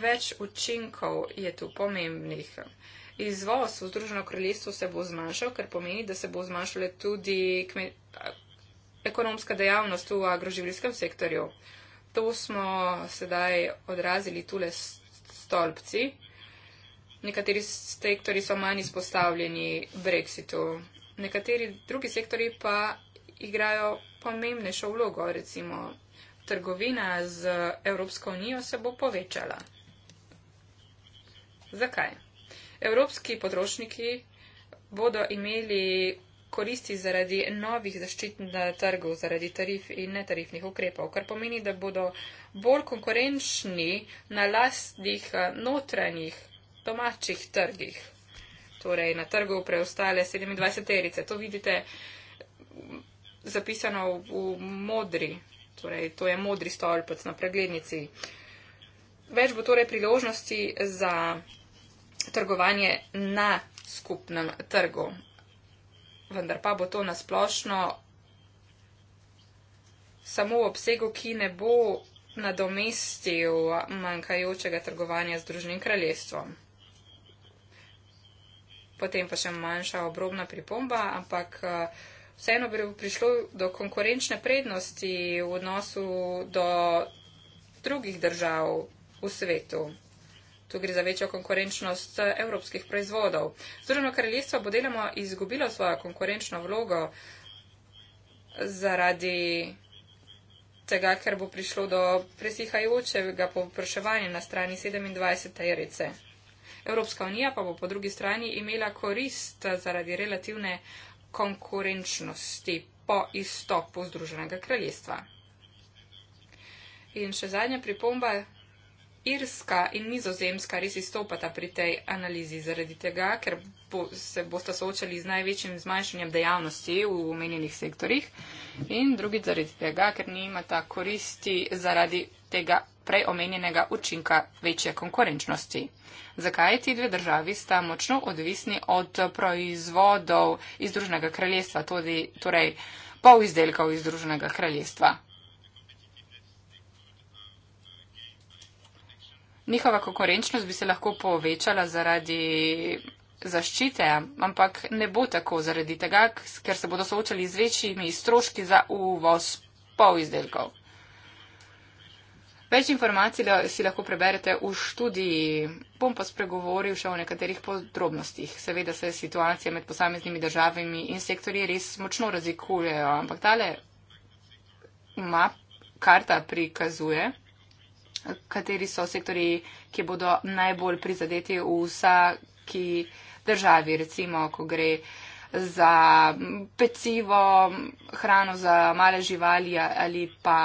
Več učinkov je tu pomembnih. Izvoz v Združeno kraljestvo se bo zmanjšal, kar pomeni, da se bo zmanjšala tudi kmet... ekonomska dejavnost v agroživljskem sektorju. To smo sedaj odrazili tule stolpci. Nekateri sektori so manj izpostavljeni Brexitu, nekateri drugi sektori pa igrajo pomembnejšo vlogo, recimo trgovina z Evropsko unijo se bo povečala. Zakaj? Evropski potrošniki bodo imeli koristi zaradi novih zaščitnih trgov, zaradi tarif in netarifnih ukrepov, kar pomeni, da bodo bolj konkurenčni na lastnih eh, notranjih domačih trgih, torej na trgu preostale 27 terice. To vidite zapisano v modri torej to je modri stolpec na preglednici. Več bo torej priložnosti za trgovanje na skupnem trgu, vendar pa bo to nasplošno samo v obsegu, ki ne bo nadomestil manjkajočega trgovanja z družnim kraljestvom. Potem pa še manjša obrobna pripomba, ampak uh, vseeno bi prišlo do konkurenčne prednosti v odnosu do drugih držav v svetu. Tu gre za večjo konkurenčnost evropskih proizvodov. Združeno kraljestvo bo deloma izgubilo svojo konkurenčno vlogo zaradi tega, ker bo prišlo do presihajočega povpraševanja na strani 27. erice. Evropska unija pa bo po drugi strani imela korist zaradi relativne konkurenčnosti po izstopu Združenega kraljestva. In še zadnja pripomba. Irska in nizozemska res izstopata pri tej analizi zaradi tega, ker bo, se boste soočali z največjim zmanjšanjem dejavnosti v omenjenih sektorih in drugi zaradi tega, ker nimata koristi zaradi tega prej omenjenega učinka večje konkurenčnosti. Zakaj ti dve državi sta močno odvisni od proizvodov iz družnega kraljestva, tudi, torej pol izdelkov iz družnega kraljestva? Njihova konkurenčnost bi se lahko povečala zaradi zaščite, ampak ne bo tako zaradi tega, ker se bodo soočali z večjimi stroški za uvoz pol izdelkov. Več informacij si lahko preberete v študiji. Bom pa spregovoril še o nekaterih podrobnostih. Seveda se situacija med posameznimi državami in sektorji res močno razlikujejo, ampak tale map, karta prikazuje, kateri so sektorji, ki bodo najbolj prizadeti v vsaki državi, recimo, ko gre za pecivo, hrano za male živali ali pa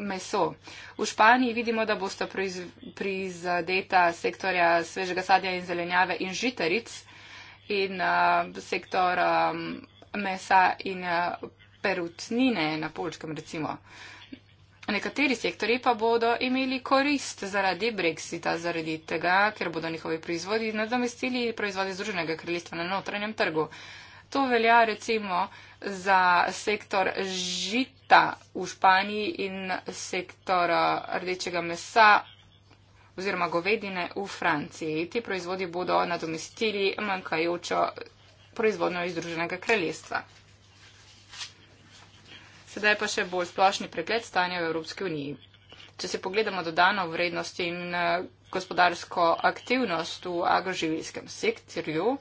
meso. V Španiji vidimo, da bosta prizadeta sektorja svežega sadja in zelenjave in žitaric in uh, sektor um, mesa in uh, perutnine na polčkem recimo. Nekateri sektori pa bodo imeli korist zaradi brexita, zaradi tega, ker bodo njihovi proizvodi nadomestili proizvode Združenega kraljestva na notranjem trgu. Uh, To velja recimo za sektor žita v Španiji in sektor eh, rdečega mesa oziroma govedine v Franciji. Ti proizvodi bodo nadomestili manjkajočo proizvodnjo iz Združenega kraljestva. Sedaj pa še bolj splošni pregled stanja v Evropski uniji. Če se pogledamo dodano vrednost in eh, gospodarsko aktivnost v agroživilskem sektorju,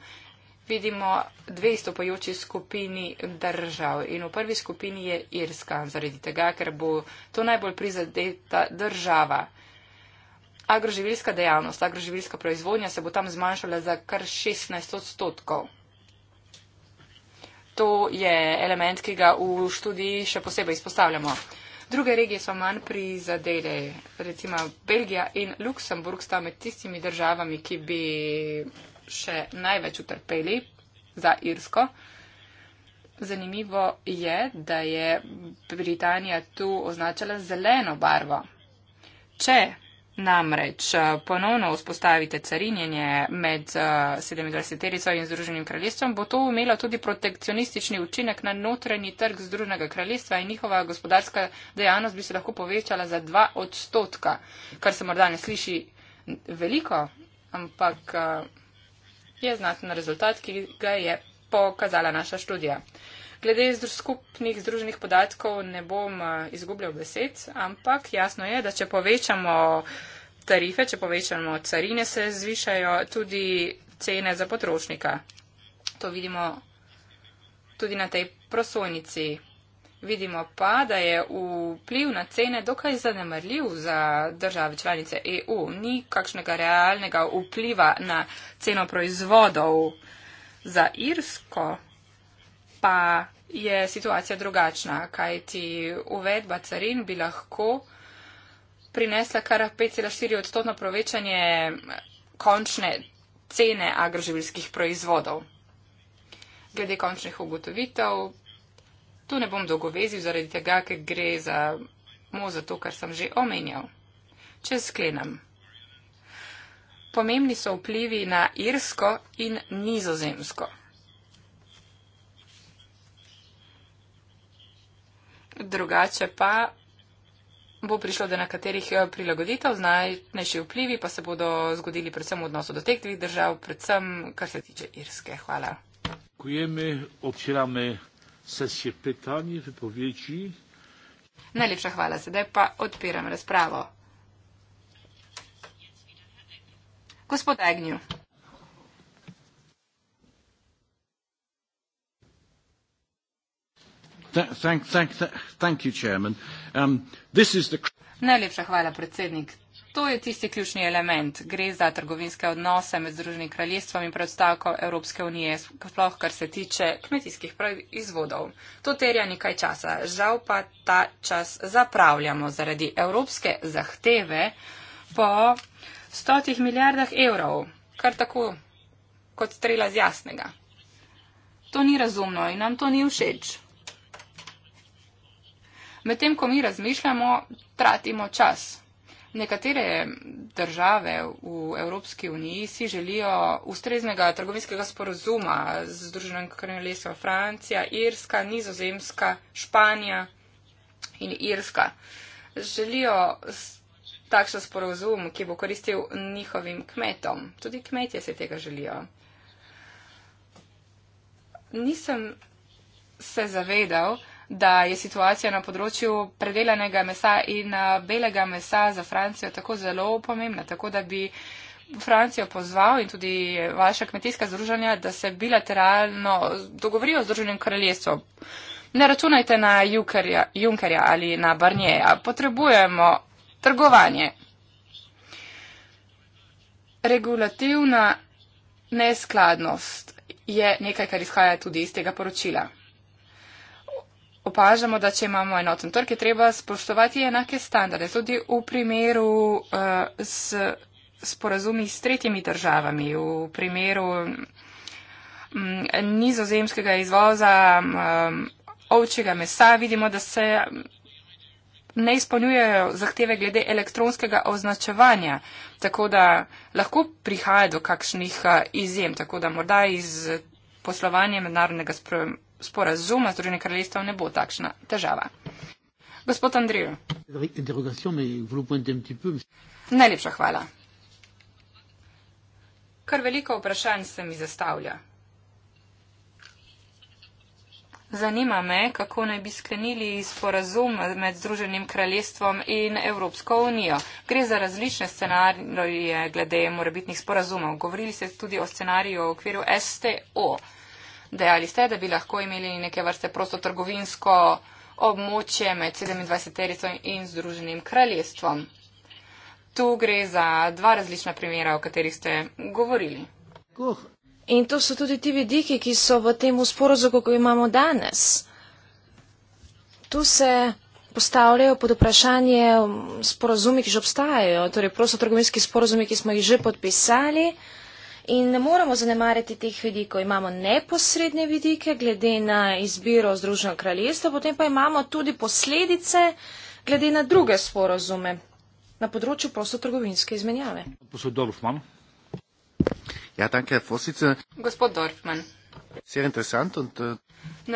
vidimo dve stopajoči skupini držav. In v prvi skupini je Irska, zaradi tega, ker bo to najbolj prizadeta država. Agroživilska dejavnost, agroživilska proizvodnja se bo tam zmanjšala za kar 16 odstotkov. To je element, ki ga v študiji še posebej izpostavljamo. Druge regije so manj prizadele, recimo Belgija in Luksemburg sta med tistimi državami, ki bi še največ utrpeli za Irsko. Zanimivo je, da je Britanija tu označila zeleno barvo. Če namreč eh, ponovno vzpostavite carinjenje med 27. Eh, in Združenim kraljestvom, bo to imelo tudi protekcionistični učinek na notranji trg Združenega kraljestva in njihova gospodarska dejavnost bi se lahko povečala za 2 odstotka, kar se morda ne sliši veliko, ampak eh, je znaten rezultat, ki ga je pokazala naša študija. Glede skupnih združenih podatkov ne bom eh, izgubljal besed, ampak jasno je, da če povečamo tarife, če povečamo carine, se zvišajo tudi cene za potrošnika. To vidimo tudi na tej prosojnici. Vidimo pa, da je vpliv na cene dokaj zanemrljiv za države članice EU. Ni kakšnega realnega vpliva na ceno proizvodov za Irsko, pa je situacija drugačna, kajti uvedba carin bi lahko prinesla kar 5,4 odstotno povečanje končne cene agroživljskih proizvodov. Glede končnih ugotovitev Tu ne bom dolgovezil zaradi tega, ker gre za moza to, kar sem že omenjal. Če sklenem. Pomembni so vplivi na Irsko in Nizozemsko. Drugače pa bo prišlo do nekaterih eh, prilagoditev, najnejši vplivi pa se bodo zgodili predvsem v odnosu do teh dveh držav, predvsem kar se tiče Irske. Hvala. Kujeme, občerame sesije pitanje, vypovedi. Najlepša hvala, sedaj pa odpiram razpravo. Gospod Agnew. Thank, thank, thank, thank you, um, this is the... Najlepša hvala, predsednik. To je tisti ključni element. Gre za trgovinske odnose med Združenim kraljestvom in predstavko Evropske unije, sploh kar se tiče kmetijskih proizvodov. To terja nekaj časa. Žal pa ta čas zapravljamo zaradi evropske zahteve po stotih milijardah evrov, kar tako kot strela z jasnega. To ni razumno in nam to ni všeč. Medtem, ko mi razmišljamo, tratimo čas. Nekatere države v Evropski uniji si želijo ustreznega trgovinskega sporozuma z Združenim kraljestvom Francija, Irska, Nizozemska, Španija in Irska. Želijo takšen sporozum, ki bo koristil njihovim kmetom. Tudi kmetje se tega želijo. Nisem se zavedal, da je situacija na področju predelanega mesa in eh, belega mesa za Francijo tako zelo pomembna, tako da bi Francijo pozval in tudi vaša kmetijska združanja, da se bilateralno dogovorijo z Združenim kraljestvom. Ne računajte na Junkerja, Junkerja ali na Barnjeja. Potrebujemo trgovanje. Regulativna neskladnost je nekaj, kar izhaja tudi iz tega poročila opažamo, da če imamo enoten trg, je treba spoštovati enake standarde. Tudi v primeru uh, s sporazumi s tretjimi državami, v primeru um, nizozemskega izvoza um, ovčjega mesa, vidimo, da se ne izpolnjujejo zahteve glede elektronskega označevanja, tako da lahko prihaja do kakšnih eh, izjem, tako da morda iz poslovanja mednarodnega sporazuma sporazuma Združenih kraljestev ne bo takšna težava. Gospod Andriju. Najlepša hvala. Kar veliko vprašanj se mi zastavlja. Zanima me, kako naj bi sklenili sporazum med Združenim kraljestvom in Evropsko unijo. Gre za različne scenarije glede morebitnih sporazumov. Govorili ste tudi o scenariju v okviru STO. Dejali ste, da bi lahko imeli neke vrste prostotrgovinsko območje med 27. terico in Združenim kraljestvom. Tu gre za dva različna primera, o katerih ste govorili. In to so tudi ti vidiki, ki so v tem sporozumu, ko imamo danes. Tu se postavljajo pod vprašanje um, sporozumi, ki že obstajajo, torej prostotrgovinski sporozumi, ki smo jih že podpisali. In ne moramo zanemariti teh vidikov. Imamo neposredne vidike, glede na izbiro Združenega kraljestva, potem pa imamo tudi posledice, glede na druge sporozume na področju prostotrgovinske izmenjave. Gospod Dorfman. Ja, danke, gospod Dorfman. Äh,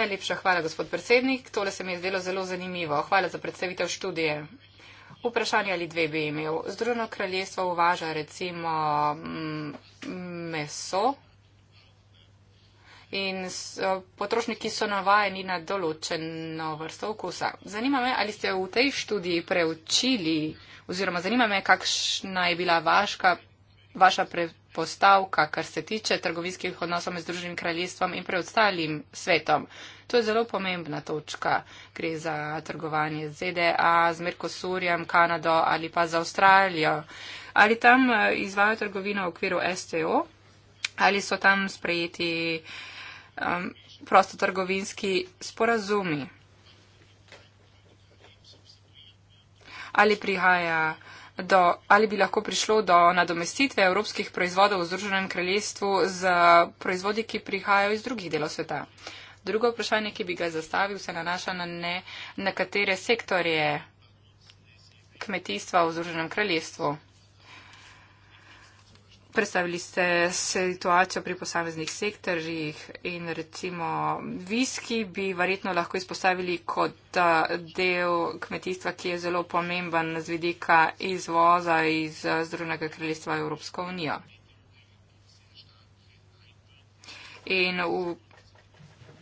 Najlepša hvala, gospod predsednik. Tole se mi je zdelo zelo zanimivo. Hvala za predstavitev študije. Vprašanje ali dve bi imel. Združeno kraljestvo uvaža recimo mm, meso in potrošniki so navajeni na določeno vrsto okusa. Zanima me, ali ste v tej študiji preučili oziroma zanima me, kakšna je bila vaška, vaša prepostavka, kar se tiče trgovinskih odnosov med Združenim kraljestvom in preostalim svetom. To je zelo pomembna točka. Gre za trgovanje z ZDA, z Merkosurjem, Kanado ali pa za Avstralijo. Ali tam eh, izvajo trgovino v okviru STO ali so tam sprejeti um, prostotrgovinski sporazumi? Ali, prihaja, do, ali bi lahko prišlo do nadomestitve evropskih proizvodov v Združenem kraljestvu z proizvodi, ki prihajajo iz drugih delov sveta? Uh, Drugo vprašanje, ki bi ga zastavil, se nanaša na ne, na katere sektorje kmetijstva v Združenem kraljestvu. Predstavili ste situacijo pri posameznih sektorjih in recimo viski bi verjetno lahko izpostavili kot del kmetijstva, ki je zelo pomemben z vidika izvoza iz Združenega kraljestva Evropsko unijo. In v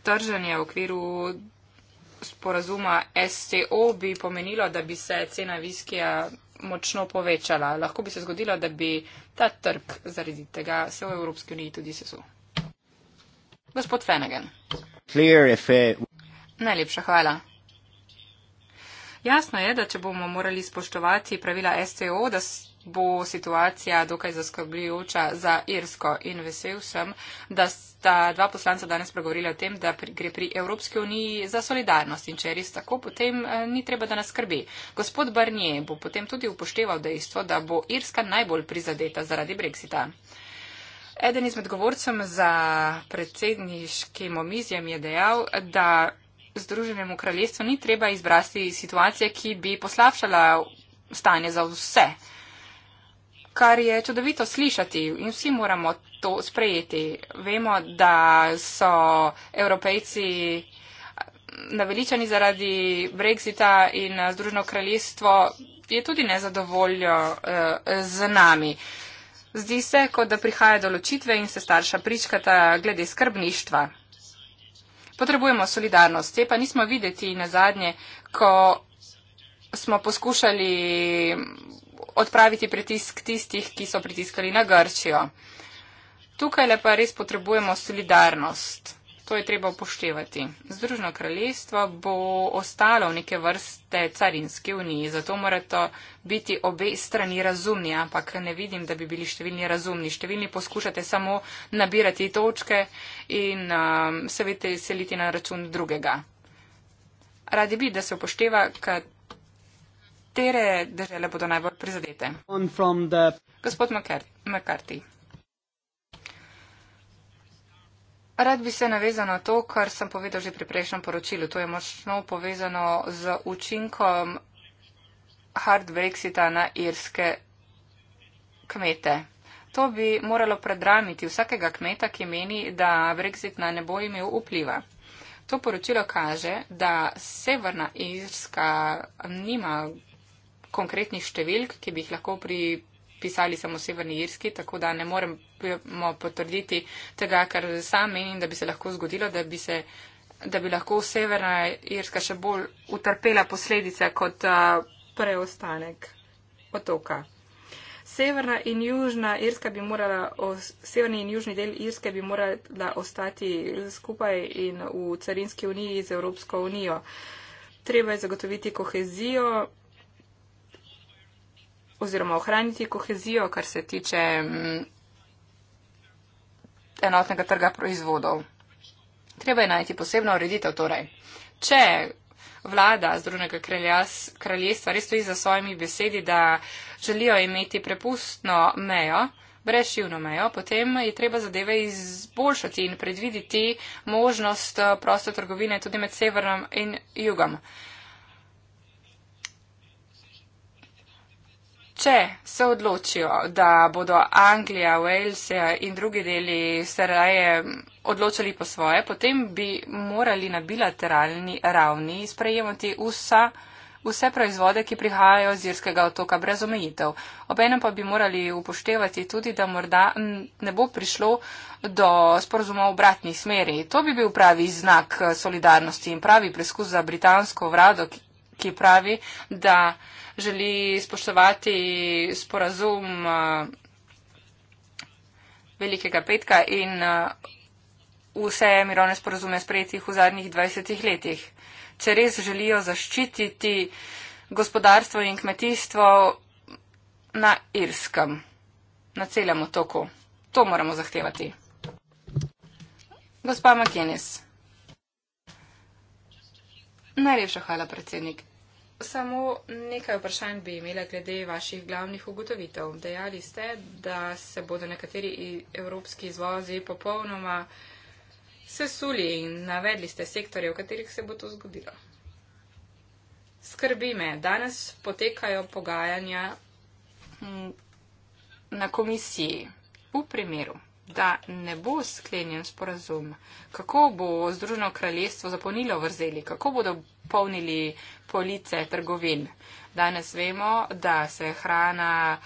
trženje v okviru sporazuma STO bi pomenilo, da bi se cena viskija močno povečala. Lahko bi se zgodilo, da bi ta trg zaradi tega se v Evropski uniji tudi sesul. Gospod Fenegan. Najlepša hvala. Jasno je, da če bomo morali spoštovati pravila STO, da bo situacija dokaj zaskrbljujoča za Irsko in vesel sem, da sta dva poslanca danes pregovorila o tem, da pri, gre pri Evropski uniji za solidarnost in če je res tako, potem eh, ni treba, da nas skrbi. Gospod Barnier bo potem tudi upošteval dejstvo, da bo Irska najbolj prizadeta zaradi Brexita. Eden izmed govorcem za predsedniškim omizjem je dejal, da Združenemu kraljestvu ni treba izbrati situacije, ki bi poslavšala stanje za vse kar je čudovito slišati in vsi moramo to sprejeti. Vemo, da so evropejci naveličani zaradi Brexita in eh, Združeno kraljestvo je tudi nezadovoljno eh, z nami. Zdi se, kot da prihaja do ločitve in se starša pričkata glede skrbništva. Potrebujemo solidarnost. Te pa nismo videti na zadnje, ko smo poskušali odpraviti pritisk tistih, ki so pritiskali na Grčijo. Tukaj le pa res potrebujemo solidarnost. To je treba upoštevati. Združeno kraljestvo bo ostalo v neke vrste carinske unije, zato morajo biti obe strani razumni, ampak ne vidim, da bi bili številni razumni. Številni poskušate samo nabirati točke in um, se veste seliti na račun drugega. Radi bi, da se upošteva, kad Katere države bodo najbolj prizadete? The... Gospod McCarthy. Rad bi se navezal na to, kar sem povedal že pri prejšnjem poročilu. To je močno povezano z učinkom hard Brexita na irske kmete. To bi moralo predramiti vsakega kmeta, ki meni, da Brexit na ne bo imel vpliva. To poročilo kaže, da severna Irska nima konkretnih številk, ki bi jih lahko pripisali samo Severni Irski, tako da ne moremo potrditi tega, kar sam menim, da bi se lahko zgodilo, da bi, se, da bi lahko Severna Irska še bolj utrpela posledice kot uh, preostanek otoka. Severna in južna Irska bi morala, severni in južni del Irske bi morala ostati skupaj in v carinski uniji z Evropsko unijo. Treba je zagotoviti kohezijo oziroma ohraniti kohezijo, kar se tiče mm, enotnega trga proizvodov. Treba je najti posebno ureditev torej. Če vlada Združenega kraljestva res stoji za svojimi besedi, da želijo imeti prepustno mejo, brezšivno mejo, potem je treba zadeve izboljšati in predviditi možnost eh, prosto trgovine tudi med severom in jugom. če se odločijo, da bodo Anglija, Wales in drugi deli se raje odločili po svoje, potem bi morali na bilateralni ravni sprejemati vsa, vse proizvode, ki prihajajo z Irskega otoka brez omejitev. Obenem pa bi morali upoštevati tudi, da morda ne bo prišlo do sporozuma v obratni smeri. To bi bil pravi znak eh, solidarnosti in pravi preskus za britansko vrado, ki pravi, da želi spoštovati sporazum eh, Velikega petka in eh, vse mirovne sporazume sprejetih v zadnjih 20 letih. Če res želijo zaščititi gospodarstvo in kmetijstvo na Irskem, na celem otoku. To moramo zahtevati. Gospa McKinnis. Najlepša hvala, predsednik. Samo nekaj vprašanj bi imela glede vaših glavnih ugotovitev. Dejali ste, da se bodo nekateri evropski izvozi popolnoma sesuli in navedli ste sektorje, v katerih se bo to zgodilo. Skrbi me, danes potekajo pogajanja hm, na komisiji v primeru, da ne bo sklenjen sporazum, kako bo Združeno kraljestvo zapolnilo vrzeli, kako bodo polnili police trgovin. Danes vemo, da se hrana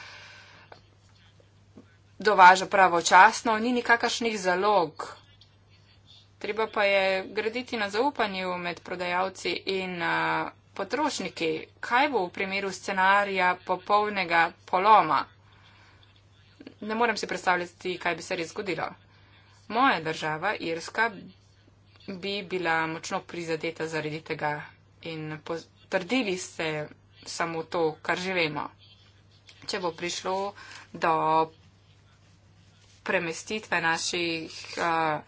dovaža pravočasno, ni nikakršnih zalog. Treba pa je graditi na zaupanju med prodajalci in potrošniki, kaj bo v primeru scenarija popolnega poloma ne morem si predstavljati, kaj bi se res zgodilo. Moja država, Irska, bi bila močno prizadeta zaradi tega in potrdili ste samo to, kar že vemo. Če bo prišlo do premestitve naših uh,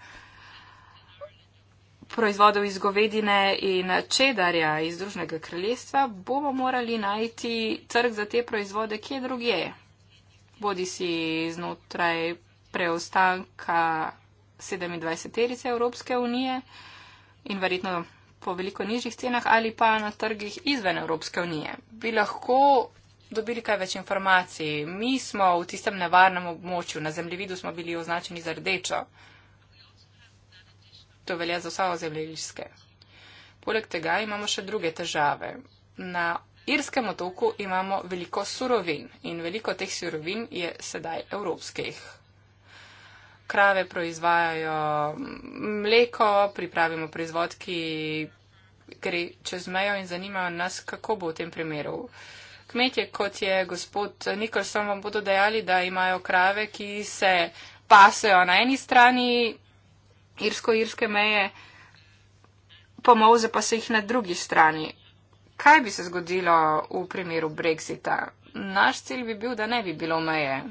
proizvodov iz govedine in čedarja iz Združnega kraljestva, bomo morali najti trg za te proizvode kje drugje bodi si znotraj preostanka 27-terice Evropske unije in verjetno po veliko nižjih cenah ali pa na trgih izven Evropske unije. Bi lahko dobili kaj več informacij. Mi smo v tistem nevarnem območju, na zemljevidu smo bili označeni za rdečo. To velja za vsa ozemljevidske. Poleg tega imamo še druge težave. Na Irskem otoku imamo veliko surovin in veliko teh surovin je sedaj evropskih. Krave proizvajajo mleko, pripravimo proizvod, ki gre čez mejo in zanimajo nas, kako bo v tem primeru. Kmetje, kot je gospod Nikolson, vam bodo dejali, da imajo krave, ki se pasejo na eni strani irsko-irske meje, pomovze pa se jih na drugi strani kaj bi se zgodilo v primeru Brexita? Naš cilj bi bil, da ne bi bilo meje.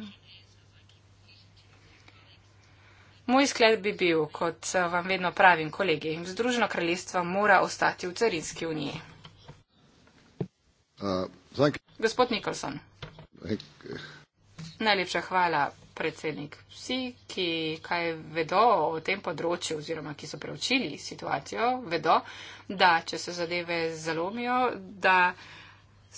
Moj skled bi bil, kot vam vedno pravim, kolegi, Združeno kraljestvo mora ostati v carinski uniji. Uh, Gospod Nikolson. Najlepša hvala predsednik. Vsi, ki kaj vedo o tem področju oziroma ki so preučili situacijo, vedo, da če se zadeve zalomijo, da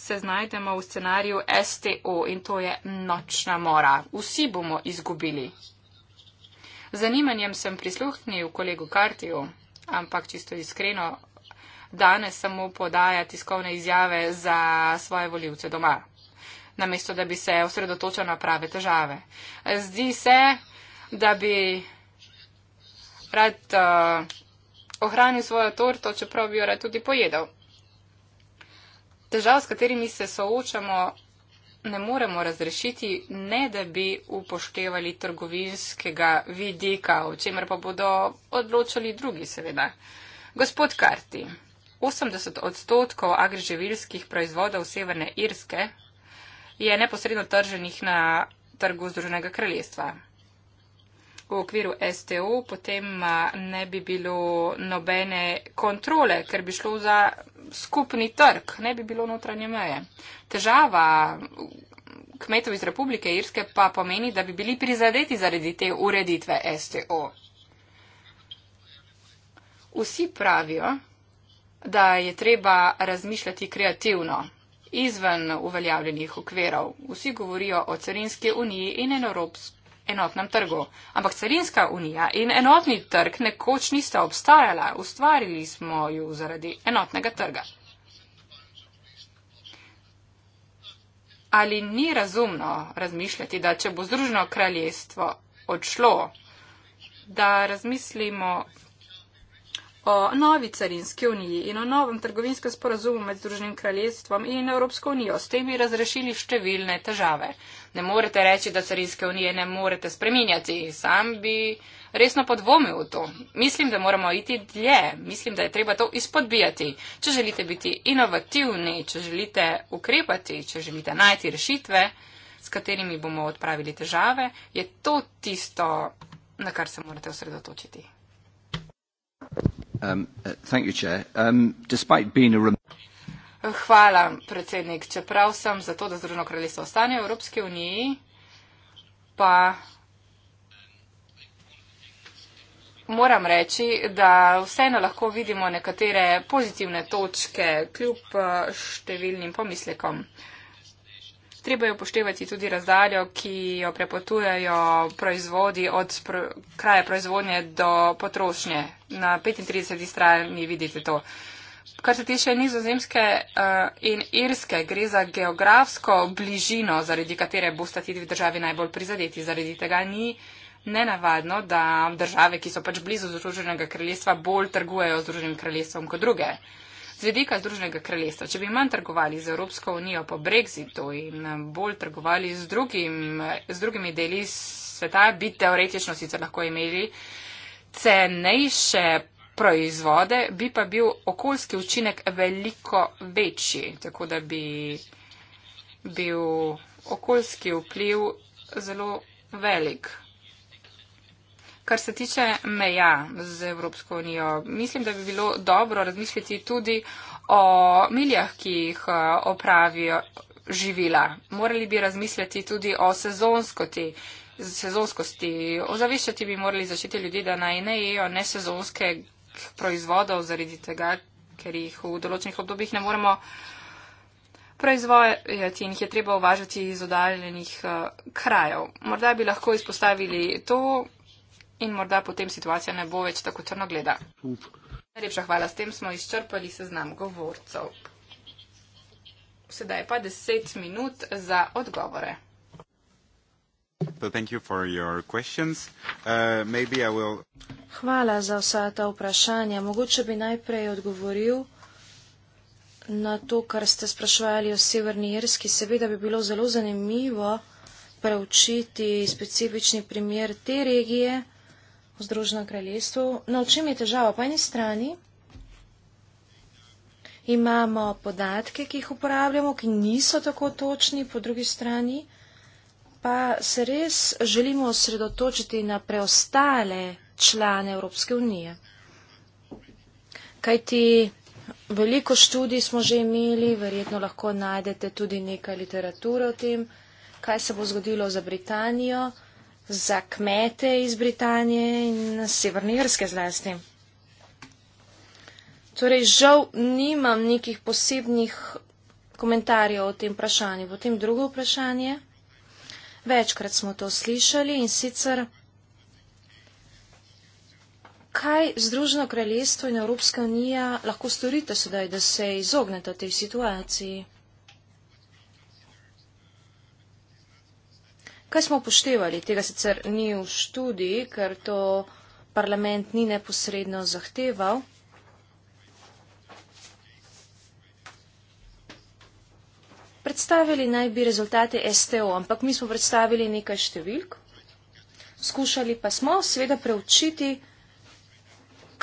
se znajdemo v scenariju STO in to je nočna mora. Vsi bomo izgubili. Zanimanjem sem prisluhnil kolegu Kartiju, ampak čisto iskreno, danes samo podaja tiskovne izjave za svoje voljivce doma namesto da bi se osredotočal na prave težave. Zdi se, da bi rad uh, ohranil svojo torto, čeprav bi jo rad tudi pojedel. Težav, s katerimi se soočamo, ne moremo razrešiti, ne da bi upoštevali trgovinskega vidika, o čemer pa bodo odločali drugi, seveda. Gospod Karti, 80 odstotkov agriževilskih proizvodov Severne Irske, je neposredno trženih na trgu Združenega kraljestva. V okviru STO potem ne bi bilo nobene kontrole, ker bi šlo za skupni trg, ne bi bilo notranje meje. Težava kmetov iz Republike Irske pa pomeni, da bi bili prizadeti zaradi te ureditve STO. Vsi pravijo, da je treba razmišljati kreativno izven uveljavljenih okverov. Vsi govorijo o carinski uniji in enotnem trgu. Ampak carinska unija in enotni trg nekoč nista obstajala, ustvarili smo ju zaradi enotnega trga. Ali ni razumno razmišljati, da če bo združeno kraljestvo odšlo, da razmislimo o novi carinski uniji in o novem trgovinskem sporazumu med Združenim kraljestvom in Evropsko unijo. S tem bi razrešili številne težave. Ne morete reči, da carinske unije ne morete spreminjati. Sam bi resno podvomil v to. Mislim, da moramo iti dlje. Mislim, da je treba to izpodbijati. Če želite biti inovativni, če želite ukrepati, če želite najti rešitve, s katerimi bomo odpravili težave, je to tisto, na kar se morate osredotočiti. Um, uh, um, Hvala, predsednik. Čeprav sem za to, da Združeno kraljestvo ostane v Evropski uniji, pa moram reči, da vseeno lahko vidimo nekatere pozitivne točke kljub uh, številnim pomislekom. Treba je upoštevati tudi razdaljo, ki jo prepotujejo proizvodi od pro, kraja proizvodnje do potrošnje. Na 35 strani vidite to. Kar se tiče nizozemske uh, in irske, gre za geografsko bližino, zaradi katere boste ti dve državi najbolj prizadeti. Zaradi tega ni nenavadno, da države, ki so pač blizu Združenega kraljestva, bolj trgujejo z Združenim kraljestvom kot druge. Uh, z vedika Združenega kraljestva, če bi manj trgovali z Evropsko unijo po brexitu in bolj trgovali z, drugim, z drugimi deli sveta, bi teoretično sicer lahko imeli cenejše proizvode, bi pa bil okoljski učinek veliko večji, tako da bi bil okoljski vpliv zelo velik. Kar se tiče meja z Evropsko unijo, mislim, da bi bilo dobro razmisliti tudi o miljah, ki jih eh, opravijo živila. Morali bi razmisliti tudi o sezonskosti. sezonskosti. Ozaveščati bi morali zaščiti ljudi, da naj ne jejo nesezonskih proizvodov zaradi tega, ker jih v določenih obdobjih ne moremo proizvajati in jih je treba uvažati iz odaljenih eh, krajev. Morda bi lahko izpostavili to, in morda potem situacija ne bo več tako črnogleda. Najlepša hvala, s tem smo izčrpali seznam govorcev. Sedaj pa deset minut za odgovore. Uh, hvala za vsa ta vprašanja. Mogoče bi najprej odgovoril na to, kar ste spraševali o Severni Irski. Seveda bi bilo zelo zanimivo preučiti specifični primer te regije v Združenem kraljestvu. No, v čem je težava? Po eni strani imamo podatke, ki jih uporabljamo, ki niso tako točni, po drugi strani pa se res želimo osredotočiti na preostale člane Evropske unije. Kajti veliko študij smo že imeli, verjetno lahko najdete tudi nekaj literature o tem, kaj se bo zgodilo za Britanijo za kmete iz Britanije in Severne Irske zlasti. Torej, žal nimam nekih posebnih komentarjev o tem vprašanju. Potem drugo vprašanje. Večkrat smo to slišali in sicer, kaj Združeno kraljestvo in Evropska unija lahko storite sedaj, da se izognete tej situaciji? Kaj smo upoštevali? Tega sicer ni v študiji, ker to parlament ni neposredno zahteval. Predstavili naj bi rezultate STO, ampak mi smo predstavili nekaj številk. Skušali pa smo seveda preučiti,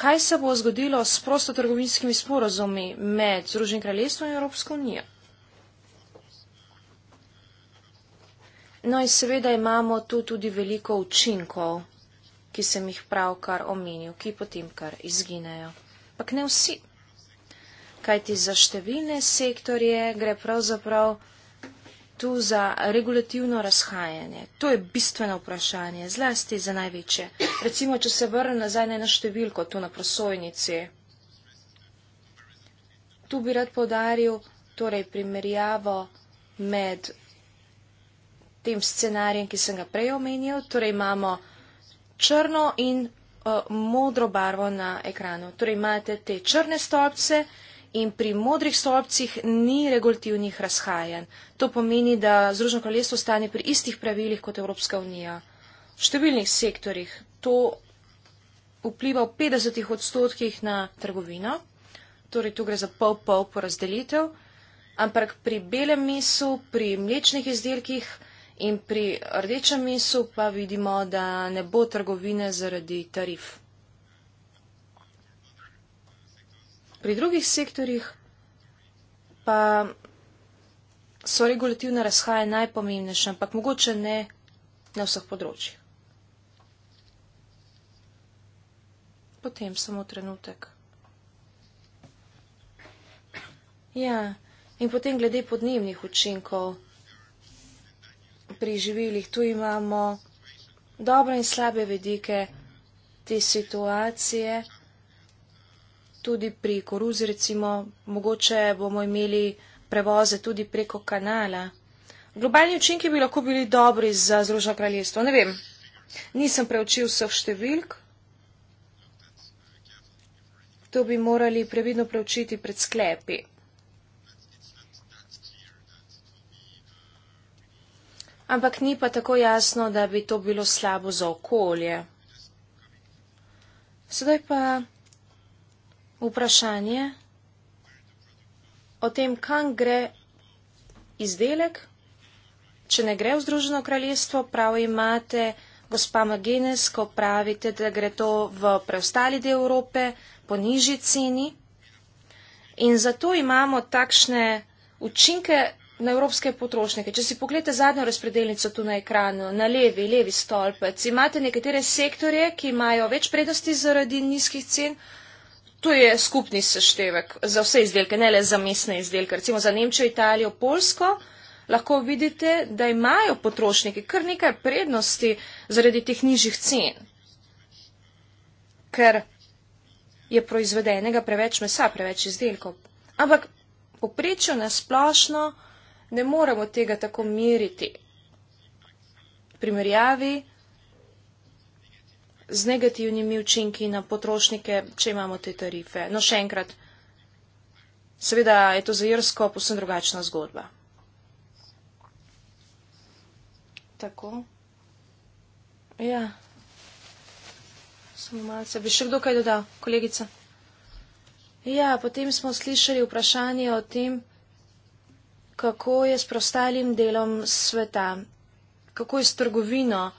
kaj se bo zgodilo s prostotrgovinskimi sporozumi med Združenim kraljestvom in Evropsko unijo. No in seveda imamo tu tudi veliko učinkov, ki sem jih pravkar omenil, ki potem kar izginejo. Pak ne vsi. Kajti za številne sektorje gre pravzaprav tu za regulativno razhajanje. To je bistveno vprašanje, zlasti za največje. Recimo, če se vrnem nazaj na številko tu na prosojnici. Tu bi rad podaril torej, primerjavo med tem scenarijem, ki sem ga prej omenil, torej imamo črno in uh, modro barvo na ekranu. Torej imate te črne stopce in pri modrih stopcih ni regulativnih razhajanj. To pomeni, da Združeno kraljestvo stane pri istih pravilih kot Evropska unija. V številnih sektorjih to vpliva v 50 odstotkih na trgovino, torej tu gre za pol-pol porazdelitev, ampak pri belem mesu, pri mlečnih izdelkih, in pri rdečem mesu pa vidimo, da ne bo trgovine zaradi tarif. Pri drugih sektorjih pa so regulativne razhaje najpomembnejše, ampak mogoče ne na vseh področjih. Potem samo trenutek. Ja, in potem glede podnebnih učinkov pri živilih. Tu imamo dobre in slabe vedike te situacije. Tudi pri koruzi, recimo, mogoče bomo imeli prevoze tudi preko kanala. Globalni učinki bi lahko bili dobri za Združeno kraljestvo. Ne vem, nisem preučil vseh številk. To bi morali previdno preučiti pred sklepi. Ampak ni pa tako jasno, da bi to bilo slabo za okolje. Sedaj pa vprašanje o tem, kam gre izdelek. Če ne gre v Združeno kraljestvo, prav imate, gospa Magines, ko pravite, da gre to v preostali del Evrope po nižji ceni. In zato imamo takšne učinke na evropske potrošnike. Če si pogledate zadnjo razpredelnico tu na ekranu, na levi, levi stolpec, imate nekatere sektorje, ki imajo več prednosti zaradi nizkih cen. To je skupni seštevek za vse izdelke, ne le za mesne izdelke. Recimo za Nemčijo, Italijo, Polsko lahko vidite, da imajo potrošniki kar nekaj prednosti zaradi teh nižjih cen. Ker je proizvedenega preveč mesa, preveč izdelkov. Ampak poprečju na splošno ne moremo tega tako meriti. Primerjavi z negativnimi učinki na potrošnike, če imamo te tarife. No še enkrat, seveda je to za Jersko posebno drugačna zgodba. Tako. Ja. Samo malce. Bi še kdo kaj dodal, kolegica? Ja, potem smo slišali vprašanje o tem, kako je s prostalim delom sveta, kako je s trgovino.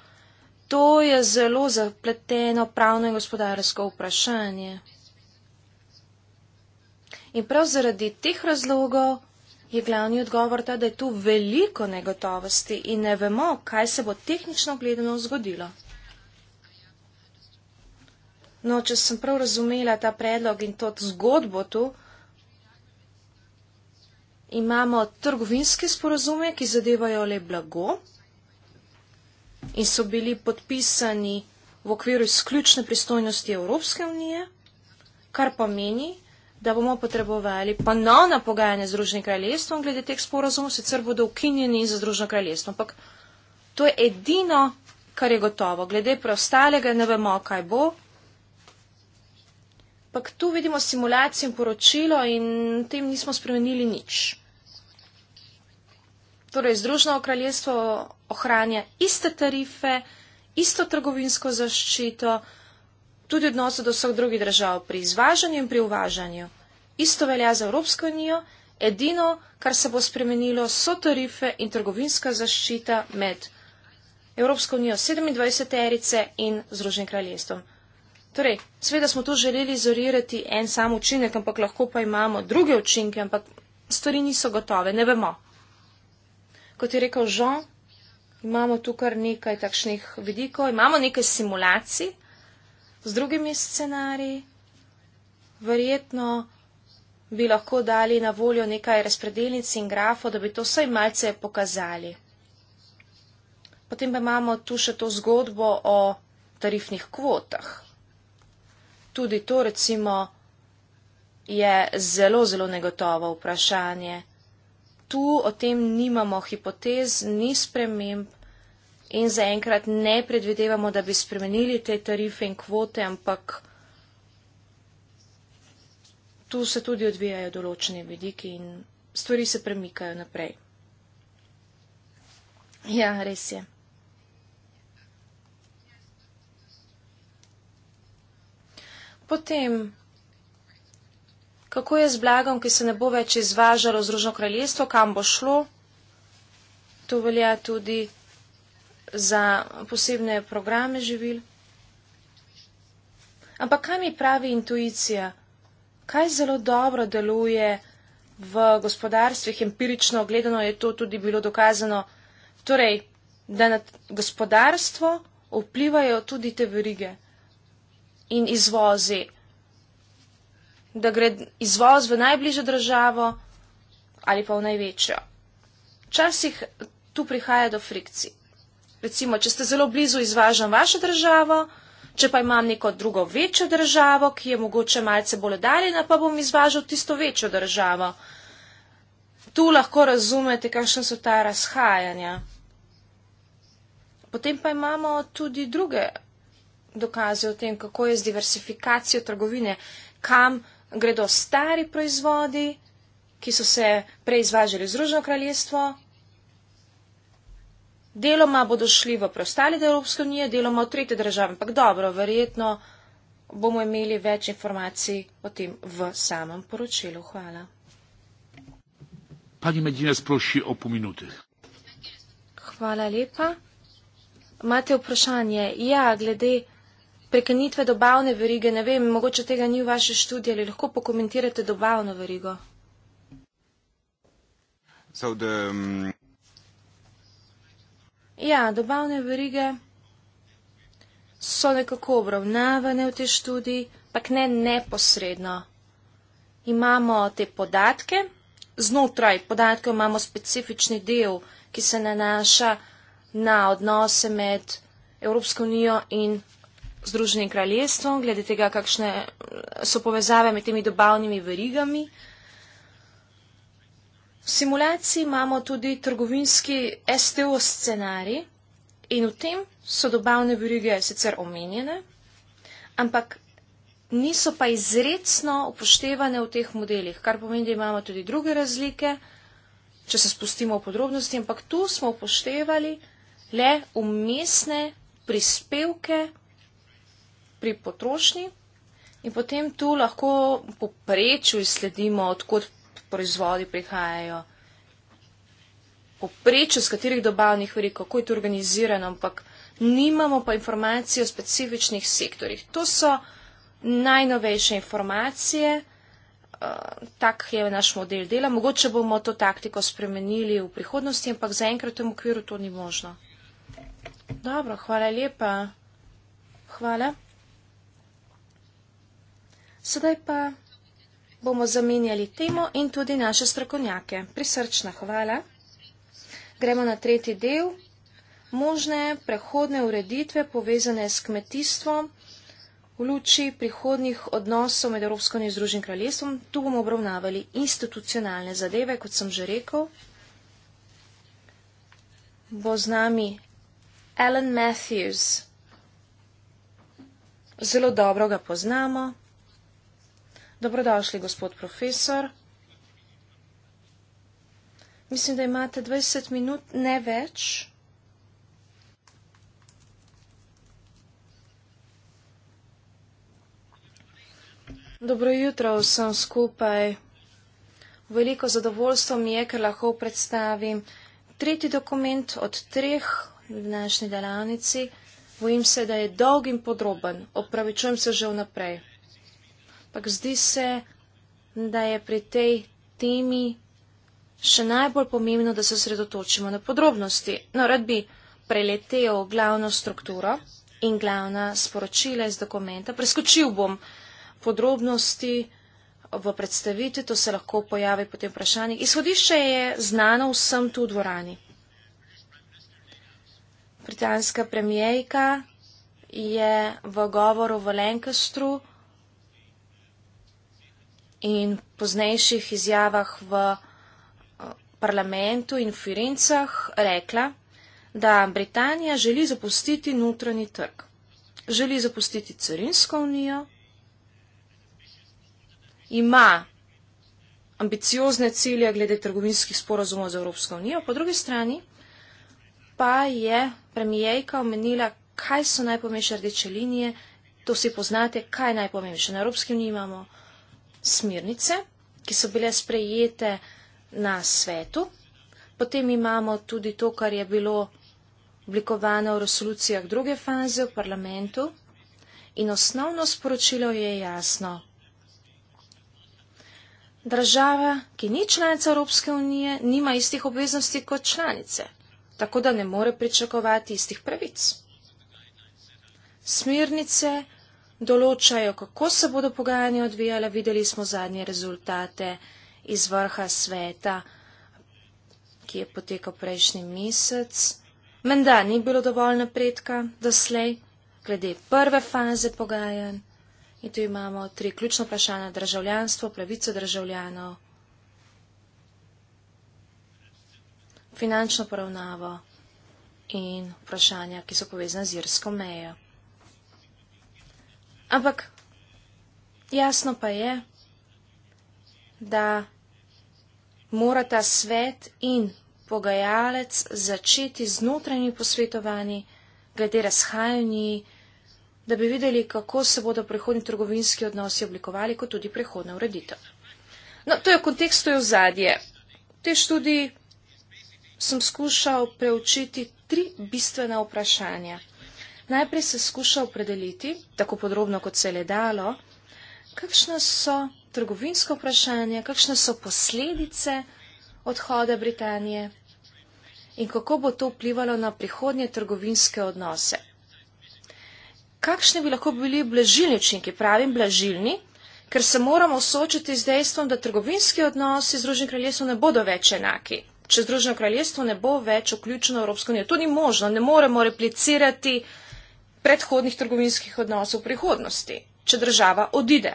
To je zelo zapleteno pravno in gospodarsko vprašanje. In prav zaradi teh razlogov je glavni odgovor ta, da je tu veliko negotovosti in ne vemo, kaj se bo tehnično gledano zgodilo. No, če sem prav razumela ta predlog in to zgodbo tu, imamo trgovinske sporozume, ki zadevajo le blago in so bili podpisani v okviru izključne pristojnosti Evropske unije, kar pa meni, da bomo potrebovali ponovna pogajanja z Združenim kraljestvom glede teh sporozumov, sicer bodo ukinjeni za Združeno kraljestvo. Ampak to je edino, kar je gotovo. Glede preostalega ne vemo, kaj bo ampak tu vidimo simulacijo in poročilo in tem nismo spremenili nič. Torej, Združeno kraljestvo ohranja iste tarife, isto trgovinsko zaščito, tudi odnose do vseh drugih držav pri izvažanju in pri uvažanju. Isto velja za Evropsko unijo, edino, kar se bo spremenilo, so tarife in trgovinska zaščita med Evropsko unijo 27 terice in Združenim kraljestvom. Torej, sveda smo tu želeli izolirati en sam učinek, ampak lahko pa imamo druge učinke, ampak stvari niso gotove, ne vemo. Kot je rekel Žon, imamo tu kar nekaj takšnih vidikov, imamo nekaj simulacij z drugimi scenariji. Verjetno bi lahko dali na voljo nekaj razpredelnic in grafo, da bi to vsaj malce pokazali. Potem pa imamo tu še to zgodbo o tarifnih kvotah tudi to recimo je zelo, zelo negotovo vprašanje. Tu o tem nimamo hipotez, ni sprememb in zaenkrat ne predvidevamo, da bi spremenili te tarife in kvote, ampak tu se tudi odvijajo določene vidiki in stvari se premikajo naprej. Ja, res je. Potem, kako je z blagom, ki se ne bo več izvažalo v Združeno kraljestvo, kam bo šlo? To velja tudi za posebne programe živil. Ampak kaj mi pravi intuicija? Kaj zelo dobro deluje v gospodarstvih? Empirično gledano je to tudi bilo dokazano. Torej, da na gospodarstvo vplivajo tudi te verige in izvozi, da gre izvoz v najbližjo državo ali pa v največjo. Včasih tu prihaja do frikcij. Recimo, če ste zelo blizu, izvažam vašo državo, če pa imam neko drugo večjo državo, ki je mogoče malce bolj daljena, pa bom izvažal tisto večjo državo. Tu lahko razumete, kakšne so ta razhajanja. Potem pa imamo tudi druge dokaze o tem, kako je z diversifikacijo trgovine, kam gredo stari proizvodi, ki so se prej izvažali v Združeno kraljestvo. Deloma bodo šli v preostali del Evropske unije, deloma v tretje države, ampak dobro, verjetno bomo imeli več informacij o tem v samem poročilu. Hvala. Hvala lepa. Imate vprašanje? Ja, glede prekenitve dobavne verige, ne vem, mogoče tega ni v vaše študije, ali lahko pokomentirate dobavno verigo? So the... Um, ja, dobavne verige so nekako obravnavane v tej študiji, pa ne neposredno. Imamo te podatke, znotraj podatkov imamo specifični del, ki se nanaša na odnose med Evropsko unijo in Združenim kraljestvom, glede tega, kakšne so povezave med temi dobavnimi verigami. V simulaciji imamo tudi trgovinski STO scenarij in v tem so dobavne verige sicer omenjene, ampak niso pa izredno upoštevane v teh modelih, kar pomeni, da imamo tudi druge razlike, če se spustimo v podrobnosti, ampak tu smo upoštevali le umestne prispevke pri potrošnji in potem tu lahko poprečju izsledimo, odkot proizvodi prihajajo, poprečju, z katerih dobavnih verik, kako je to organizirano, ampak nimamo pa informacije o specifičnih sektorjih. To so najnovejše informacije, eh, tak je naš model dela. Mogoče bomo to taktiko spremenili v prihodnosti, ampak zaenkrat v tem okviru to ni možno. Dobro, hvala lepa. Hvala. Sedaj pa bomo zamenjali temo in tudi naše strokovnjake. Prisrčna hvala. Gremo na tretji del. Možne prehodne ureditve povezane s kmetijstvom v luči prihodnih odnosov med Evropsko unijo in Združenim kraljestvom. Tu bomo obravnavali institucionalne zadeve, kot sem že rekel. Bo z nami Alan Matthews. Zelo dobro ga poznamo, Dobrodošli, gospod profesor. Mislim, da imate 20 minut, ne več. Dobro jutro vsem skupaj. Veliko zadovoljstvo mi je, ker lahko predstavim tretji dokument od treh v današnji delavnici. Bojim se, da je dolg in podroben. Opravičujem se že vnaprej ampak zdi se, da je pri tej temi še najbolj pomembno, da se sredotočimo na podrobnosti. No, rad bi preletel glavno strukturo in glavna sporočila iz dokumenta. Preskočil bom podrobnosti v predstavitvi, to se lahko pojavi po tem vprašanju. Izhodišče je znano vsem tu v dvorani. Britanska premijejka je v govoru v Lancasteru in poznejših izjavah v eh, parlamentu in Firencah rekla, da Britanija želi zapustiti notranji trg. Želi zapustiti carinsko unijo, ima ambiciozne cilje glede trgovinskih sporozumov z Evropsko unijo, po drugi strani pa je premijejka omenila, kaj so najpomembnejše rdeče linije, to si poznate, kaj je najpomembnejše. Na Evropski uniji imamo smirnice, ki so bile sprejete na svetu. Potem imamo tudi to, kar je bilo oblikovano v resolucijah druge faze v parlamentu. In osnovno sporočilo je jasno. Država, ki ni članica Evropske unije, nima istih obveznosti kot članice, tako da ne more pričakovati istih pravic. Smirnice določajo, kako se bodo pogajanja odvijala. Videli smo zadnje rezultate iz vrha sveta, ki je potekal prejšnji mesec. Menda ni bilo dovolj napredka doslej, glede prve faze pogajanj. In tu imamo tri ključno vprašanja državljanstvo, pravico državljanov, finančno poravnavo in vprašanja, ki so povezane z irsko mejo. Ampak jasno pa je, da mora ta svet in pogajalec začeti z notranji posvetovanji glede razhajanji, da bi videli, kako se bodo prihodni trgovinski odnosi oblikovali, kot tudi prihodna ureditev. No, to je v kontekstu je v zadje. Te študiji sem skušal preučiti tri bistvena vprašanja. Najprej se skuša opredeliti, tako podrobno kot se je dalo, kakšno so trgovinsko vprašanje, kakšne so posledice odhoda Britanije in kako bo to vplivalo na prihodnje trgovinske odnose. Kakšni bi lahko bili blažilni učinki, pravim blažilni, ker se moramo soočiti z dejstvom, da trgovinski odnosi z Združenim kraljestvom ne bodo več enaki. Če Združeno kraljestvo ne bo več vključeno v Evropsko unijo, to ni možno, ne moremo replicirati predhodnih trgovinskih odnosov v prihodnosti, če država odide.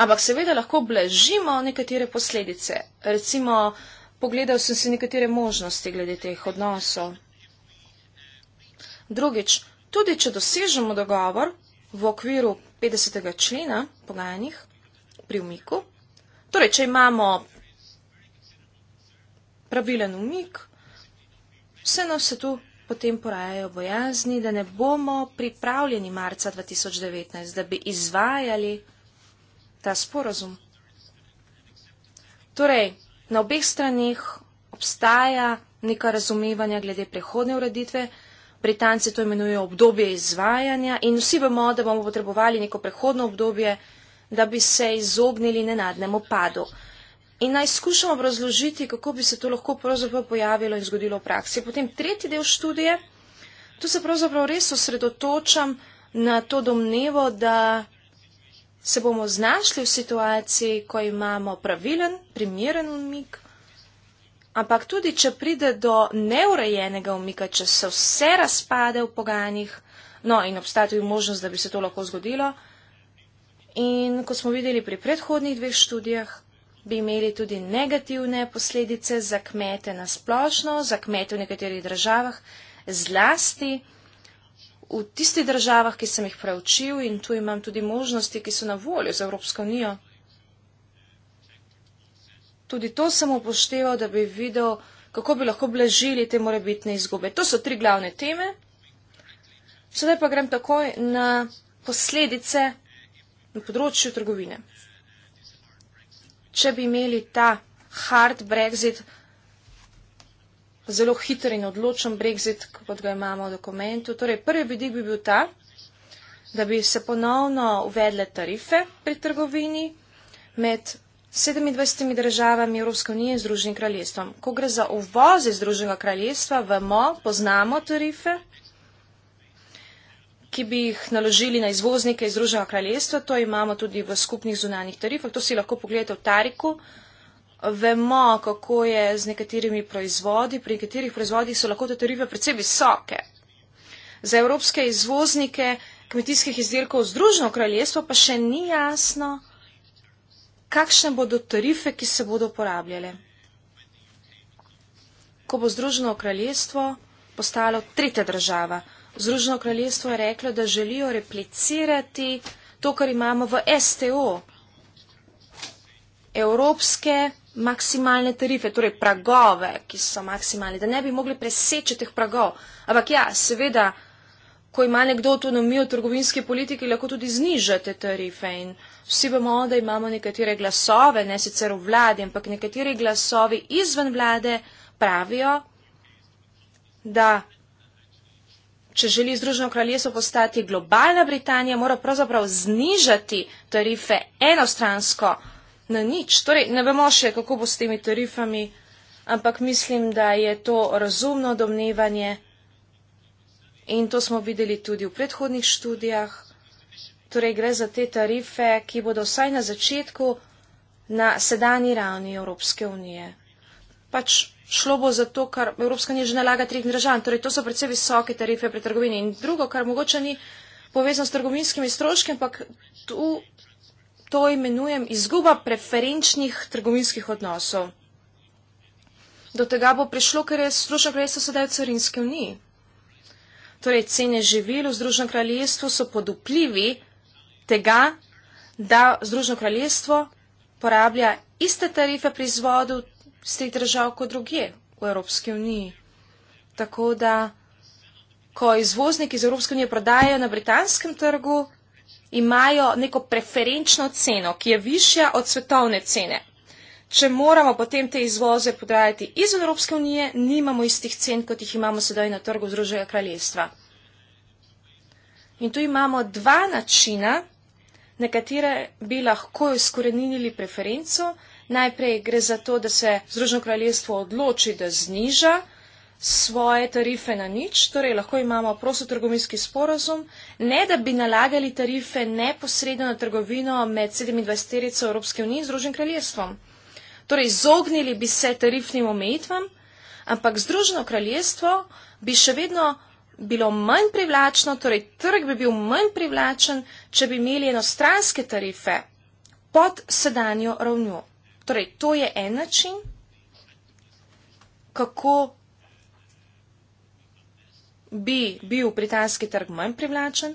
Ampak seveda lahko blažimo nekatere posledice. Recimo, pogledal sem si nekatere možnosti glede teh odnosov. Drugič, tudi če dosežemo dogovor v okviru 50. člena pogajanjih pri umiku, torej, če imamo pravilen umik, vse nas se tu potem porajajo bojazni, da ne bomo pripravljeni marca 2019, da bi izvajali ta sporozum. Torej, na obeh stranih obstaja neka razumevanja glede prehodne ureditve, Britanci to imenujejo obdobje izvajanja in vsi vemo, da bomo potrebovali neko prehodno obdobje, da bi se izognili nenadnemu padu. In naj skušamo obrazložiti, kako bi se to lahko pravzaprav pojavilo in zgodilo v praksi. Potem tretji del študije, tu se pravzaprav res osredotočam na to domnevo, da se bomo znašli v situaciji, ko imamo pravilen, primeren umik, ampak tudi, če pride do neurejenega umika, če se vse razpade v poganjih, no in obstaja tudi možnost, da bi se to lahko zgodilo. In ko smo videli pri predhodnih dveh študijah, bi imeli tudi negativne posledice za kmete na splošno, za kmete v nekaterih državah, zlasti v tistih državah, ki sem jih preučil in tu imam tudi možnosti, ki so na voljo z Evropsko unijo. Tudi to sem upošteval, da bi videl, kako bi lahko blažili te morebitne izgube. To so tri glavne teme. Sedaj pa grem takoj na posledice na področju trgovine če bi imeli ta hard brexit, zelo hiter in odločen brexit, kot ga imamo v dokumentu. Torej, prvi vidik bi bil ta, da bi se ponovno uvedle tarife pri trgovini med 27 državami Evropske unije in Združenim kraljestvom. Ko gre za uvoze Združenega kraljestva, vemo, poznamo tarife ki bi jih naložili na izvoznike iz Združenega kraljestva, to imamo tudi v skupnih zunanjih tarifah, to si lahko pogledate v Tariku. Vemo, kako je z nekaterimi proizvodi, pri nekaterih proizvodih so lahko te tarife predvsej visoke. Za evropske izvoznike kmetijskih izdelkov Združeno kraljestvo pa še ni jasno, kakšne bodo tarife, ki se bodo uporabljale. Ko bo Združeno kraljestvo postalo tretja država, Združeno kraljestvo je reklo, da želijo replicirati to, kar imamo v STO, evropske maksimalne tarife, torej pragove, ki so maksimalni, da ne bi mogli preseči teh pragov. Ampak ja, seveda, ko ima nekdo avtonomijo trgovinske politike, lahko tudi znižate tarife in vsi bomo, da imamo nekatere glasove, ne sicer v vladi, ampak nekateri glasovi izven vlade pravijo, da če želi Združeno kraljestvo postati globalna Britanija, mora pravzaprav znižati tarife enostransko na nič. Torej, ne vemo še, kako bo s temi tarifami, ampak mislim, da je to razumno domnevanje in to smo videli tudi v predhodnih študijah. Torej, gre za te tarife, ki bodo vsaj na začetku na sedani ravni Evropske unije. Pač šlo bo za to, kar Evropska unija že nalaga tretjim državam. Torej, to so predvsej visoke tarife pri trgovini. In drugo, kar mogoče ni povezano s trgovinskimi stroški, ampak tu to imenujem izguba preferenčnih trgovinskih odnosov. Do tega bo prišlo, ker je strošek resa sedaj v carinski uniji. Torej, cene živil v Združenem kraljestvu so pod vplivi tega, da Združeno kraljestvo porablja iste tarife pri izvodu iz teh držav kot druge v Evropski uniji. Tako da, ko izvozniki iz Evropske unije prodajajo na britanskem trgu, imajo neko preferenčno ceno, ki je višja od svetovne cene. Če moramo potem te izvoze podajati iz Evropske unije, nimamo istih cen, kot jih imamo sedaj na trgu Združenega kraljestva. In tu imamo dva načina, na katere bi lahko izkorenili preferenco Najprej gre za to, da se Združeno kraljestvo odloči, da zniža svoje tarife na nič, torej lahko imamo prostotrgovinski sporozum, ne da bi nalagali tarife neposredno na trgovino med 27. terico Evropske unije in Združenim kraljestvom. Torej, izognili bi se tarifnim omejitvam, ampak Združeno kraljestvo bi še vedno bilo manj privlačno, torej trg bi bil manj privlačen, če bi imeli enostranske tarife pod sedanjo ravnjo. Torej, to je en način, kako bi bil britanski trg manj privlačen.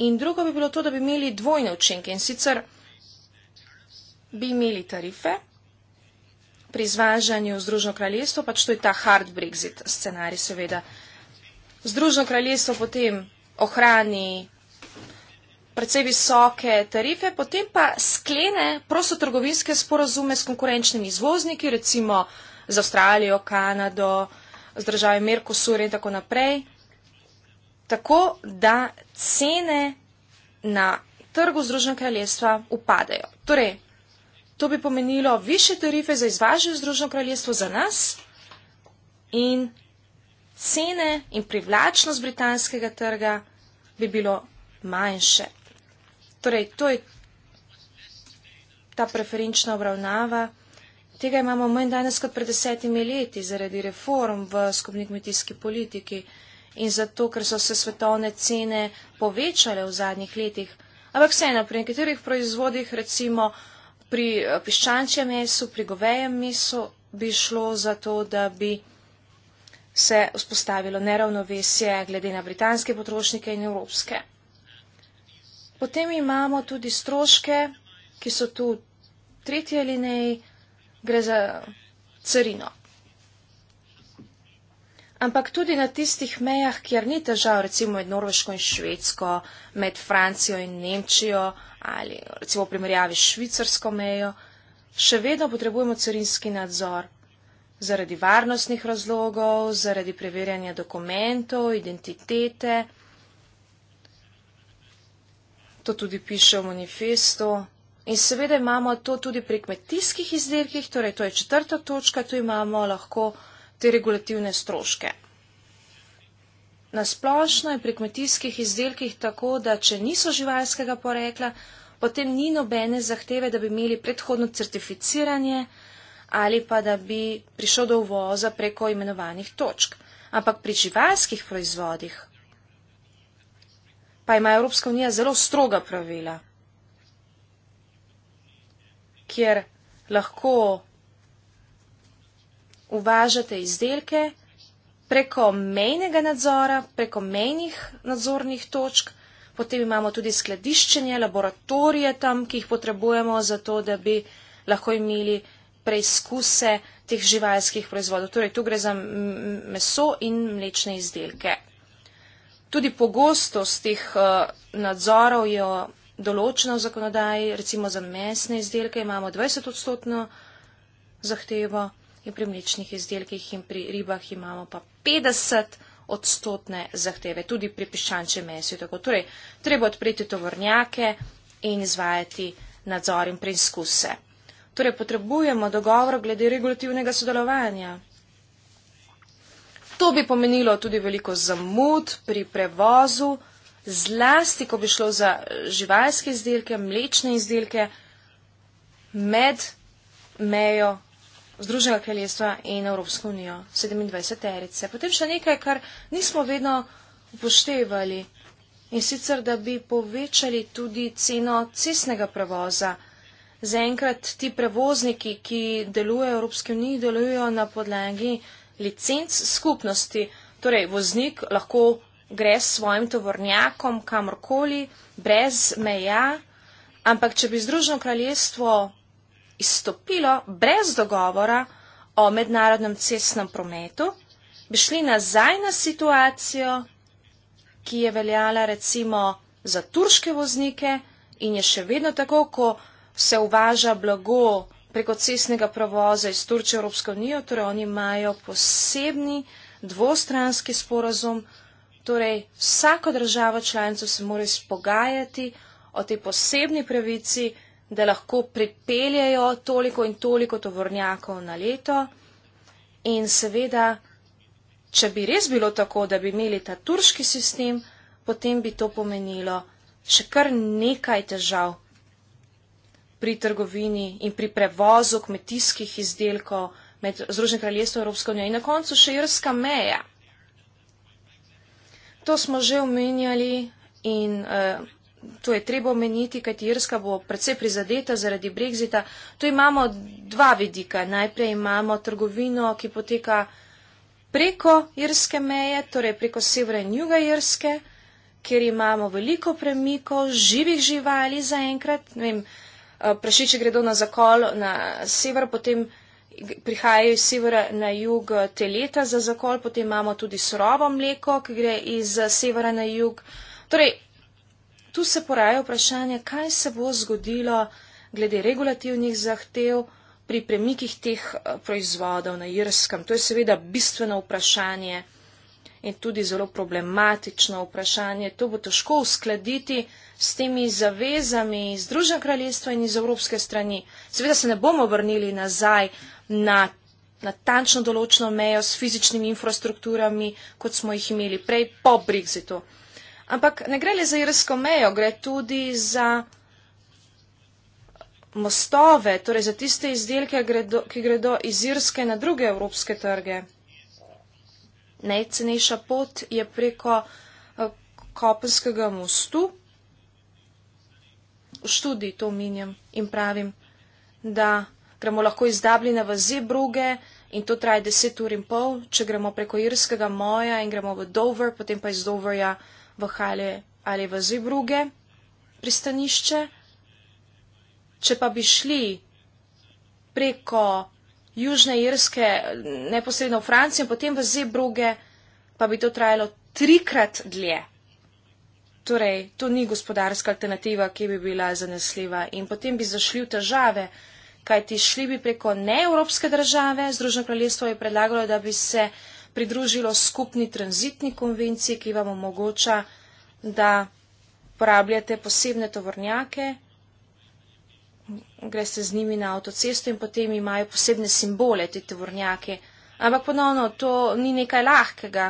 In drugo bi bilo to, da bi imeli dvojne učinke in sicer bi imeli tarife pri izvažanju v Združeno kraljestvo, pač to je ta hard Brexit scenarij seveda. Združeno kraljestvo potem ohrani precej visoke tarife, potem pa sklene prostotrgovinske sporazume s konkurenčnimi izvozniki, recimo z Avstralijo, Kanado, z državami Merkosur in tako naprej, tako da cene na trgu Združenega kraljestva upadajo. Torej, to bi pomenilo više tarife za izvažanje v Združeno kraljestvo za nas in cene in privlačnost britanskega trga bi bilo manjše. Torej, to je ta preferenčna obravnava. Tega imamo manj danes kot pred desetimi leti zaradi reform v skupni kmetijski politiki in zato, ker so se svetovne cene povečale v zadnjih letih. Ampak vseeno, pri nekaterih proizvodih, recimo pri eh, piščančjem mesu, pri govejem mesu, bi šlo za to, da bi se vzpostavilo neravnovesje glede na britanske potrošnike in evropske. Potem imamo tudi stroške, ki so tu v tretji alineji, gre za carino. Ampak tudi na tistih mejah, kjer ni težav, recimo med Norveško in Švedsko, med Francijo in Nemčijo ali recimo v primerjavi s švicarsko mejo, še vedno potrebujemo carinski nadzor. Zaradi varnostnih razlogov, zaradi preverjanja dokumentov, identitete to tudi piše v manifestu. In seveda imamo to tudi pri kmetijskih izdelkih, torej to je četrta točka, tu imamo lahko te regulativne stroške. Nasplošno je pri kmetijskih izdelkih tako, da če niso živalskega porekla, potem ni nobene zahteve, da bi imeli predhodno certificiranje ali pa da bi prišel do uvoza preko imenovanih točk. Ampak pri živalskih proizvodih pa ima Evropska unija zelo stroga pravila, kjer lahko uvažate izdelke preko mejnega nadzora, preko mejnih nadzornih točk, potem imamo tudi skladiščenje, laboratorije tam, ki jih potrebujemo za to, da bi lahko imeli preizkuse teh živalskih proizvodov. Torej, tu gre za meso in mlečne izdelke. Tudi pogostost teh eh, nadzorov je določena v zakonodaji, recimo za mesne izdelke imamo 20 odstotno zahtevo in pri mlečnih izdelkih in pri ribah imamo pa 50 odstotne zahteve, tudi pri piščančem mesu. Tako. Torej, treba odpreti tovornjake in izvajati nadzor in preizkuse. Torej, potrebujemo dogovor glede regulativnega sodelovanja. To bi pomenilo tudi veliko zamud pri prevozu, zlasti, ko bi šlo za eh, živalske izdelke, mlečne izdelke med mejo Združenega kraljestva in Evropsko unijo, 27 terice. Potem še nekaj, kar nismo vedno upoštevali in sicer, da bi povečali tudi ceno cestnega prevoza. Zaenkrat ti prevozniki, ki delujejo v Evropski uniji, delujejo na podlagi licenc skupnosti. Torej, voznik lahko gre s svojim tovornjakom kamorkoli, brez meja, ampak če bi Združeno kraljestvo izstopilo brez dogovora o mednarodnem cestnem prometu, bi šli nazaj na situacijo, ki je veljala recimo za turške voznike in je še vedno tako, ko se uvaža blago preko cestnega provoza iz Turčije v Evropsko unijo, torej oni imajo posebni dvostranski sporazum, torej vsako državo članico se mora izpogajati o tej posebni pravici, da lahko pripeljajo toliko in toliko tovornjakov na leto. In seveda, če bi res bilo tako, da bi imeli ta turški sistem, potem bi to pomenilo še kar nekaj težav pri trgovini in pri prevozu kmetijskih izdelkov med Združenim kraljestvom Evropsko unijo in na koncu še irska meja. To smo že omenjali in uh, to je treba omeniti, kajti Irska bo predvsej prizadeta zaradi brexita. Tu imamo dva vidika. Najprej imamo trgovino, ki poteka preko irske meje, torej preko severa in juga irske, kjer imamo veliko premikov živih živali zaenkrat. Ne vem, uh, Eh, prašiči gredo na zakol na sever, potem prihajajo iz severa na jug eh, te leta za zakol, potem imamo tudi surovo mleko, ki gre iz eh, severa na jug. Torej, tu se poraja vprašanje, kaj se bo zgodilo glede regulativnih zahtev pri premikih teh proizvodov na Irskem. To je seveda bistveno vprašanje in tudi zelo problematično vprašanje. To bo težko uskladiti s temi zavezami iz Združenega kraljestva in iz Evropske strani. Seveda se ne bomo vrnili nazaj na natančno določeno mejo s fizičnimi infrastrukturami, kot smo jih imeli prej po Brexitu. Ampak ne gre le za irsko mejo, gre tudi za mostove, torej za tiste izdelke, ki gredo iz Irske na druge evropske trge. Najcenejša pot je preko eh, kopenskega mostu, v študiji to omenjam in pravim, da gremo lahko iz Dublina v Zebruge in to traja 10 ur in pol, če gremo preko Irskega moja in gremo v Dover, potem pa iz Doverja v Halle ali v Zebruge pristanišče. Če pa bi šli preko Južne Irske, neposredno v Francijo in potem v Zebruge, pa bi to trajalo trikrat dlje. Torej, to ni gospodarska alternativa, ki bi bila zanesljiva in potem bi zašli v težave, kajti šli bi preko neevropske države. Združeno kraljestvo je predlagalo, da bi se pridružilo skupni tranzitni konvenciji, ki vam omogoča, da porabljate posebne tovornjake, greste z njimi na avtocesto in potem imajo posebne simbole te tovornjake. Ampak ponovno, to ni nekaj lahkega.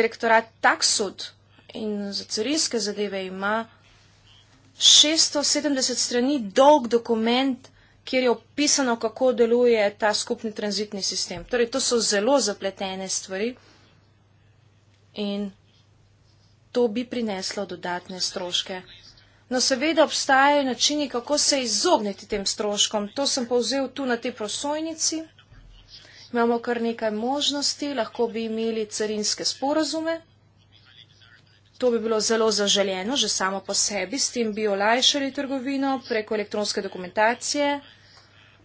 Direktorat Taksud in za carinske zadeve ima 670 strani dolg dokument, kjer je opisano, kako deluje ta skupni tranzitni sistem. Torej, to so zelo zapletene stvari in to bi prineslo dodatne stroške. No, seveda obstajajo načini, kako se izogniti tem stroškom. To sem povzel tu na tej prosojnici. Imamo kar nekaj možnosti, lahko bi imeli carinske sporazume. To bi bilo zelo zaželjeno, že samo po sebi, s tem bi olajšali trgovino preko elektronske dokumentacije,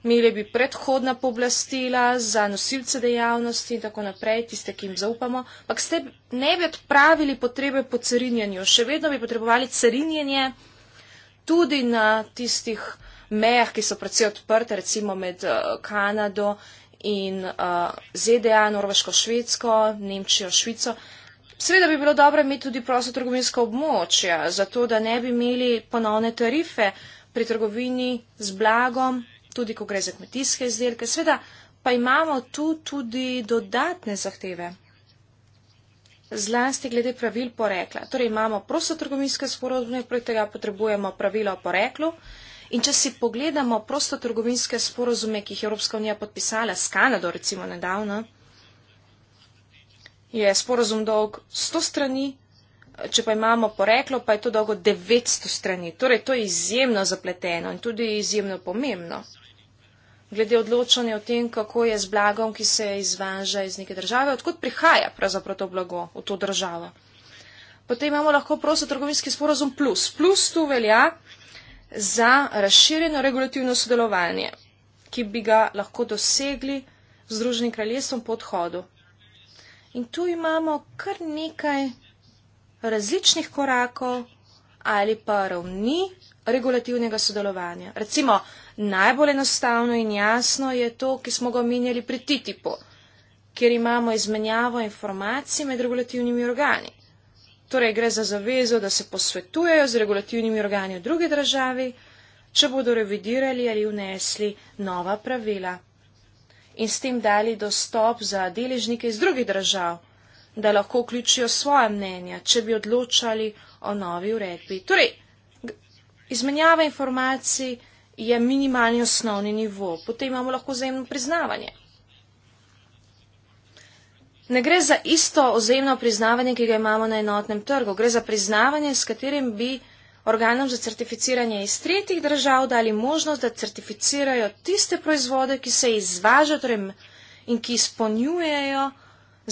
imeli bi predhodna pooblastila za nosilce dejavnosti in tako naprej, tiste, ki jim zaupamo, ampak ste ne bi odpravili potrebe po carinjenju, še vedno bi potrebovali carinjenje tudi na tistih mejah, ki so precej odprte, recimo med eh, Kanado in eh, ZDA, Norveško, Švedsko, Nemčijo, Švico. Seveda bi bilo dobro imeti tudi prosto trgovinsko območje, zato da ne bi imeli ponovne tarife pri trgovini z blagom, tudi ko gre za kmetijske izdelke. Seveda pa imamo tu tudi dodatne zahteve. Zlasti glede pravil porekla. Torej imamo prosto trgovinske sporozume, prek tega potrebujemo pravila o poreklu. In če si pogledamo prosto trgovinske sporozume, ki jih je Evropska unija podpisala s Kanado recimo nedavno, je sporozum dolg 100 strani, če pa imamo poreklo, pa je to dolgo 900 strani. Torej, to je izjemno zapleteno in tudi izjemno pomembno. Glede odločanja o tem, kako je z blagom, ki se izvaža iz neke države, odkud prihaja pravzaprav to blago v to državo. Potem imamo lahko prosto trgovinski sporozum plus. Plus tu velja za razširjeno regulativno sodelovanje, ki bi ga lahko dosegli z Združenim kraljestvom po odhodu. In tu imamo kar nekaj različnih korakov ali pa ravni regulativnega sodelovanja. Recimo, najbolj enostavno in jasno je to, ki smo ga omenjali pri TTIP-u, kjer imamo izmenjavo informacij med regulativnimi organi. Torej, gre za zavezo, da se posvetujejo z regulativnimi organi v drugi državi, če bodo revidirali ali vnesli nova pravila in s tem dali dostop za deležnike iz drugih držav, da lahko vključijo svoja mnenja, če bi odločali o novi uredbi. Torej, izmenjava informacij je minimalni osnovni nivo, potem imamo lahko vzajemno priznavanje. Ne gre za isto ozemno priznavanje, ki ga imamo na enotnem trgu, gre za priznavanje, s katerim bi organom za certificiranje iz tretjih držav dali možnost, da certificirajo tiste proizvode, ki se izvažajo torej in ki izpolnjujejo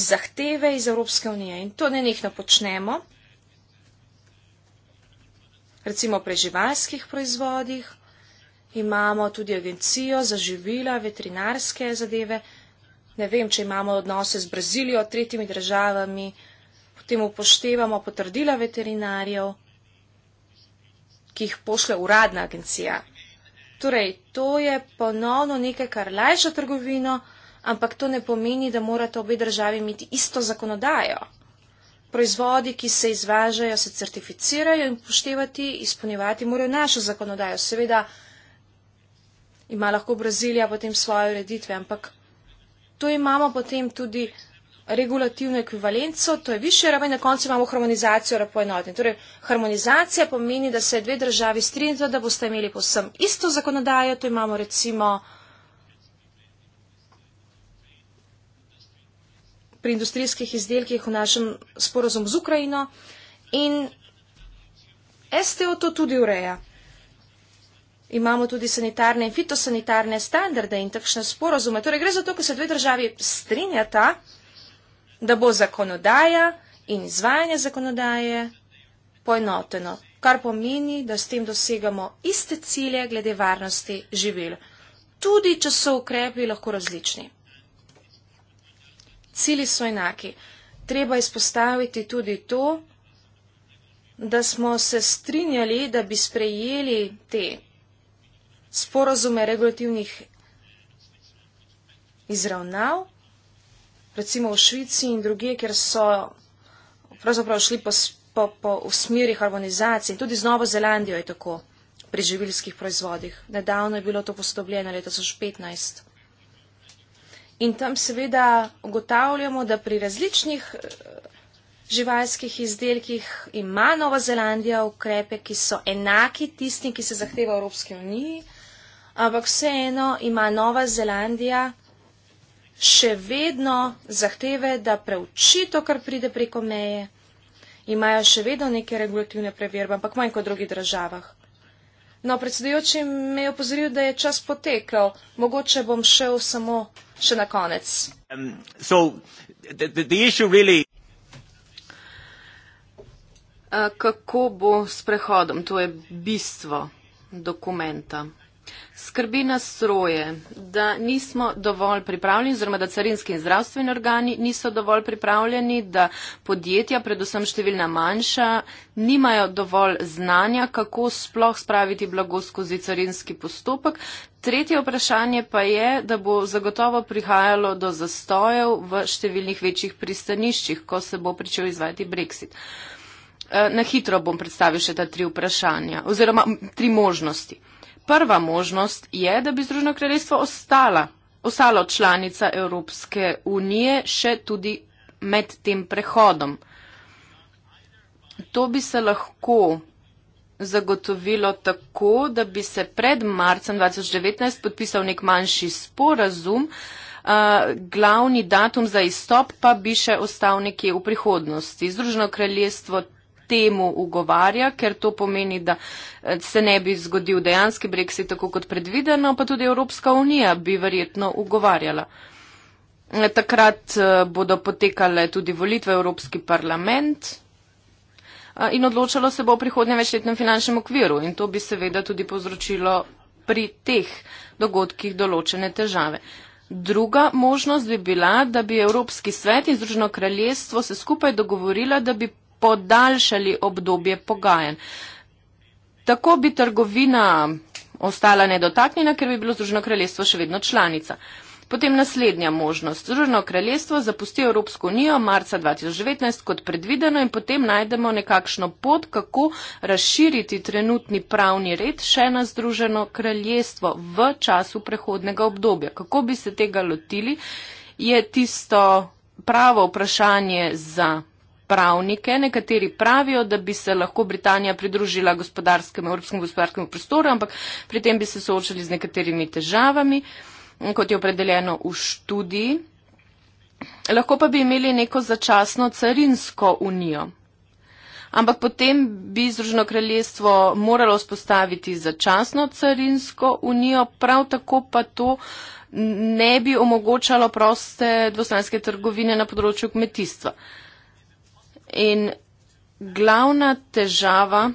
zahteve iz Evropske unije. In to ne nekno počnemo, recimo pri živalskih proizvodih, imamo tudi agencijo za živila, veterinarske zadeve, ne vem, če imamo odnose z Brazilijo, tretjimi državami, potem upoštevamo potrdila veterinarjev ki jih pošle uradna agencija. Torej, to je ponovno nekaj, kar lajša trgovino, ampak to ne pomeni, da morata obe državi imeti isto zakonodajo. Proizvodi, ki se izvažajo, se certificirajo in poštevati, izpolnjevati morajo našo zakonodajo. Seveda ima lahko Brazilija potem svoje ureditve, ampak to imamo potem tudi regulativno ekvivalenco, to je višja raven, na koncu imamo harmonizacijo na poenoten. Torej, harmonizacija pomeni, da se dve državi strinjata, da boste imeli posem isto zakonodajo, to imamo recimo pri industrijskih izdelkih v našem sporozumu z Ukrajino in STO to tudi ureja. Imamo tudi sanitarne in fitosanitarne standarde in takšne sporozume. Torej, gre za to, ko se dve državi strinjata, da bo zakonodaja in izvajanje zakonodaje poenoteno, kar pomeni, da s tem dosegamo iste cilje glede varnosti živil, tudi če so ukrepi lahko različni. Cili so enaki. Treba izpostaviti tudi to, da smo se strinjali, da bi sprejeli te sporozume regulativnih izravnav recimo v Švici in druge, kjer so pravzaprav šli po, po, po v smeri harmonizacije. Tudi z Novo Zelandijo je tako pri živilskih proizvodih. Nedavno je bilo to posodobljeno leta 2015. In tam seveda ugotavljamo, da pri različnih eh, živalskih izdelkih ima Nova Zelandija ukrepe, ki so enaki tistim, ki se zahteva v Evropski uniji, ampak vseeno ima Nova Zelandija še vedno zahteve, da preuči to, kar pride preko meje. Imajo še vedno neke regulativne preverbe, ampak manj kot v drugih državah. No, predsedujoči me je opozoril, da je čas potekel. Mogoče bom šel samo še na konec. Um, really... Kako bo s prehodom? To je bistvo dokumenta. Skrbi nas stroje, da nismo dovolj pripravljeni, oziroma da carinski in zdravstveni organi niso dovolj pripravljeni, da podjetja, predvsem številna manjša, nimajo dovolj znanja, kako sploh spraviti blago skozi carinski postopek. Tretje vprašanje pa je, da bo zagotovo prihajalo do zastojev v številnih večjih pristaniščih, ko se bo pričel izvajati Brexit. Eh, na hitro bom predstavil še ta tri vprašanja oziroma tri možnosti prva možnost je, da bi Združeno kraljestvo ostala, ostalo članica Evropske unije še tudi med tem prehodom. To bi se lahko zagotovilo tako, da bi se pred marcem 2019 podpisal nek manjši sporazum, glavni datum za izstop pa bi še ostal nekje v prihodnosti. Združeno kraljestvo temu ugovarja, ker to pomeni, da eh, se ne bi zgodil dejanski brexit tako kot predvideno, pa tudi Evropska unija bi verjetno ugovarjala. Eh, takrat eh, bodo potekale tudi volitve v Evropski parlament in odločalo se bo o prihodnjem večletnem finančnem okviru in to bi seveda tudi povzročilo pri teh dogodkih določene težave. Druga možnost bi bila, da bi Evropski svet in Združeno kraljestvo se skupaj dogovorila, da bi podaljšali obdobje pogajanj. Tako bi trgovina ostala nedotaknjena, ker bi bilo Združeno kraljestvo še vedno članica. Potem naslednja možnost. Združeno kraljestvo zapusti Evropsko unijo marca 2019 kot predvideno in potem najdemo nekakšno pot, kako razširiti trenutni pravni red še na Združeno kraljestvo v času prehodnega obdobja. Kako bi se tega lotili, je tisto pravo vprašanje za pravnike. Nekateri pravijo, da bi se lahko Britanija pridružila gospodarskemu, evropskemu gospodarskemu prostoru, ampak pri tem bi se soočali z nekaterimi težavami, kot je opredeljeno v študiji. Lahko pa bi imeli neko začasno carinsko unijo. Ampak potem bi Združeno kraljestvo moralo spostaviti začasno carinsko unijo, prav tako pa to ne bi omogočalo proste dvostranske trgovine na področju kmetijstva. Uh, in glavna težava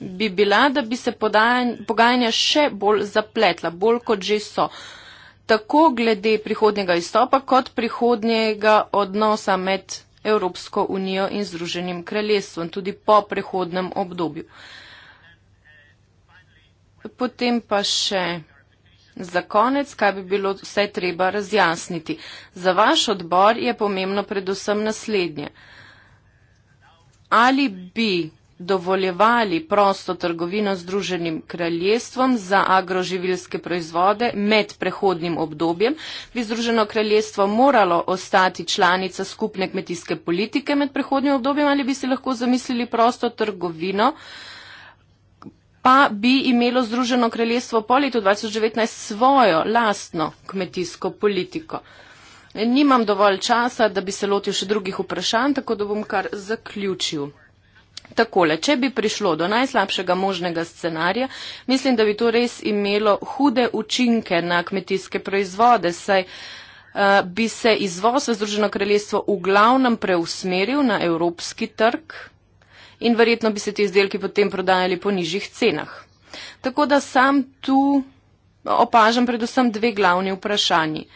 bi bila, da bi se pogajanja še bolj zapletla, bolj kot že so. Tako glede prihodnjega izstopa, kot prihodnjega odnosa med Evropsko unijo in Združenim kraljestvom, tudi po prehodnem obdobju. Potem pa še za konec, kaj bi bilo vse treba razjasniti. Za vaš odbor je pomembno predvsem naslednje. Uh, ali bi dovoljevali prosto trgovino z druženim kraljestvom za agroživilske proizvode med prehodnim obdobjem. Bi združeno kraljestvo moralo ostati članica skupne kmetijske politike med prehodnim obdobjem ali bi si lahko zamislili prosto trgovino, pa bi imelo združeno kraljestvo po letu 2019 svojo lastno kmetijsko politiko. Nimam dovolj časa, da bi se lotil še drugih vprašanj, tako da bom kar zaključil. Takole, če bi prišlo do najslabšega možnega scenarija, mislim, da bi to res imelo hude učinke na kmetijske proizvode, saj eh, bi se izvoz v Združeno kraljestvo v glavnem preusmeril na evropski trg in verjetno bi se ti izdelki potem prodajali po nižjih cenah. Tako da sam tu opažam predvsem dve glavni vprašanji.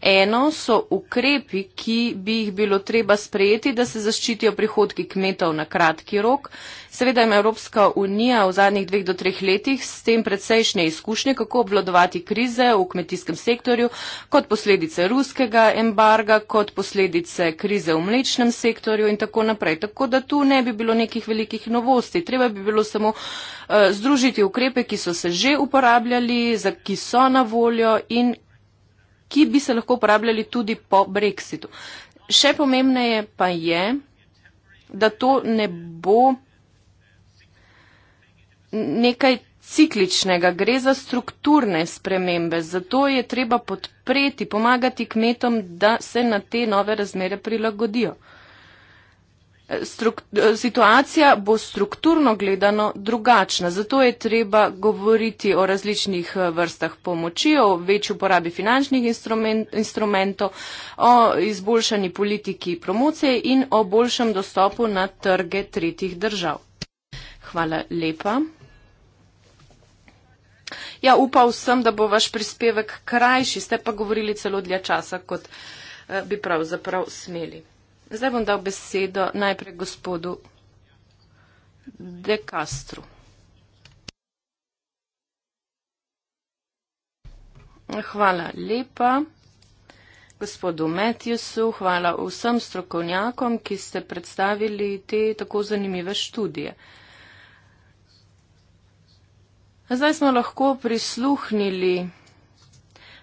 Eno so ukrepi, ki bi jih bilo treba sprejeti, da se zaščitijo prihodki kmetov na kratki rok. Seveda ima Evropska unija v zadnjih dveh do treh letih s tem precejšnje izkušnje, kako obvladovati krize v kmetijskem sektorju kot posledice ruskega embarga, kot posledice krize v mlečnem sektorju in tako naprej. Tako da tu ne bi bilo nekih velikih novosti. Treba bi bilo samo uh, združiti ukrepe, ki so se že uporabljali, za, ki so na voljo in ki bi se lahko uporabljali tudi po brexitu. Še pomembneje pa je, da to ne bo nekaj cikličnega, gre za strukturne spremembe, zato je treba podpreti, pomagati kmetom, da se na te nove razmere prilagodijo. Struk situacija bo strukturno gledano drugačna, zato je treba govoriti o različnih eh, vrstah pomoči, o večji uporabi finančnih instrument instrumentov, o izboljšani politiki promocije in o boljšem dostopu na trge tretjih držav. Hvala lepa. Ja, upal sem, da bo vaš prispevek krajši, ste pa govorili celo dlje časa, kot eh, bi pravzaprav smeli. Zdaj bom dal besedo najprej gospodu De Castro. Hvala lepa gospodu Matthewsu, hvala vsem strokovnjakom, ki ste predstavili te tako zanimive študije. Zdaj smo lahko prisluhnili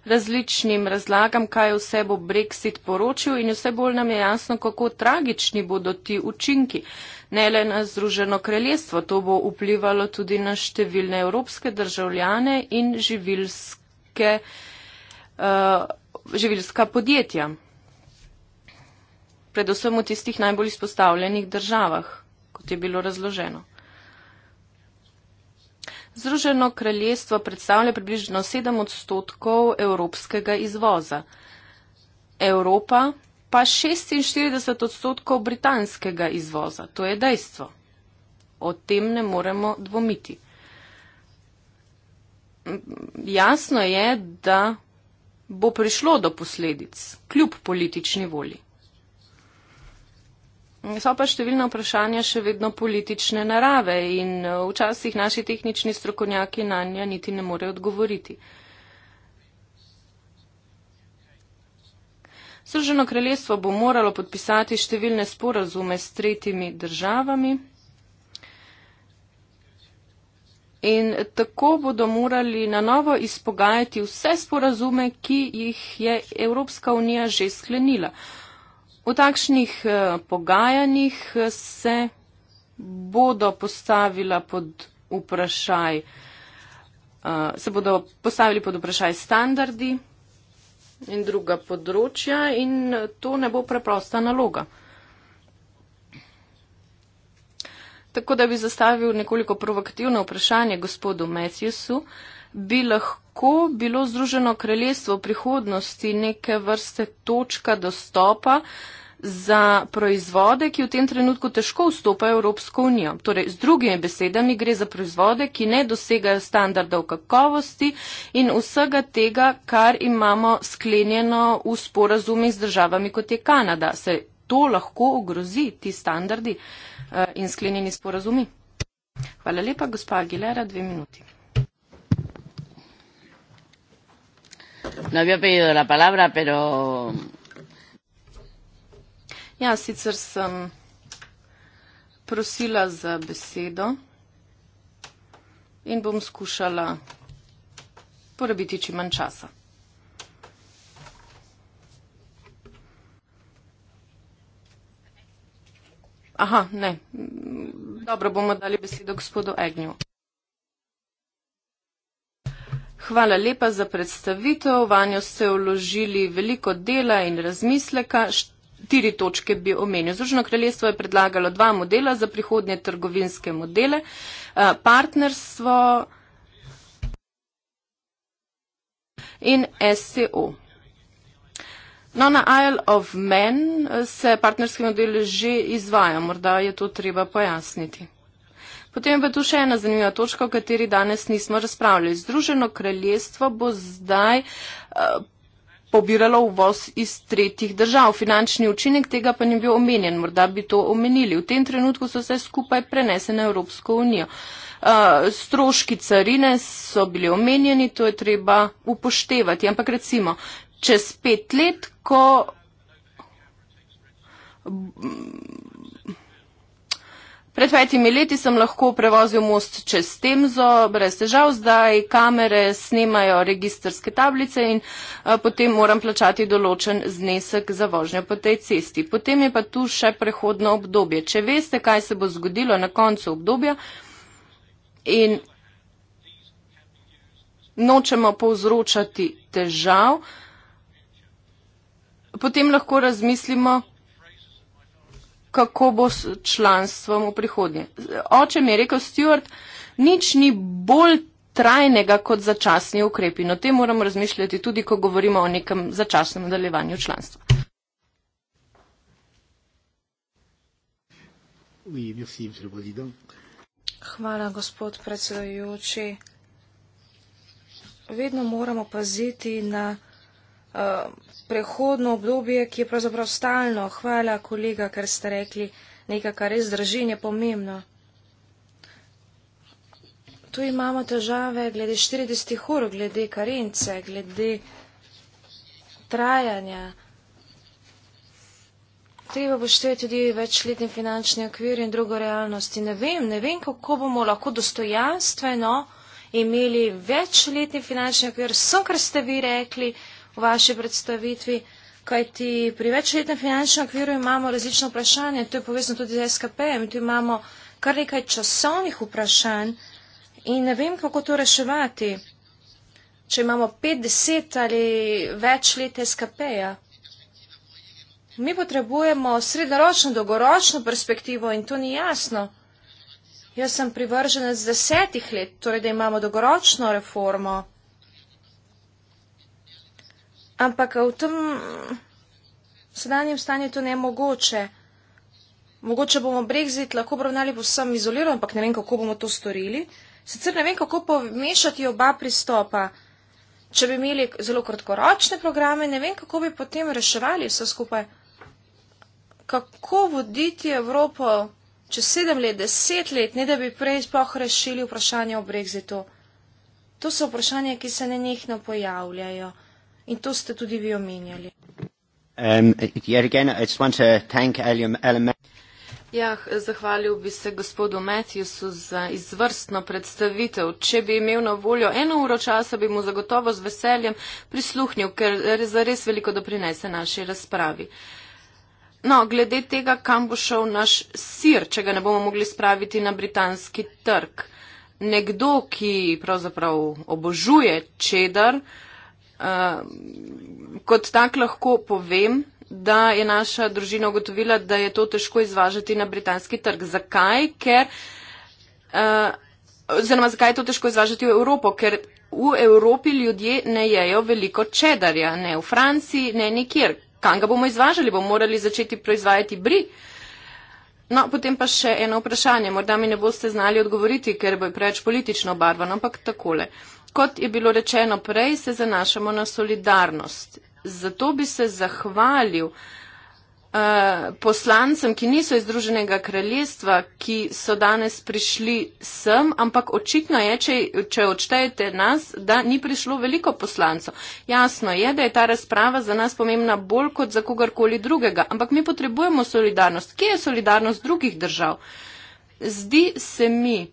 različnim razlagam, kaj vse bo Brexit poročil in vse bolj nam je jasno, kako tragični bodo ti učinki. Ne le na Združeno kraljestvo, to bo vplivalo tudi na številne evropske državljane in živilske, uh, živilska podjetja. Predvsem v tistih najbolj izpostavljenih državah, kot je bilo razloženo. Združeno kraljestvo predstavlja približno 7 odstotkov evropskega izvoza, Evropa pa 46 odstotkov britanskega izvoza. To je dejstvo. O tem ne moremo dvomiti. Jasno je, da bo prišlo do posledic, kljub politični volji. So pa številna vprašanja še vedno politične narave in eh, včasih naši tehnični strokovnjaki na nja niti ne morejo odgovoriti. Sruženo kraljestvo bo moralo podpisati številne sporazume s tretjimi državami in tako bodo morali na novo izpogajati vse sporazume, ki jih je Evropska unija že sklenila. V takšnih eh, pogajanjih eh, se bodo postavila pod vprašaj, eh, se bodo postavili pod vprašaj standardi in druga področja in to ne bo preprosta naloga. Tako da bi zastavil nekoliko provokativno vprašanje gospodu Matthewsu. Uh, bi lahko bilo Združeno kraljestvo v prihodnosti neke vrste točka dostopa za proizvode, ki v tem trenutku težko vstopajo v Evropsko unijo. Torej, z drugimi besedami gre za proizvode, ki ne dosegajo standardov kakovosti in vsega tega, kar imamo sklenjeno v sporazumih z državami, kot je Kanada. Se to lahko ogrozi, ti standardi uh, in sklenjeni sporazumi? Hvala lepa, gospa Aguilera, dve minuti. no había pedido la palabra, pero. Ja, sicer sem prosila za besedo in bom skušala porabiti čim manj časa. Aha, ne. Dobro, bomo dali besedo gospodu Egnju. Hvala lepa za predstavitev. Vanjo ste vložili veliko dela in razmisleka. Štiri točke bi omenil. Združeno kraljestvo je predlagalo dva modela za prihodnje trgovinske modele. Eh, partnerstvo in SCO. No, na Isle of Man eh, se partnerski model že izvaja. Morda je to treba pojasniti. Potem pa tu še ena zanimiva točka, o kateri danes nismo razpravljali. Združeno kraljestvo bo zdaj uh, pobiralo uvoz iz tretjih držav. Finančni učinek tega pa ni bil omenjen. Morda bi to omenili. V tem trenutku so se skupaj prenese na Evropsko unijo. Uh, stroški carine so bili omenjeni, to je treba upoštevati. Ampak recimo, čez pet let, ko Pred petimi leti sem lahko prevozil most čez Temzo brez težav, zdaj kamere snemajo registerske tablice in a, eh, potem moram plačati določen znesek za vožnjo po tej cesti. Potem je pa tu še prehodno obdobje. Če veste, kaj se bo zgodilo na koncu obdobja in nočemo povzročati težav, potem lahko razmislimo, kako bo s članstvom v prihodnje. Oče mi je rekel, Stuart, nič ni bolj trajnega kot začasni ukrepi. No, te moram razmišljati tudi, ko govorimo o nekem začasnem nadaljevanju članstva. Hvala, gospod predsedujoči. Vedno moramo paziti na uh, prehodno obdobje, ki je pravzaprav stalno. Hvala, kolega, ker ste rekli nekaj, kar res drži in je pomembno. Tu imamo težave glede 40 ur, glede karence, glede trajanja. Treba bo šteti tudi večletni finančni okvir in drugo realnost. In ne vem, ne vem, kako bomo lahko dostojanstveno imeli večletni finančni okvir, vsem, kar ste vi rekli, v vaši predstavitvi, kajti pri večletnem finančnem okviru imamo različno vprašanje, to je povezano tudi z SKP-em, tu imamo kar nekaj časovnih vprašanj in ne vem, kako to reševati, če imamo 50 ali več let SKP-ja. Mi potrebujemo srednjeročno, dolgoročno perspektivo in to ni jasno. Jaz sem privržena z desetih let, torej da imamo dolgoročno reformo. Ampak v tem sedanjem stanju to ne je mogoče. Mogoče bomo brexit lahko obravnali povsem izolirano, ampak ne vem, kako bomo to storili. Sicer ne vem, kako pomešati oba pristopa. Če bi imeli zelo kratkoročne programe, ne vem, kako bi potem reševali vse skupaj. Kako voditi Evropo čez sedem let, deset let, ne da bi prej sploh rešili vprašanje o brexitu. To so vprašanja, ki se nenehno pojavljajo in to ste tudi vi omenjali. Um, again, ja, zahvalil bi se gospodu Matthewsu za izvrstno predstavitev. Če bi imel na voljo eno uro časa, bi mu zagotovo z veseljem prisluhnil, ker zares veliko doprinese naši razpravi. No, glede tega, kam bo šel naš sir, če ga ne bomo mogli spraviti na britanski trg. Nekdo, ki pravzaprav obožuje čedar, uh, Ehm, kot tak lahko povem, da je naša družina ugotovila, da je to težko izvažati na britanski trg. Zakaj? Ker, uh, oziroma, zakaj je to težko izvažati v Evropo? Ker v Evropi ljudje ne jejo veliko čedarja, ne v Franciji, ne nikjer. Kam ga bomo izvažali? Bomo morali začeti proizvajati bri. No, potem pa še eno vprašanje. Morda mi ne boste znali odgovoriti, ker bo preveč politično barvano, ampak takole. Uh, Kot je bilo rečeno prej, se zanašamo na solidarnost. Zato bi se zahvalil uh, poslancem, ki niso iz Združenega kraljestva, ki so danes prišli sem, ampak očitno je, če, če odštejete nas, da ni prišlo veliko poslancev. Jasno je, da je ta razprava za nas pomembna bolj kot za kogarkoli drugega, ampak mi potrebujemo solidarnost. Kje je solidarnost drugih držav? Zdi se mi,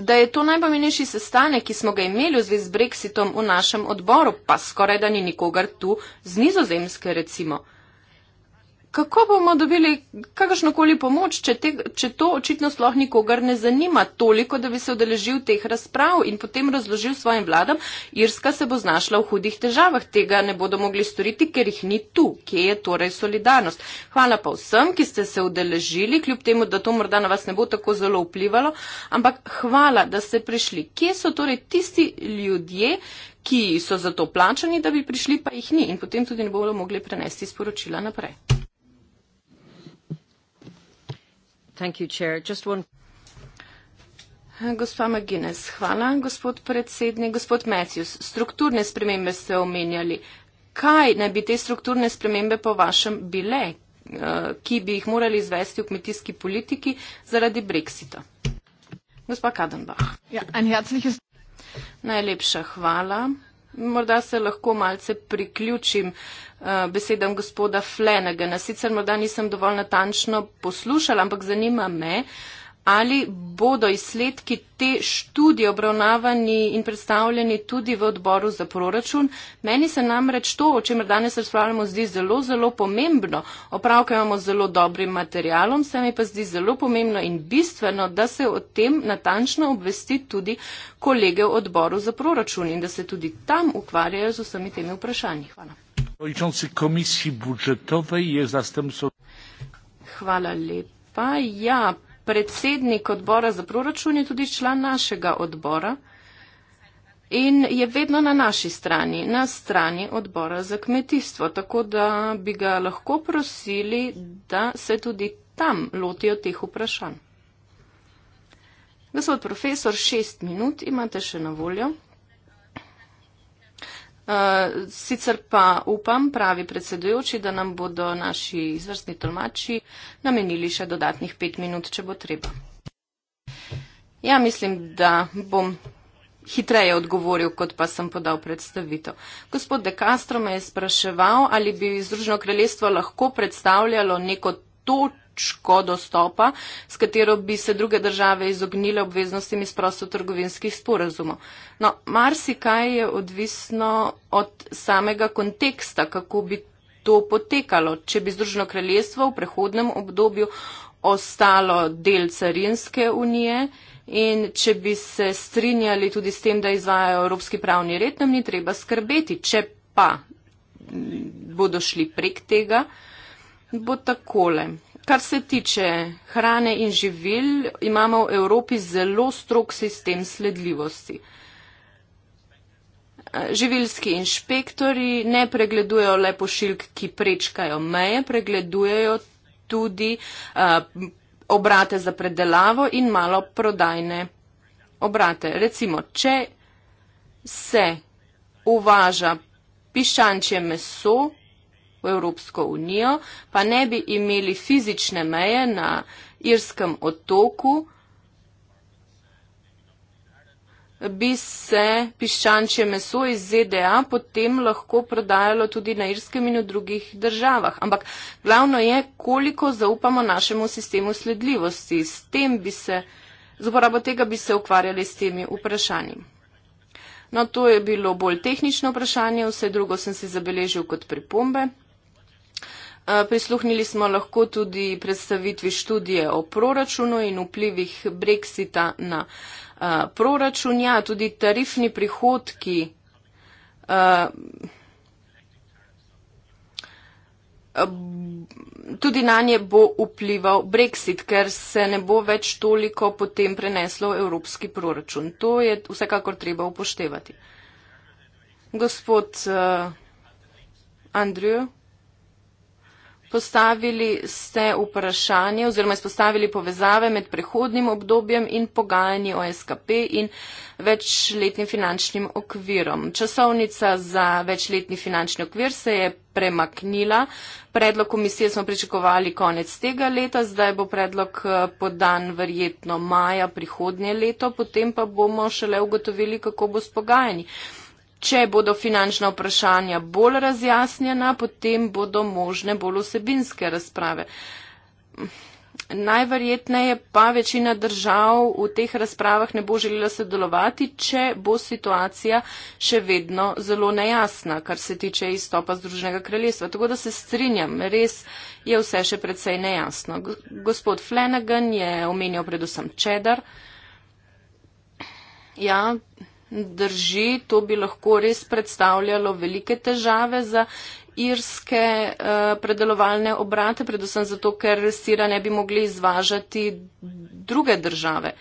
da je to najpomenejši sestanek, ki smo ga imeli v zvezi z brexitom v našem odboru, pa skoraj da ni nikogar tu z nizozemske recimo kako bomo dobili kakršno koli pomoč, če, te, če to očitno sloh nikogar ne zanima toliko, da bi se odeležil teh razprav in potem razložil svojim vladam, Irska se bo znašla v hudih težavah, tega ne bodo mogli storiti, ker jih ni tu, kje je torej solidarnost. Hvala pa vsem, ki ste se odeležili, kljub temu, da to morda na vas ne bo tako zelo vplivalo, ampak hvala, da ste prišli. Kje so torej tisti ljudje, ki so za to plačani, da bi prišli, pa jih ni in potem tudi ne bodo mogli prenesti sporočila naprej. Thank you, Chair. Just one... Gospa McGuinness, hvala, gospod predsednik. Gospod Matthews, strukturne spremembe ste omenjali. Kaj naj bi te strukturne spremembe po vašem bile, eh, ki bi jih morali izvesti v kmetijski politiki zaradi Brexita? Gospa Kadenbach. Ja, Najlepša hvala. Morda se lahko malce priključim uh, besedam gospoda Flenega. Sicer morda nisem dovolj natančno poslušala, ampak zanima me, uh, ali bodo izsledki te študije obravnavani in predstavljeni tudi v odboru za proračun. Meni se namreč to, o čemer danes razpravljamo, zdi zelo, zelo pomembno. Opravka imamo zelo dobrim materialom, se mi pa zdi zelo pomembno in bistveno, da se o tem natančno obvesti tudi kolege v odboru za proračun in da se tudi tam ukvarjajo z vsemi temi vprašanji. Hvala. Hvala lepa. Ja, predsednik odbora za proračun je tudi član našega odbora in je vedno na naši strani, na strani odbora za kmetijstvo, tako da bi ga lahko prosili, da se tudi tam lotijo teh vprašanj. Gospod profesor, šest minut imate še na voljo. Eh, sicer pa upam, pravi predsedujoči, da nam bodo naši izvrstni tolmači namenili še dodatnih pet minut, če bo treba. Ja, mislim, da bom hitreje odgovoril, kot pa sem podal predstavitev. Gospod De Castro me je spraševal, ali bi Združeno kraljestvo lahko predstavljalo neko točko, točko dostopa, s katero bi se druge države izognile obveznostim iz prostotrgovinskih sporazumov. No, marsikaj je odvisno od samega konteksta, kako bi to potekalo, če bi Združeno kraljestvo v prehodnem obdobju ostalo del carinske unije in če bi se strinjali tudi s tem, da izvajajo evropski pravni red, nam ni treba skrbeti. Če pa bodo šli prek tega, bo takole kar se tiče hrane in živil, imamo v Evropi zelo strok sistem sledljivosti. Živilski inšpektori ne pregledujejo le pošiljk, ki prečkajo meje, pregledujejo tudi obrate za predelavo in malo prodajne obrate. Recimo, če se uvaža piščančje meso, v Evropsko unijo, pa ne bi imeli fizične meje na Irskem otoku, bi se piščančje meso iz ZDA potem lahko prodajalo tudi na Irskem in v drugih državah. Ampak glavno je, koliko zaupamo našemu sistemu sledljivosti. S tem bi se, z uporabo tega bi se ukvarjali s temi vprašanji. No, to je bilo bolj tehnično vprašanje, vse drugo sem si zabeležil kot pripombe. Eh, prisluhnili smo lahko tudi predstavitvi študije o proračunu in vplivih Brexita na eh, proračun. Ja, tudi tarifni prihodki eh, tudi na nje bo vplival Brexit, ker se ne bo več toliko potem preneslo v evropski proračun. To je vsekakor treba upoštevati. Gospod uh, Andrew. Postavili ste vprašanje oziroma izpostavili povezave med prehodnim obdobjem in pogajanji o SKP in večletnim finančnim okvirom. Časovnica za večletni finančni okvir se je premaknila. Predlog komisije smo pričakovali konec tega leta, zdaj bo predlog eh, podan verjetno maja prihodnje leto, potem pa bomo šele ugotovili, kako bo s pogajanji. Če bodo finančna vprašanja bolj razjasnjena, potem bodo možne bolj osebinske razprave. Najverjetneje pa večina držav v teh razpravah ne bo želela sodelovati, če bo situacija še vedno zelo nejasna, kar se tiče izstopa Združenega kraljestva. Tako da se strinjam, res je vse še predvsej nejasno. Gospod Flanagan je omenjal predvsem Čedar. Ja, drži, to bi lahko res predstavljalo velike težave za irske uh, predelovalne obrate, predvsem zato, ker sira ne bi mogli izvažati druge države.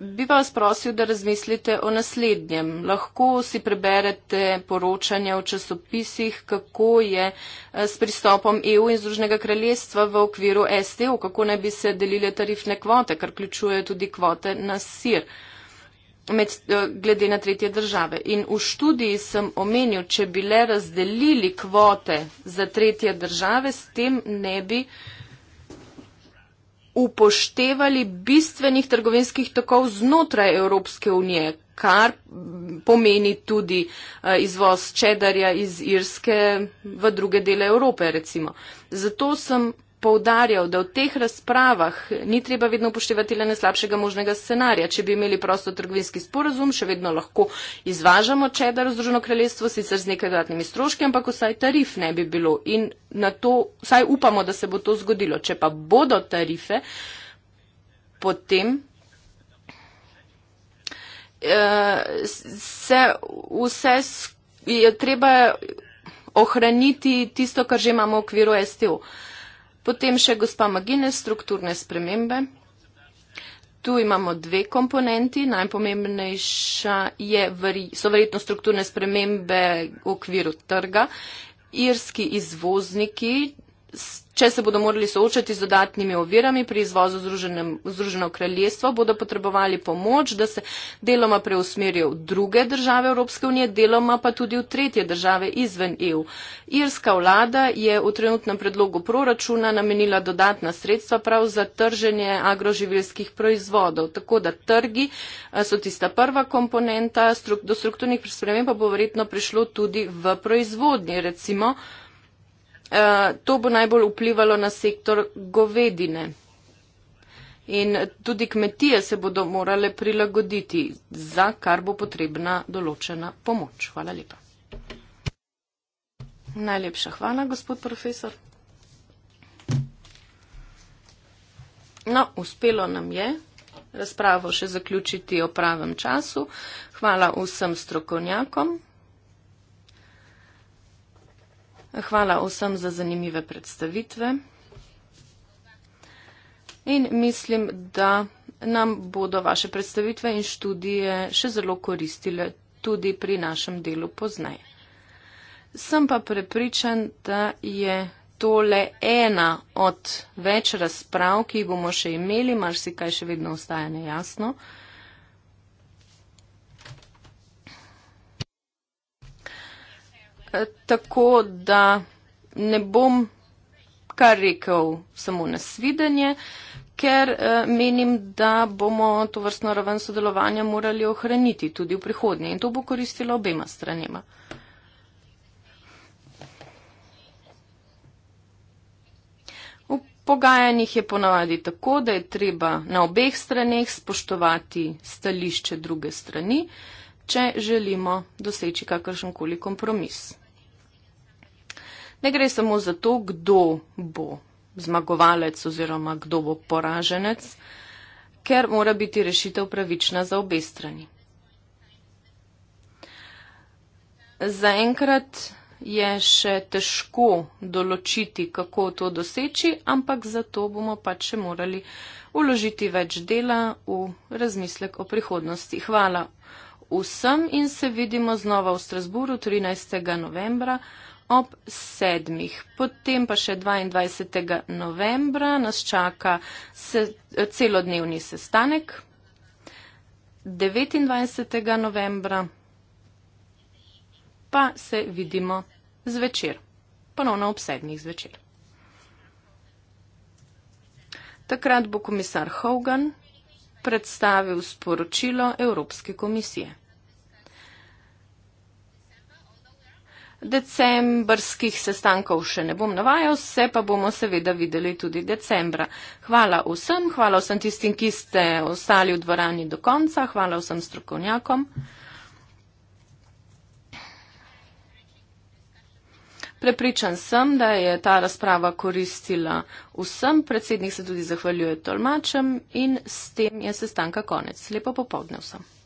Bi vas prosil, da razmislite o naslednjem. Lahko si preberete poročanja v časopisih, kako je eh, s pristopom EU in Združnega kraljestva v okviru STO, kako naj bi se delile tarifne kvote, kar ključuje tudi kvote na sir. Uh, med, eh, glede na tretje države. In v študiji sem omenil, če bi le razdelili kvote za tretje države, s tem ne bi upoštevali bistvenih trgovinskih tokov znotraj Evropske unije, kar pomeni tudi eh, izvoz čedarja iz Irske v druge dele Evrope, recimo. Zato sem poudarjal, da v teh razpravah ni treba vedno upoštevati le najslabšega možnega scenarija. Če bi imeli prosto trgovinski sporazum, še vedno lahko izvažamo čedar v Združeno kraljestvo, sicer z nekaj dodatnimi stroški, ampak vsaj tarif ne bi bilo. In na to vsaj upamo, da se bo to zgodilo. Če pa bodo tarife, potem. Eh, se vse je treba ohraniti tisto, kar že imamo v okviru STO. Potem še gospa Magine, strukturne spremembe. Tu imamo dve komponenti. Najpomembnejša je, so verjetno strukturne spremembe v okviru trga. Irski izvozniki Če se bodo morali soočati z dodatnimi ovirami pri izvozu Združeno kraljestvo, bodo potrebovali pomoč, da se deloma preusmerijo v druge države Evropske unije, deloma pa tudi v tretje države izven EU. Irska vlada je v trenutnem predlogu proračuna namenila dodatna sredstva prav za trženje agroživilskih proizvodov. Tako da trgi eh, so tista prva komponenta, do strukturnih sprememb pa bo verjetno prišlo tudi v proizvodnji. Recimo, Eh, to bo najbolj vplivalo na sektor govedine. In tudi kmetije se bodo morale prilagoditi, za kar bo potrebna določena pomoč. Hvala lepa. Najlepša hvala, gospod profesor. No, uspelo nam je razpravo še zaključiti o pravem času. Hvala vsem strokovnjakom. Hvala vsem za zanimive predstavitve. In mislim, da nam bodo vaše predstavitve in študije še zelo koristile tudi pri našem delu pozneje. Sem pa prepričan, da je tole ena od več razprav, ki jih bomo še imeli, marsikaj še vedno ostaja nejasno. Eh, tako, da ne bom kar rekel samo nasvidenje, ker eh, menim, da bomo to vrstno raven sodelovanja morali ohraniti tudi v prihodnje in to bo koristilo obema stranima. V pogajanjih je ponavadi tako, da je treba na obeh straneh spoštovati stališče druge strani, če želimo doseči kakršenkoli kompromis ne gre samo za to, kdo bo zmagovalec oziroma kdo bo poraženec, ker mora biti rešitev pravična za obe strani. Zaenkrat je še težko določiti, kako to doseči, ampak zato bomo pač še morali uložiti več dela v razmislek o prihodnosti. Hvala vsem in se vidimo znova v Strasburu 13. novembra ob sedmih. Potem pa še 22. novembra nas čaka se, celodnevni sestanek. 29. novembra pa se vidimo zvečer. Ponovno ob sedmih zvečer. Takrat bo komisar Hogan predstavil sporočilo Evropske komisije. decembrskih sestankov še ne bom navajal, se pa bomo seveda videli tudi decembra. Hvala vsem, hvala vsem tistim, ki ste ostali v dvorani do konca, hvala vsem strokovnjakom. Prepričan sem, da je ta razprava koristila vsem, predsednik se tudi zahvaljuje tolmačem in s tem je sestanka konec. Lepo popovdne vsem.